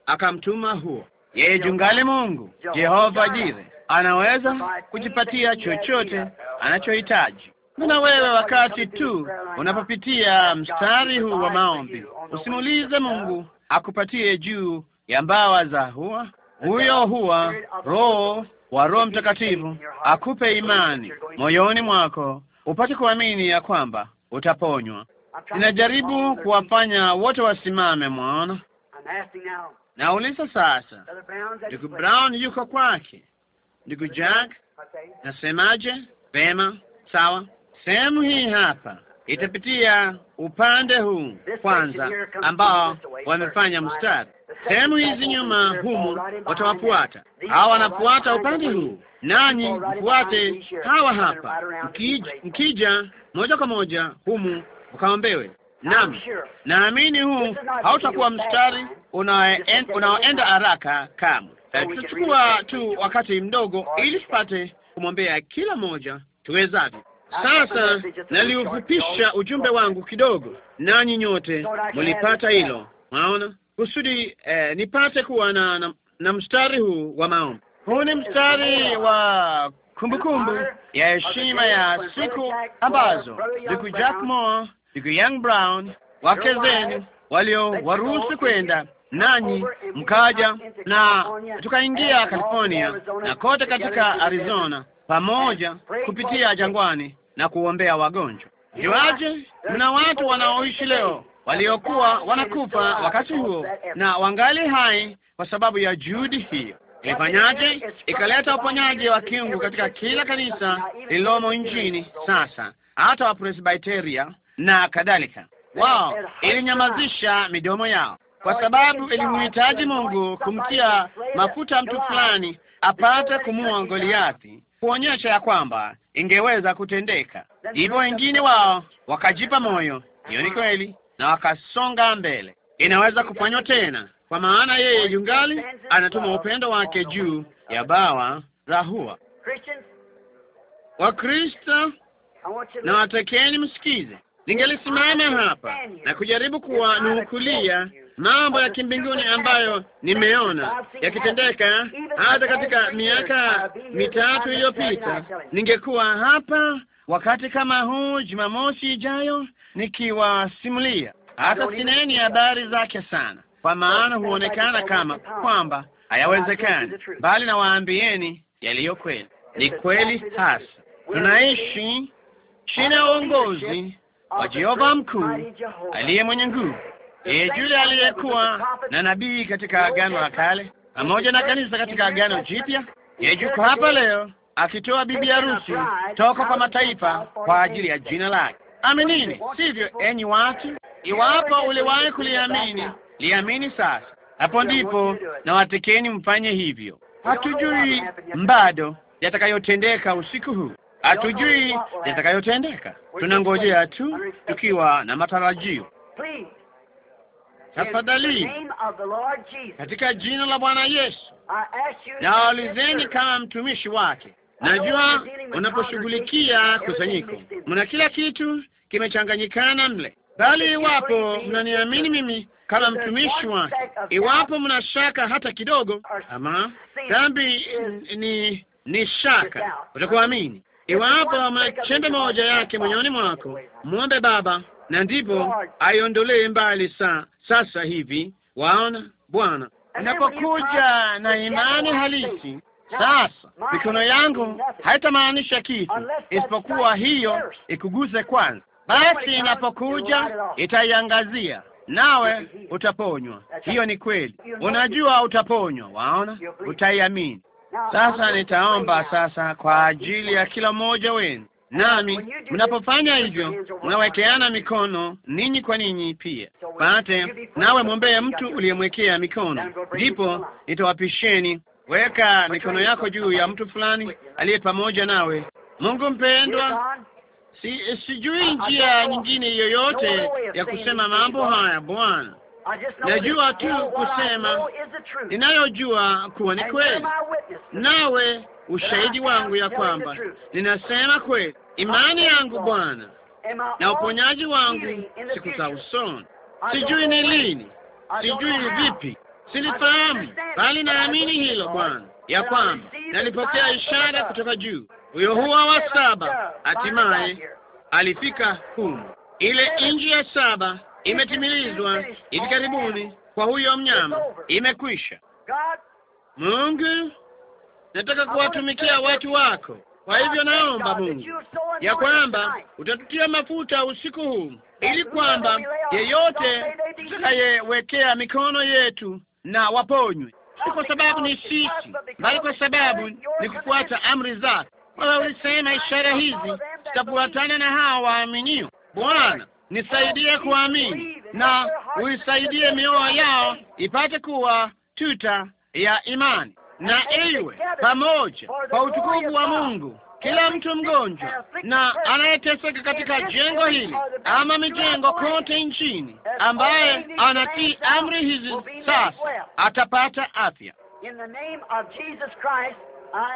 akamtuma huo. Yeye jungali Mungu Jehova Jire anaweza kujipatia chochote anachohitaji. Kuna wewe, wakati tu unapopitia mstari huu wa maombi, usimulize Mungu akupatie juu ya mbawa za hua. Huyo huwa roho wa Roho Mtakatifu akupe imani moyoni mwako, upate kuamini ya kwamba utaponywa.
Ninajaribu
kuwafanya wote wasimame, mwaona. Nauliza sasa,
ndugu Brown
yuko kwake, ndugu Jack, nasemaje? Pema, sawa. Sehemu hii hapa itapitia upande huu kwanza, ambao wamefanya mstari. Sehemu hizi nyuma humu watawafuata hawa, wanafuata upande huu, nanyi mfuate hawa hapa, mkija, mkija moja kwa moja humu mkaombewe. Naam, naamini huu hautakuwa mstari unaoenda haraka kamwe. Eh, tutachukua tu wakati mdogo, ili tupate kumwombea kila mmoja tuwezavyo. Sasa naliufupisha ujumbe wangu kidogo, nanyi nyote mlipata hilo, maona kusudi eh, nipate kuwa na, na, na mstari huu wa maombi. Huu ni mstari wa kumbukumbu ya heshima ya siku ambazo ndugu Jack Moore, ndugu Young Brown, wake zenu walio waruhusu kwenda nanyi mkaja na tukaingia California na kote katika Arizona pamoja kupitia jangwani na kuombea wagonjwa. Iwaje, mna watu wanaoishi leo waliokuwa wanakufa wakati huo na wangali hai kwa sababu ya juhudi hiyo. Ilifanyaje? Ikaleta uponyaji wa kiungu katika kila kanisa lililomo nchini sasa, hata Wapresbiteria na kadhalika. Wao ilinyamazisha midomo yao kwa sababu ilimhitaji Mungu kumtia mafuta mtu fulani apate kumua Goliathi kuonyesha ya kwamba ingeweza kutendeka. Hivyo wengine wao wakajipa moyo, hiyo ni kweli, na wakasonga mbele. Inaweza kufanywa tena, kwa maana yeye yungali anatuma upendo wake juu ya bawa za hua. Wakristo na watakeni msikize. Ningelisimama hapa na kujaribu kuwanukulia mambo ya kimbinguni ambayo nimeona yakitendeka eh? hata katika miaka mitatu iliyopita, ningekuwa hapa wakati kama huu Jumamosi ijayo nikiwasimulia. Hata sineni habari zake sana, kwa maana huonekana kama kwamba hayawezekani, bali nawaambieni yaliyo kweli. Ni kweli hasa, tunaishi chini ya uongozi wa Jehova mkuu aliye mwenye nguvu. E, yule aliyekuwa na nabii katika Agano la Kale pamoja na kanisa katika Agano Jipya, yeye yuko hapa leo akitoa bibi harusi toka kwa mataifa kwa ajili ya jina lake. Aminini, sivyo enyi watu? Iwapo uliwahi kuliamini, liamini sasa. Hapo ndipo na watekeni mfanye hivyo. Hatujui bado yatakayotendeka usiku huu, hatujui yatakayotendeka. Tunangojea tu tukiwa na matarajio tafadhali,
katika jina
la Bwana Yesu.
Na kama
mtumishi wake. Najua unaposhughulikia kusanyiko, mna kila kitu kimechanganyikana mle, bali iwapo mnaniamini mimi kama mtumishi wake, iwapo mna shaka hata kidogo, ama dhambi ni ni shaka, utakuamini iwapo mnachembe moja yake moyoni mwako, mwombe Baba na ndipo aiondolee mbali saa sasa hivi. Waona Bwana, unapokuja na imani halisi sasa mikono yangu haitamaanisha kitu isipokuwa hiyo ikuguse kwanza. Basi inapokuja itaiangazia, nawe utaponywa. Hiyo ni kweli, unajua utaponywa. Waona, utaiamini. Sasa nitaomba sasa kwa ajili ya kila mmoja wenu. Nami mnapofanya hivyo, mnawekeana mikono ninyi kwa ninyi pia. Pate nawe mwombee mtu uliyemwekea mikono, ndipo nitawapisheni. Weka mikono yako juu ya mtu fulani aliye pamoja nawe. Mungu mpendwa, si eh, sijui njia nyingine yoyote ya kusema mambo haya Bwana,
Najua tu kusema ninayojua
kuwa ni kweli, nawe ushahidi wangu ya kwamba ninasema kweli. Imani yangu Bwana
na uponyaji wangu siku za usoni. Sijui ni lini,
sijui vipi, silifahamu, bali naamini hilo Bwana ya kwamba nalipokea ishara kutoka juu. Huyo huwa wa saba hatimaye alifika humu, ile nchi ya saba imetimilizwa hivi karibuni kwa huyo mnyama, imekwisha. Mungu, nataka kuwatumikia watu wako. Kwa hivyo naomba Mungu ya kwamba utatutia mafuta usiku huu, ili kwamba yeyote tutakayewekea mikono yetu na waponywe, si kwa sababu ni sisi, bali kwa sababu ni kufuata amri zako. Wewe ulisema ishara hizi zitafuatana na hawa waaminio. Bwana, nisaidie kuamini na uisaidie mioyo yao ipate kuwa tuta ya imani, na iwe pamoja kwa utukufu wa Mungu. Kila mtu mgonjwa na anayeteseka katika jengo hili ama mijengo kote nchini, ambaye anatii amri hizi sasa atapata afya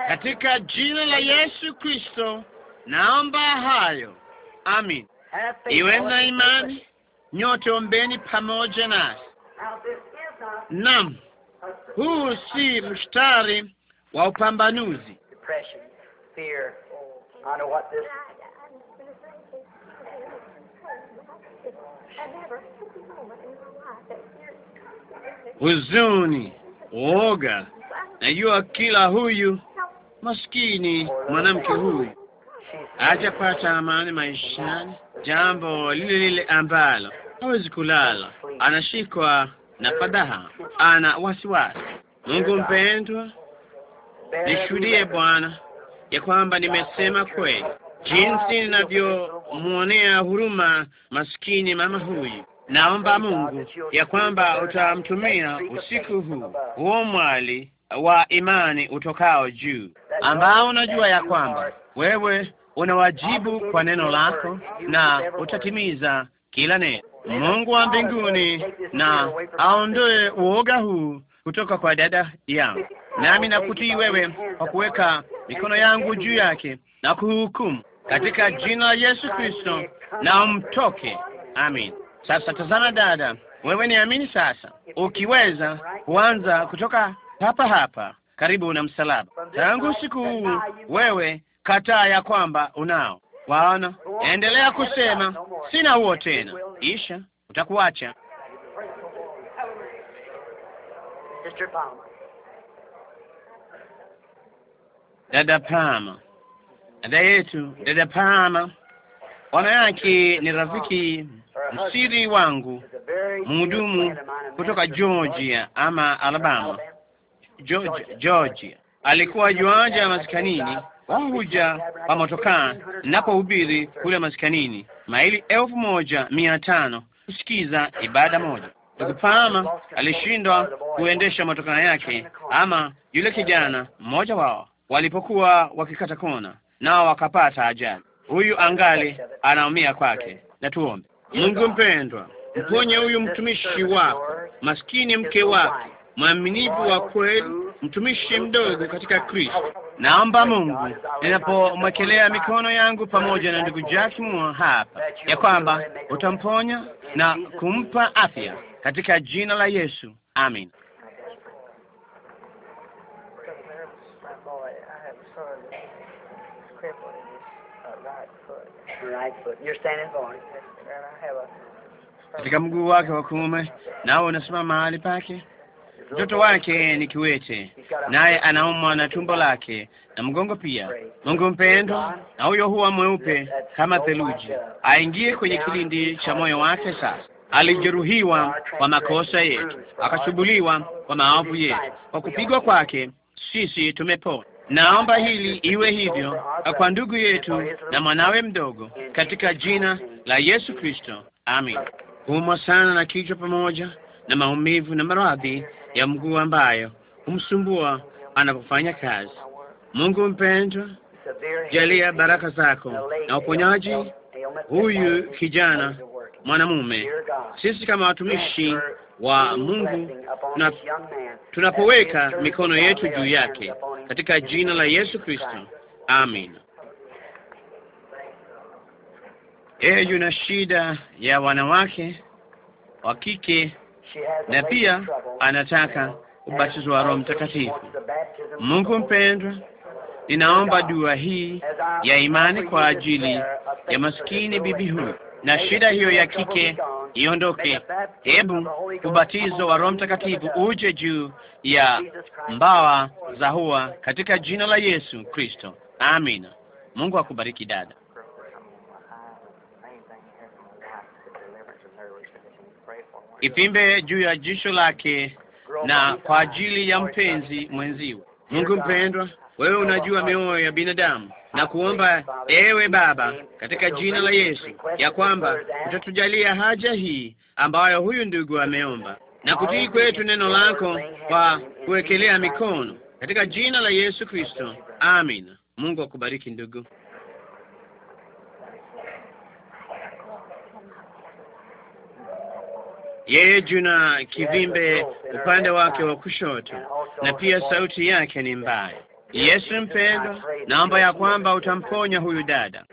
katika jina la Yesu
Kristo. Naomba hayo, amin
iwe na imani,
nyote ombeni pamoja nasi. Naam, huu si mstari wa upambanuzi.
Huzuni,
uoga, najua kila huyu maskini mwanamke huyu hajapata amani maishani, jambo lile lile ambalo hawezi kulala, anashikwa na fadhaa, ana wasiwasi. Mungu mpendwa,
nishuhudie
Bwana ya kwamba nimesema kweli, jinsi ninavyomwonea huruma maskini mama huyu. Naomba Mungu ya kwamba utamtumia usiku huu huo mwali wa imani utokao juu, ambao unajua ya kwamba wewe una wajibu kwa neno lako na utatimiza kila neno. Mungu wa mbinguni na aondoe uoga huu kutoka kwa dada yangu, nami nakutii wewe kwa kuweka mikono yangu juu yake na kuhukumu katika jina la Yesu Kristo, na umtoke. Amin. Sasa tazama dada, wewe niamini sasa, ukiweza kuanza kutoka hapa hapa karibu na msalaba. Tangu siku huu wewe kataa ya kwamba unao. Waona, endelea kusema sina huo tena, isha utakuacha. Dada Pama, dada yetu, dada Pama, bwana yake ni rafiki msiri wangu, mhudumu kutoka Georgia ama Alabama George, alikuwa juanja ya maskanini kuja huja motokaa napohubiri kule maskanini, maili elfu moja mia tano kusikiza ibada moja. Tukipama alishindwa kuendesha motokaa yake, ama yule kijana mmoja wao walipokuwa wakikata kona, nao wakapata ajali. Huyu angali anaumia kwake. Na tuombe. Mungu mpendwa, mponye huyu mtumishi wako, maskini mke wake mwaminifu wa kweli, mtumishi mdogo katika Kristo. Naomba Mungu ninapomwekelea mikono yangu pamoja na ndugu Jack Moore hapa, ya kwamba utamponya na kumpa afya katika jina la Yesu, amin. Katika mguu wake wa kuume, nao unasimama mahali pake mtoto wake ni kiwete, naye anaumwa na tumbo lake na mgongo pia. Mungu mpendwa, na huyo huwa mweupe kama theluji, aingie kwenye kilindi cha moyo wake sasa. Alijeruhiwa kwa makosa yetu, akasumbuliwa kwa maovu yetu, kwa kupigwa kwake sisi tumepona. Naomba hili iwe hivyo kwa ndugu yetu na mwanawe mdogo, katika jina la Yesu Kristo, amin. Humwa sana na kichwa pamoja na maumivu na maradhi ya mguu ambayo humsumbua anapofanya kazi. Mungu mpendwa, jalia baraka zako na uponyaji
huyu kijana
mwanamume. Sisi kama watumishi wa Mungu
na tunapoweka mikono
yetu juu yake katika jina la Yesu Kristo, amin. Yeye yuna shida ya wanawake wa kike
na pia
anataka ubatizo wa Roho Mtakatifu. Mungu mpendwa, ninaomba dua hii ya imani kwa ajili ya maskini bibi huyu na shida hiyo ya kike iondoke.
Hebu ubatizo wa
Roho Mtakatifu uje juu ya mbawa za hua katika jina la Yesu Kristo, amina. Mungu akubariki dada. ipimbe juu ya jicho lake na kwa ajili ya mpenzi mwenziwe. Mungu mpendwa, wewe unajua mioyo ya binadamu na kuomba ewe Baba, katika jina la Yesu, ya kwamba utatujalia haja hii ambayo huyu ndugu ameomba, na kutii kwetu neno lako kwa kuwekelea mikono katika jina la Yesu Kristo, amina. Mungu akubariki ndugu. yeye juu na kivimbe upande wake wa kushoto, na pia sauti yake ni mbaya. Yesu mpendwa, naomba ya kwamba utamponya huyu dada,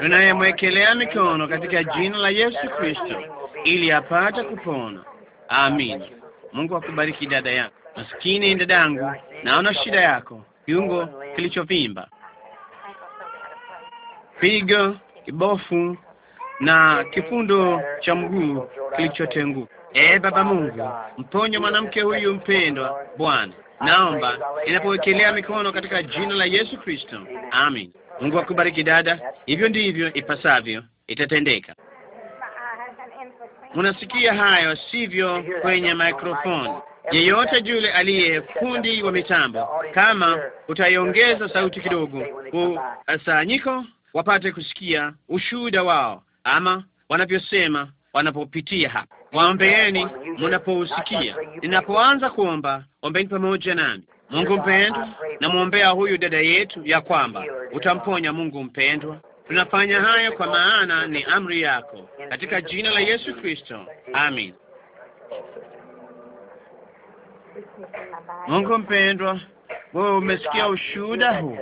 tunayemwekelea mikono katika jina la Yesu Kristo ili apate kupona. Amina. Mungu akubariki dada yako. Maskini dadangu, naona shida yako, kiungo kilichovimba, pigo, kibofu na kifundo cha mguu kilichotenguka. Ee Baba Mungu, mponye mwanamke huyu mpendwa. Bwana, naomba ninapowekelea mikono katika jina la Yesu Kristo, amin. Mungu akubariki dada, hivyo ndivyo ipasavyo itatendeka. Munasikia hayo, sivyo? Kwenye maikrofoni. Yeyote yule aliye fundi wa mitambo, kama utaiongeza sauti kidogo, kusanyiko wapate kusikia ushuhuda wao ama wanavyosema wanapopitia hapa. Waombeeni mnapousikia. Ninapoanza kuomba, ombeni pamoja nami. Mungu mpendwa, namwombea huyu dada yetu ya kwamba utamponya. Mungu mpendwa,
tunafanya hayo kwa maana ni
amri yako, katika jina la Yesu Kristo, amin. Mungu mpendwa, wewe umesikia ushuhuda huu,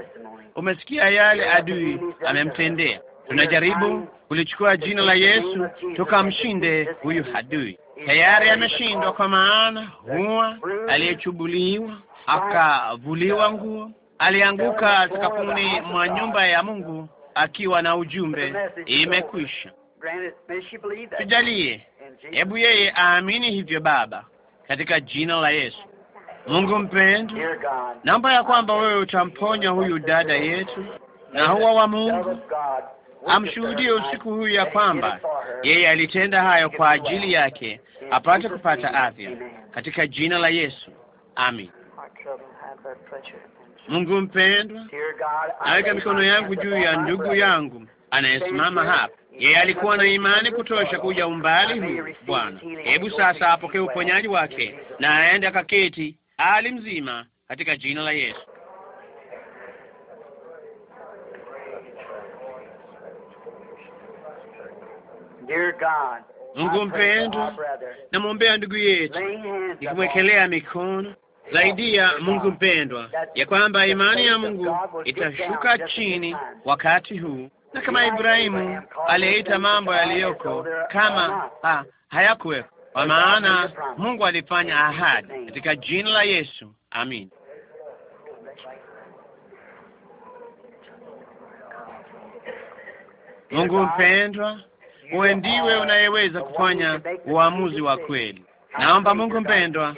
umesikia yale adui amemtendea tunajaribu kulichukua jina la Yesu tukamshinde huyu hadui. Tayari ameshindwa, kwa maana huwa aliyechubuliwa akavuliwa nguo, alianguka sakafuni mwa nyumba ya Mungu akiwa na ujumbe imekwisha.
Tujalie, hebu
yeye aamini hivyo, Baba, katika jina la Yesu. Mungu mpendwa, naomba ya kwamba wewe utamponya huyu dada yetu na huwa wa Mungu amshuhudie usiku huu ya kwamba yeye alitenda hayo kwa ajili yake apate kupata afya katika jina la Yesu. Amin. Mungu mpendwa,
aweka mikono yangu juu ya ndugu
yangu anayesimama hapa. Yeye alikuwa na imani kutosha kuja umbali huu. Bwana, hebu sasa apokee uponyaji wake na aende akaketi hali mzima katika jina la Yesu. Mungu mpendwa, namwombea ndugu yetu nikimwekelea mikono zaidi ya Mungu mpendwa, ya kwamba imani ya Mungu itashuka chini wakati huu, na kama Ibrahimu aliyeita mambo yaliyoko kama ha, hayakuweko, kwa maana Mungu alifanya ahadi katika jina la Yesu. Amin. Mungu mpendwa uwe ndiwe unayeweza kufanya uamuzi wa kweli. Naomba Mungu mpendwa,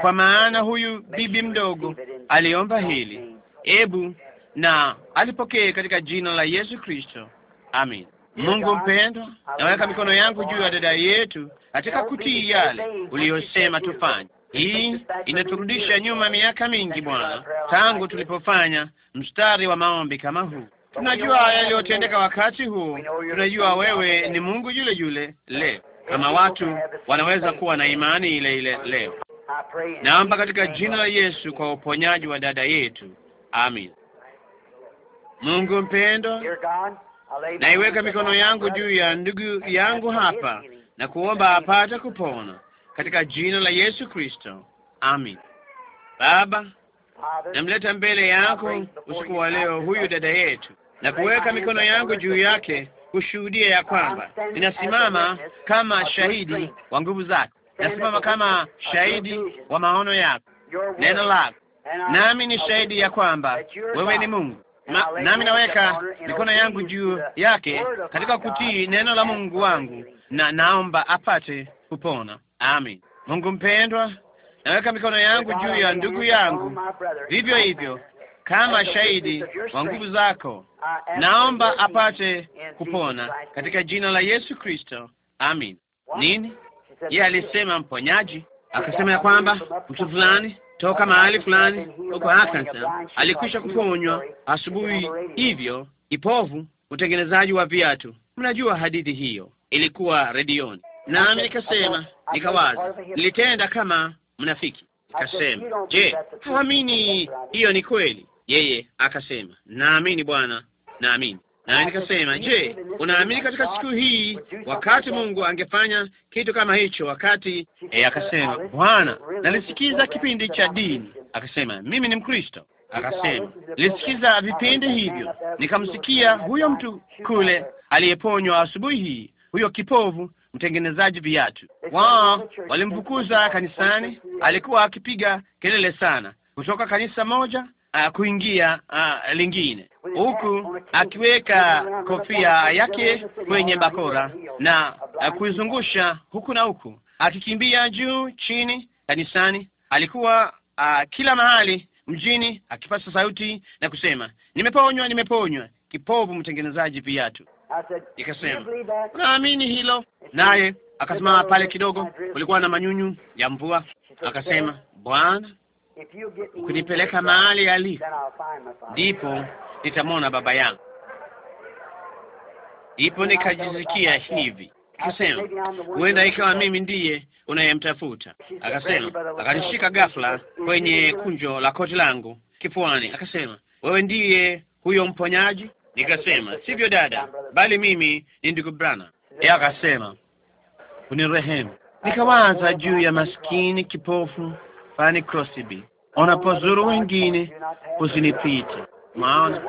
kwa maana huyu bibi mdogo aliomba hili, ebu na alipokee katika jina la Yesu Kristo, amin. Mungu mpendwa,
naweka mikono yangu juu ya
dada yetu katika kutii yale uliyosema tufanye. Hii inaturudisha nyuma miaka mingi Bwana, tangu tulipofanya mstari wa maombi kama huu tunajua yaliyotendeka wakati huu, tunajua wewe ni Mungu yule yule leo, kama watu wanaweza kuwa na imani ile ile leo. Naomba katika jina la Yesu kwa uponyaji wa dada yetu, amin. Mungu mpendwa,
naiweka mikono yangu juu ya ndugu yangu hapa
na kuomba apate kupona katika jina la Yesu Kristo, amin. Baba, namleta mbele yako usiku wa leo huyu dada yetu na kuweka mikono yangu juu yake kushuhudia ya kwamba ninasimama kama shahidi wa nguvu zake, nasimama kama shahidi wa maono yako,
neno lako, nami ni shahidi ya kwamba wewe ni Mungu.
Ma, nami naweka mikono yangu juu yake katika kutii neno la Mungu wangu, na naomba apate kupona. Amin. Mungu mpendwa, naweka mikono yangu juu ya ndugu yangu, vivyo hivyo
kama shahidi wa nguvu zako, naomba apate kupona katika
jina la Yesu Kristo, amin. Nini yeye alisema, mponyaji akasema ya kwamba mtu fulani toka mahali fulani huko Arkansas alikwisha kuponywa asubuhi hivyo, ipovu utengenezaji wa viatu. Mnajua hadithi hiyo, ilikuwa redioni, nami nikasema, nikawaza, nilitenda kama mnafiki. Nikasema, je, huamini hiyo ni kweli? Yeye akasema naamini Bwana, naamini. Na nikasema je, unaamini katika siku hii wakati Mungu angefanya kitu kama hicho? Wakati e, akasema Bwana, nalisikiza kipindi cha dini. Akasema mimi ni Mkristo. Akasema nilisikiza vipindi hivyo, nikamsikia huyo mtu kule aliyeponywa asubuhi hii, huyo kipovu mtengenezaji viatu. Wao walimfukuza kanisani, alikuwa akipiga kelele sana kutoka kanisa moja uh, kuingia uh, lingine, huku akiweka kofia yake kwenye bakora na uh, kuizungusha huku na huku, akikimbia juu chini kanisani. Alikuwa uh, kila mahali mjini akipasa sauti na kusema, nimeponywa, nimeponywa, kipovu mtengenezaji viatu. Ikasema, unaamini hilo?
Naye akasimama pale kidogo, kulikuwa
na manyunyu ya mvua, akasema, Bwana
ukinipeleka mahali alipo, ndipo
nitamwona Baba yangu,
ndipo nikajisikia hivi Akasema, huenda ikawa mimi
ndiye unayemtafuta. Akasema, akanishika ghafla kwenye kunjo la koti langu kifuani, akasema, wewe ndiye huyo mponyaji? Nikasema, sivyo dada, bali mimi ni ndugu Brana. Yeye akasema, unirehemu. Nikawaza juu ya maskini kipofu pani Crosby, unapozuru wengine usinipite. Maana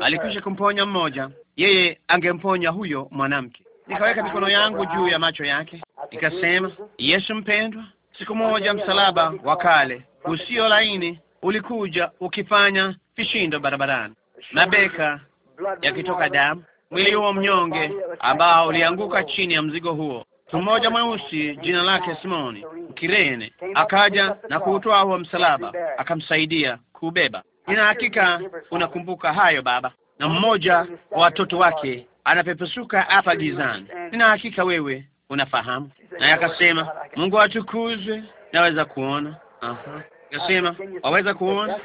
alikwisha kumponya mmoja, yeye angemponya huyo mwanamke. Nikaweka mikono yangu juu ya macho yake, nikasema, Yesu mpendwa, siku moja msalaba wa kale usio laini ulikuja ukifanya vishindo barabarani, mabeka
yakitoka damu,
mwili huo mnyonge ambao ulianguka chini ya mzigo huo mmoja mweusi jina lake Simoni Kirene akaja na kuutoa huo msalaba, akamsaidia kubeba Nina hakika unakumbuka hayo baba. Na mmoja wa watoto wake anapepesuka hapa gizani. Nina hakika wewe unafahamu.
Naye akasema,
Mungu atukuzwe, naweza kuona. Aha. Akasema, waweza kuona?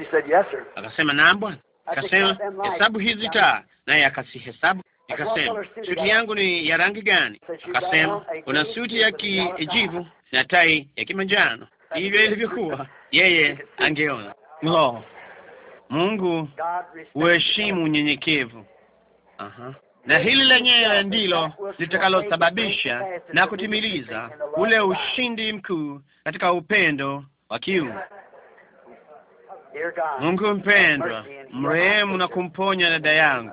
Akasema, naam Bwana. Akasema, hesabu hizi taa, naye akasihesabu Nikasema, suti yangu ni ya rangi gani? Akasema, una suti ya kijivu na tai ya kimanjano. Hivyo ilivyokuwa, yeye angeona. lo Mungu huheshimu unyenyekevu. Aha. Na hili lenyewe ndilo litakalosababisha na kutimiliza ule ushindi mkuu katika upendo wa kiungu.
Mungu mpendwa, mrehemu na
kumponya dada yangu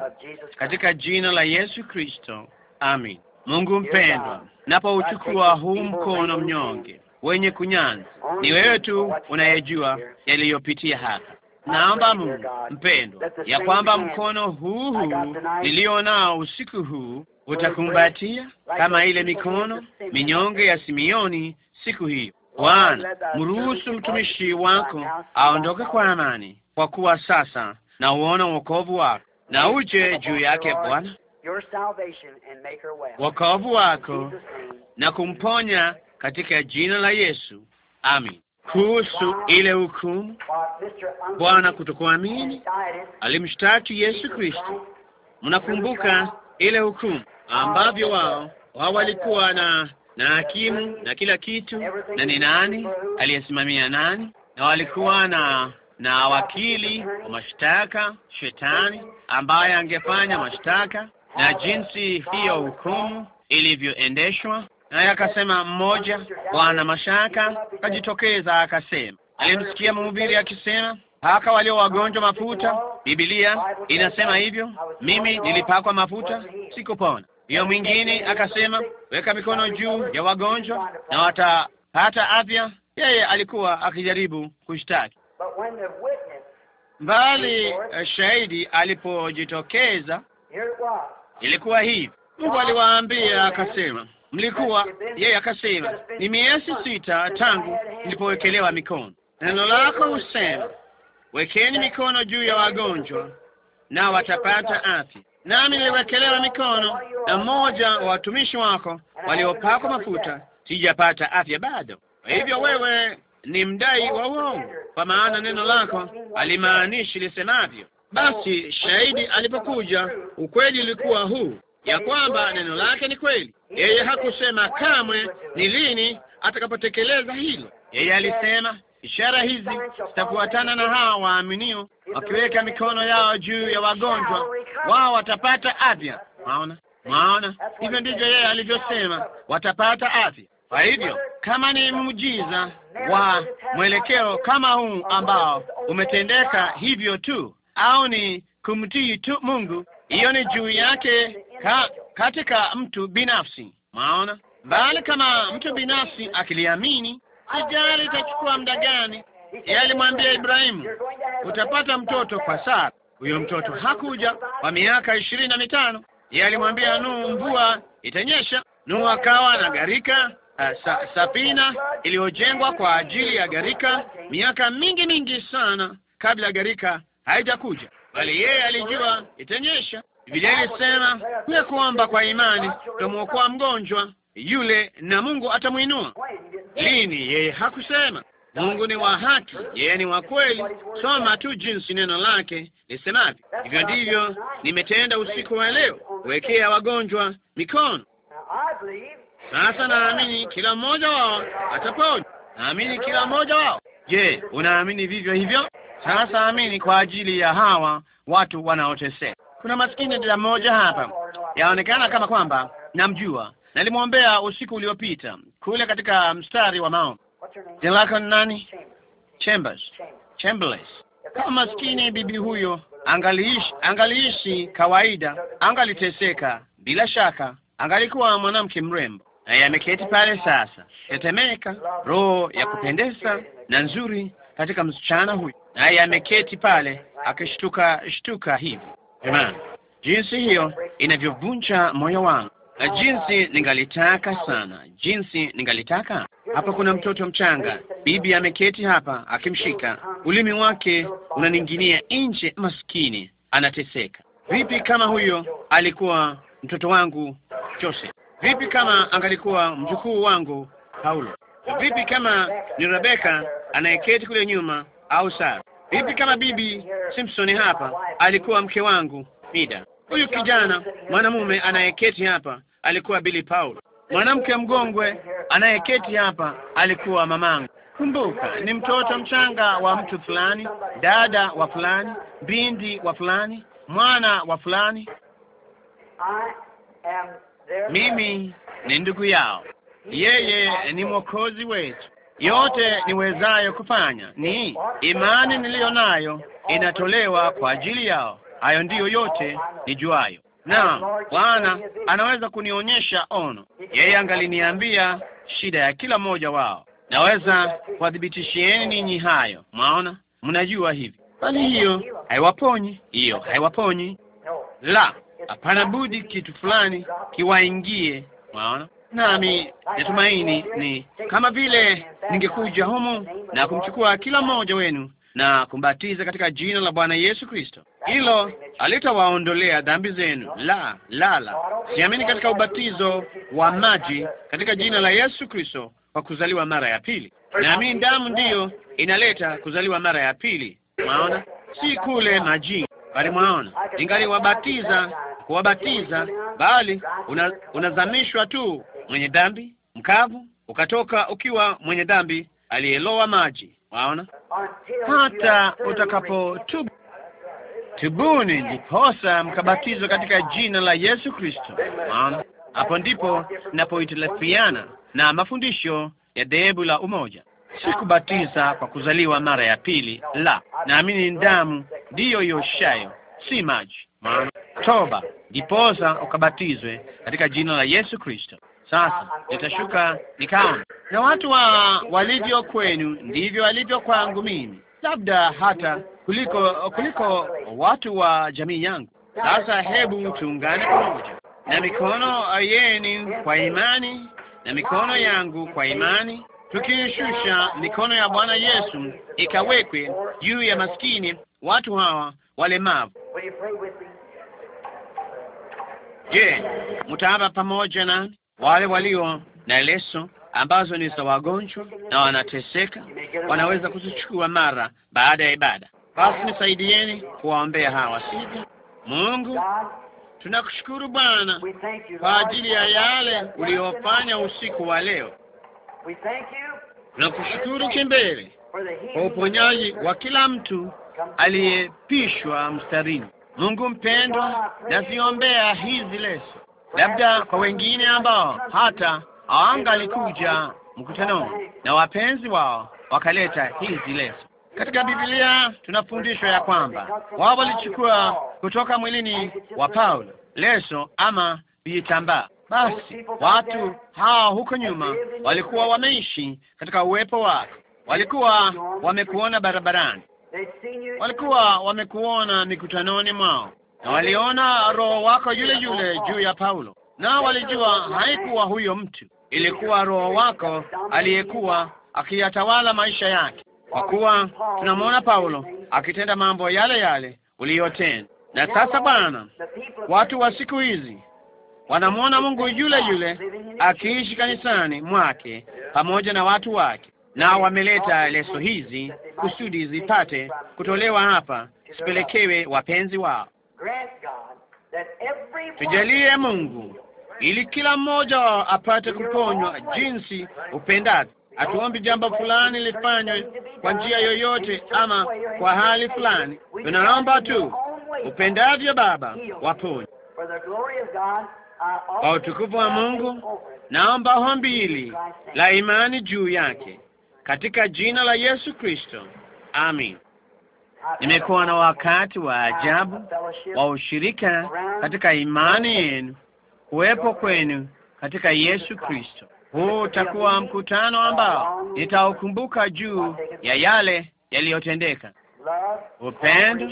katika jina la Yesu Kristo, amin. Mungu mpendwa, napouchukua huu mkono mnyonge wenye kunyanza, ni wewe tu unayejua yaliyopitia hapa. Naomba Mungu mpendwa, ya kwamba mkono huu huu nilio nao usiku huu utakumbatia kama ile mikono minyonge ya Simioni siku hiyo. Bwana, mruhusu mtumishi wako aondoke kwa amani, kwa kuwa sasa na uona wokovu wako, na uje juu yake Bwana, wokovu wako na kumponya katika jina la Yesu, amin. Kuhusu ile hukumu, Bwana kutokuamini alimshtaki Yesu Kristo. Mnakumbuka ile hukumu ambavyo wao wao walikuwa na na hakimu na kila kitu, na ni nani aliyesimamia nani, na walikuwa na na wakili wa mashtaka shetani, ambaye angefanya mashtaka
na jinsi hiyo hukumu
ilivyoendeshwa. Naye akasema mmoja bwana mashaka akajitokeza akasema, alimsikia mhubiri akisema haka walio wagonjwa mafuta, Biblia inasema hivyo. Mimi nilipakwa mafuta sikupona, hiyo mwingine akasema, weka mikono juu ya wagonjwa na watapata afya. Yeye alikuwa akijaribu kushtaki, bali eh, shahidi alipojitokeza ilikuwa hivi. Mungu aliwaambia akasema, mlikuwa yeye akasema, ni miezi sita tangu nilipowekelewa mikono. Neno lako husema, wekeni mikono juu ya wagonjwa na watapata afya nami niliwekelewa mikono na mmoja wa watumishi wako waliopakwa mafuta, sijapata afya bado. Kwa hivyo wewe ni mdai wa uongo, kwa maana neno lako alimaanishi lisemavyo. Basi shahidi alipokuja, ukweli ulikuwa huu ya kwamba neno lake ni kweli. Yeye hakusema kamwe ni lini atakapotekeleza hilo. Yeye alisema Ishara hizi zitafuatana na hawa waaminio, wakiweka mikono yao juu ya wagonjwa wao watapata afya. Maona, maona, hivyo ndivyo yeye alivyosema, watapata afya. Kwa hivyo kama ni muujiza wa mwelekeo kama huu ambao umetendeka hivyo tu, au ni kumtii tu Mungu, hiyo ni juu yake ka, katika mtu binafsi. Maona, bali kama mtu binafsi akiliamini sijali itachukua muda gani. Yeye alimwambia Ibrahimu, utapata mtoto kwa Sara. Huyo mtoto hakuja kwa miaka ishirini na mitano. Yeye alimwambia Nuhu, mvua itanyesha. Nuhu akawa na gharika eh, sa, safina iliyojengwa kwa ajili ya gharika miaka mingi mingi sana kabla ya gharika haijakuja, bali yeye alijua itanyesha. Biblia ilisema kule kuomba kwa imani utamwokoa mgonjwa yule na Mungu atamwinua. Lini? Yeye hakusema. Mungu ni wa haki, yeye ni wa kweli. Soma tu jinsi neno lake lisemavyo. Hivyo ndivyo nimetenda usiku wa leo, kuwekea wagonjwa mikono.
Sasa naamini
kila mmoja wao atapona, naamini kila mmoja wao. Je, unaamini vivyo hivyo? Sasa amini kwa ajili ya hawa watu wanaoteseka. Kuna maskini dada mmoja hapa, yaonekana kama kwamba namjua Nalimwombea usiku uliopita kule katika mstari wa maombi. Jina lako ni nani? Chambers, Kama maskini bibi huyo angaliishi, angaliishi kawaida, angaliteseka bila shaka, angalikuwa mwanamke mrembo, naye ameketi pale sasa, tetemeka, roho ya kupendeza na nzuri katika msichana huyu, naye ameketi pale akishtuka shtuka hivi. Jamani, jinsi hiyo inavyovunja moyo wangu jinsi ningalitaka sana, jinsi ningalitaka. Hapa kuna mtoto mchanga, bibi ameketi hapa akimshika, ulimi wake unaninginia nje, maskini anateseka. Vipi kama huyo alikuwa mtoto wangu Joseph? Vipi kama angalikuwa mjukuu wangu Paulo? Vipi kama ni Rebeka anayeketi kule nyuma au Sara?
Vipi kama bibi
Simpson hapa alikuwa mke wangu Mida? Huyu kijana mwanamume anayeketi hapa alikuwa Billy Paul. Mwanamke mgongwe anayeketi hapa alikuwa mamangu. Kumbuka, ni mtoto mchanga wa mtu fulani, dada wa fulani, binti wa fulani, mwana wa fulani.
Mimi
ni ndugu yao. Yeye ni mwokozi wetu. Yote niwezayo kufanya ni imani niliyo nayo inatolewa kwa ajili yao. Hayo ndiyo yote nijuayo.
Naam, Bwana
anaweza kunionyesha ono. Yeye angaliniambia shida ya kila mmoja wao, naweza kuwadhibitishieni ninyi hayo. Mwaona, mnajua hivi. Bali hiyo haiwaponyi, hiyo haiwaponyi la, hapana budi kitu fulani kiwaingie. Mwaona, nami natumaini ni kama vile ningekuja humu na kumchukua kila mmoja wenu na kumbatiza katika jina la Bwana Yesu Kristo hilo alitawaondolea dhambi zenu. La, la, la, siamini katika ubatizo wa maji katika jina la Yesu Kristo kwa kuzaliwa mara ya pili. Naamini damu ndiyo inaleta kuzaliwa mara ya pili. Mwaona, si kule majini, bali mwaona, ingaliwabatiza kuwabatiza, bali una, unazamishwa tu mwenye dhambi mkavu, ukatoka ukiwa mwenye dhambi aliyelowa maji. Waona, hata utakapotubu tubuni, ndiposa mkabatizwa katika jina la Yesu Kristo, maana hapo ndipo napoitilafiana na mafundisho ya dhehebu la umoja. Sikubatiza kwa kuzaliwa mara ya pili, la, naamini damu ndiyo ioshayo, si maji. Maana toba, ndiposa ukabatizwe katika jina la Yesu Kristo. Sasa nitashuka nikaona, na watu wa walivyo kwenu ndivyo walivyo kwangu mimi labda hata kuliko kuliko watu wa jamii yangu. Sasa hebu tuungane pamoja, na mikono yenu kwa imani na mikono yangu kwa imani, tukishusha mikono ya Bwana Yesu ikawekwe juu ya maskini watu hawa walemavu. Je, mtaapa pamoja na wale walio na leso ambazo ni za wagonjwa na wanateseka, wanaweza kuzichukua mara baada ya ibada. Basi nisaidieni kuwaombea hawa sita. Mungu, tunakushukuru Bwana kwa ajili ya yale uliofanya usiku wa leo. Tunakushukuru kimbele kwa uponyaji wa kila mtu aliyepishwa mstarini. Mungu mpendwa, naziombea hizi leso, labda kwa wengine ambao hata anga alikuja mkutanoni na wapenzi wao wakaleta hizi leso. Katika Biblia tunafundishwa ya kwamba wao walichukua kutoka mwilini wa Paulo leso ama vitambaa. Basi watu hawa huko nyuma walikuwa wameishi katika uwepo wako, walikuwa wamekuona barabarani,
walikuwa
wamekuona mikutanoni mwao, na waliona roho wako yule yule juu ya Paulo, nao walijua haikuwa huyo mtu ilikuwa Roho wako aliyekuwa akiyatawala maisha yake, kwa kuwa tunamwona Paulo akitenda mambo yale yale uliyotenda. Na sasa, Bwana, watu wa siku hizi wanamwona Mungu yule yule akiishi kanisani mwake pamoja na watu wake, na wameleta leso hizi kusudi zipate kutolewa hapa, sipelekewe wapenzi wao. Tujalie Mungu ili kila mmoja apate kuponywa jinsi upendavyo. Hatuombi jambo fulani lifanywe kwa njia yoyote ama kwa hali fulani, tunaomba tu upendavyo Baba, waponye
kwa utukufu wa Mungu. Naomba ombi hili la
imani juu yake katika jina la Yesu Kristo, amin. Nimekuwa na wakati wa ajabu wa ushirika katika imani yenu kuwepo kwenu katika Yesu Kristo. Huu utakuwa mkutano ambao nitaukumbuka juu ya yale yaliyotendeka: upendo,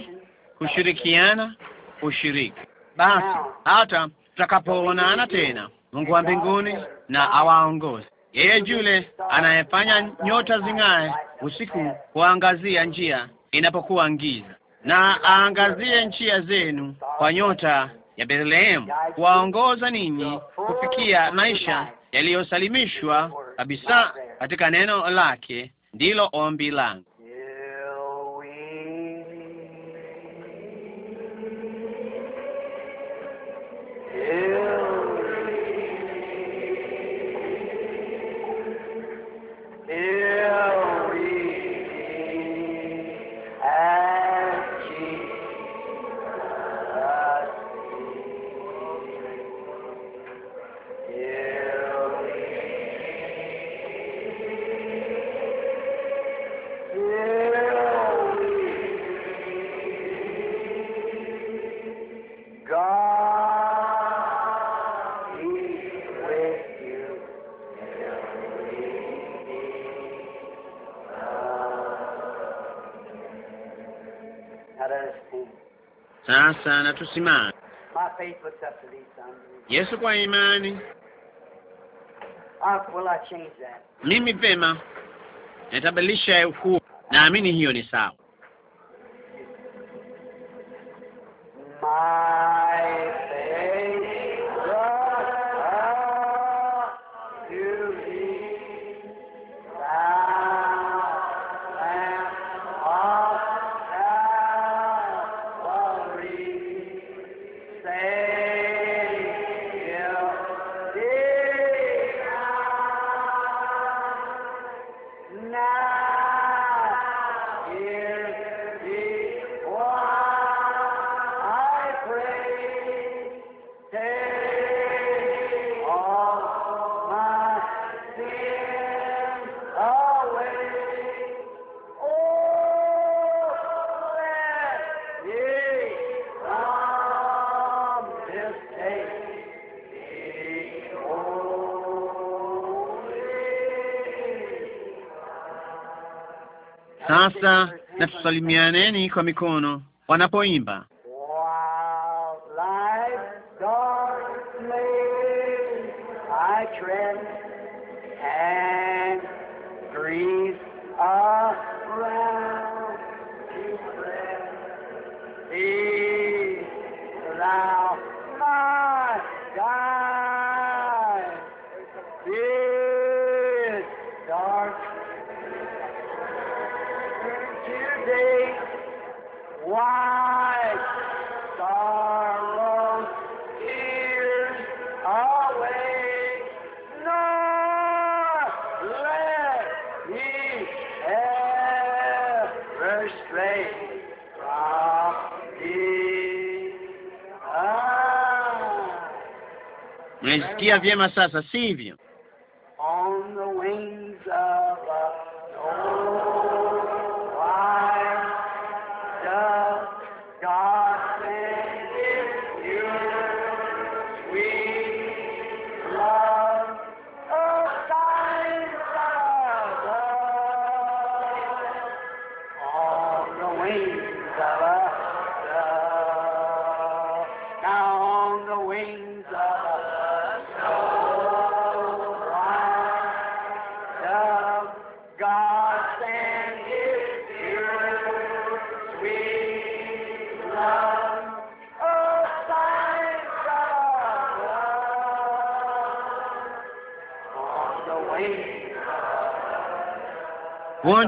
kushirikiana, ushiriki. Basi hata tutakapoonana tena, Mungu wa mbinguni na awaongoze. Yeye yule anayefanya nyota zing'ae usiku, kuangazia njia inapokuwa ngiza na aangazie njia zenu kwa nyota ya Bethlehemu kuwaongoza ninyi kufikia maisha yaliyosalimishwa kabisa katika neno lake, ndilo ombi langu. Sasa na tusimame. Yesu, kwa imani ah, mimi pema nitabadilisha ukuu. Naamini hiyo ni sawa. salimianeni kwa mikono wanapoimba havia massagem assim, viu?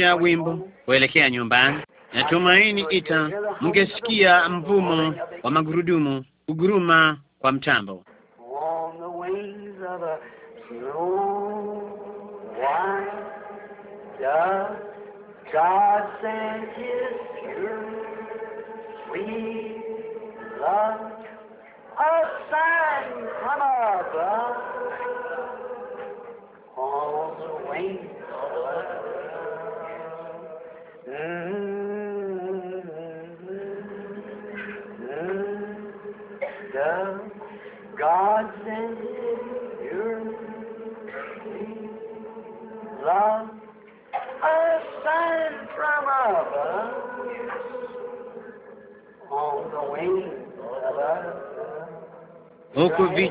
ya wimbo kuelekea nyumbani. Natumaini ita mngesikia mvumo wa magurudumu kuguruma kwa mtambo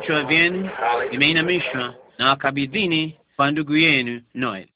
vichwa vyenu vimeinamishwa na wakabidhini kwa ndugu yenu
Noel.